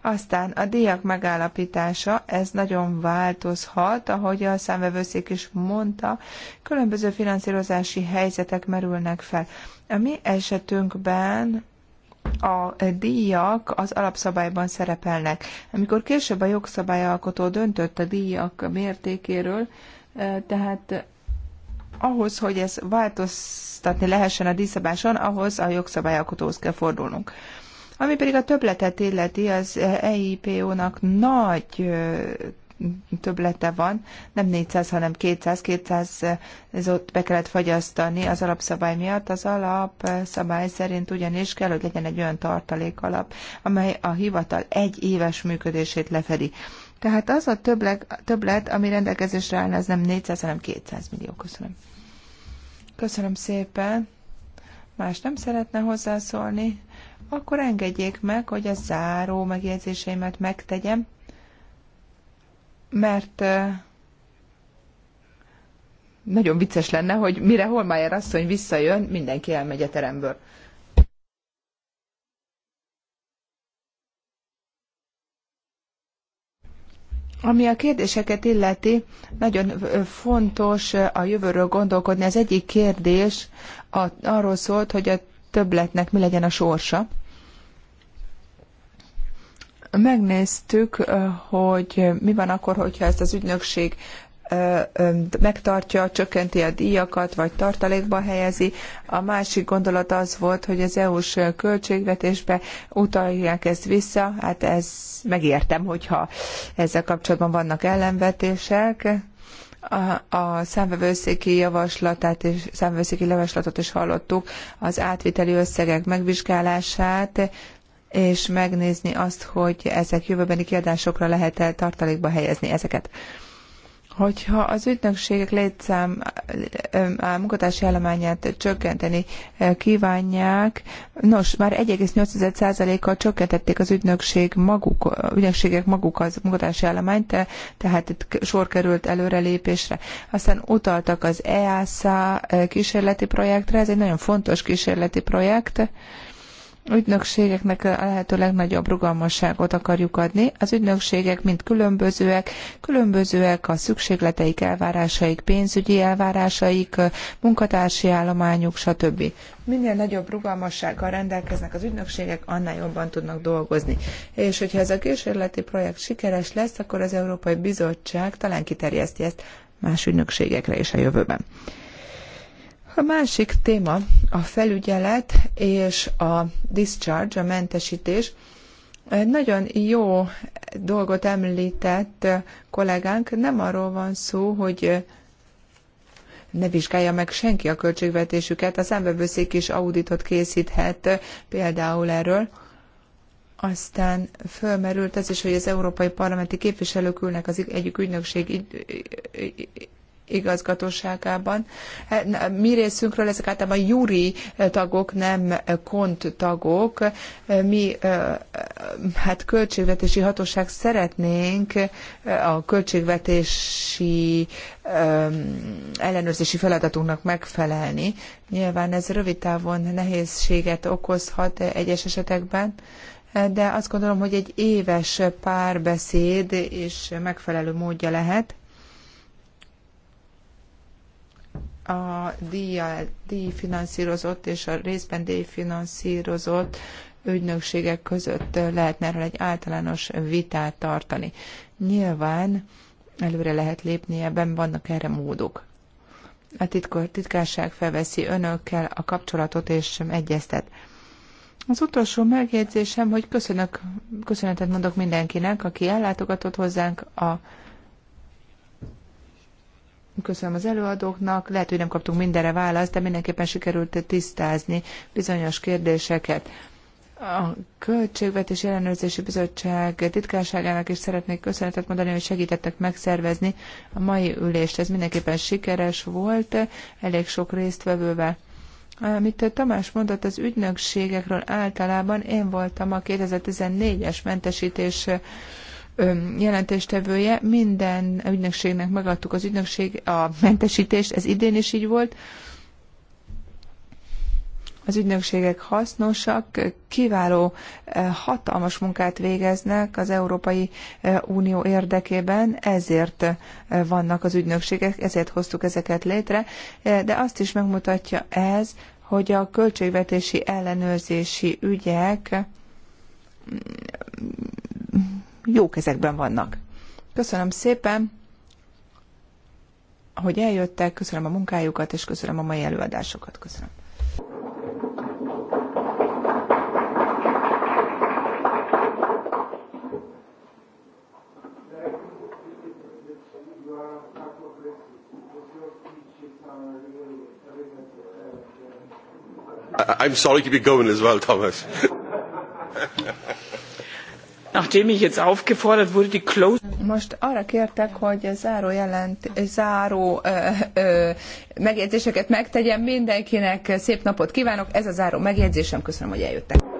Aztán a díjak megállapítása, ez nagyon változhat, ahogy a számvevőszék is mondta, különböző finanszírozási helyzetek merülnek fel. A mi esetünkben a díjak az alapszabályban szerepelnek. Amikor később a jogszabályalkotó döntött a díjak mértékéről, eh, tehát ahhoz, hogy ez változtatni lehessen a díjszabáson, ahhoz a jogszabályalkotóhoz kell fordulnunk. Ami pedig a többletet illeti, az EIPO-nak nagy eh, töblete van, nem 400, hanem 200, 200 ez ott be kellett fagyasztani az alapszabály miatt. Az alapszabály szerint ugyanis kell, hogy legyen egy olyan alap, amely a hivatal egy éves működését lefedi. Tehát az a többlet, többlet ami rendelkezésre állna, az nem 400, hanem 200 millió. Köszönöm. Köszönöm szépen. Más nem szeretne hozzászólni? Akkor engedjék meg, hogy a záró megjegyzéseimet megtegyem mert nagyon vicces lenne, hogy mire Holmeyer asszony visszajön, mindenki elmegy a teremből. Ami a kérdéseket illeti, nagyon fontos a jövőről gondolkodni. Az egyik kérdés arról szólt, hogy a többletnek mi legyen a sorsa megnéztük, hogy mi van akkor, hogyha ezt az ügynökség megtartja, csökkenti a díjakat, vagy tartalékba helyezi. A másik gondolat az volt, hogy az EU-s költségvetésbe utalják ezt vissza. Hát ez megértem, hogyha ezzel kapcsolatban vannak ellenvetések. A, a számvevőszéki javaslatát és számvevőszéki javaslatot is hallottuk, az átviteli összegek megvizsgálását, és megnézni azt, hogy ezek jövőbeni kiadásokra lehet-e tartalékba helyezni ezeket. Hogyha az ügynökségek létszám a munkatársi állományát csökkenteni kívánják, nos, már 1,8%-kal csökkentették az ügynökség maguk, ügynökségek maguk az munkatársi állományt, tehát itt sor került előrelépésre. Aztán utaltak az EASA kísérleti projektre, ez egy nagyon fontos kísérleti projekt, ügynökségeknek a lehető legnagyobb rugalmasságot akarjuk adni. Az ügynökségek mind különbözőek, különbözőek a szükségleteik, elvárásaik, pénzügyi elvárásaik, munkatársi állományuk, stb. Minél nagyobb rugalmassággal rendelkeznek az ügynökségek, annál jobban tudnak dolgozni. És hogyha ez a kísérleti projekt sikeres lesz, akkor az Európai Bizottság talán kiterjeszti ezt más ügynökségekre is a jövőben. A másik téma a felügyelet és a discharge, a mentesítés. Nagyon jó dolgot említett kollégánk, nem arról van szó, hogy ne vizsgálja meg senki a költségvetésüket, a számbevőszék is auditot készíthet például erről. Aztán fölmerült az is, hogy az európai parlamenti képviselők ülnek az egyik ügynökség igazgatóságában. Hát, mi részünkről ezek általában júri tagok, nem kont tagok. Mi hát költségvetési hatóság szeretnénk a költségvetési ellenőrzési feladatunknak megfelelni. Nyilván ez rövid távon nehézséget okozhat egyes esetekben, de azt gondolom, hogy egy éves párbeszéd és megfelelő módja lehet a díjjal, és a részben díjfinanszírozott ügynökségek között lehetne erről egy általános vitát tartani. Nyilván előre lehet lépni, ebben vannak erre módok. A titkor, titkárság felveszi önökkel a kapcsolatot és egyeztet. Az utolsó megjegyzésem, hogy köszönök, köszönetet mondok mindenkinek, aki ellátogatott hozzánk a Köszönöm az előadóknak. Lehet, hogy nem kaptunk mindenre választ, de mindenképpen sikerült tisztázni bizonyos kérdéseket. A Költségvetés Ellenőrzési Bizottság titkárságának is szeretnék köszönetet mondani, hogy segítettek megszervezni a mai ülést. Ez mindenképpen sikeres volt, elég sok résztvevővel. Amit Tamás mondott az ügynökségekről általában, én voltam a 2014-es mentesítés jelentéstevője, minden ügynökségnek megadtuk az ügynökség a mentesítést, ez idén is így volt. Az ügynökségek hasznosak, kiváló, hatalmas munkát végeznek az Európai Unió érdekében, ezért vannak az ügynökségek, ezért hoztuk ezeket létre, de azt is megmutatja ez, hogy a költségvetési ellenőrzési ügyek jó kezekben vannak. Köszönöm szépen, hogy eljöttek, köszönöm a munkájukat, és köszönöm a mai előadásokat. Köszönöm. I'm sorry to be going as well, Thomas. (laughs) nachdem ich jetzt aufgefordert wurde, die Close... Most arra kértek, hogy záró jelent, záró ö, ö, megjegyzéseket megtegyem mindenkinek. Szép napot kívánok. Ez a záró megjegyzésem. Köszönöm, hogy eljöttek.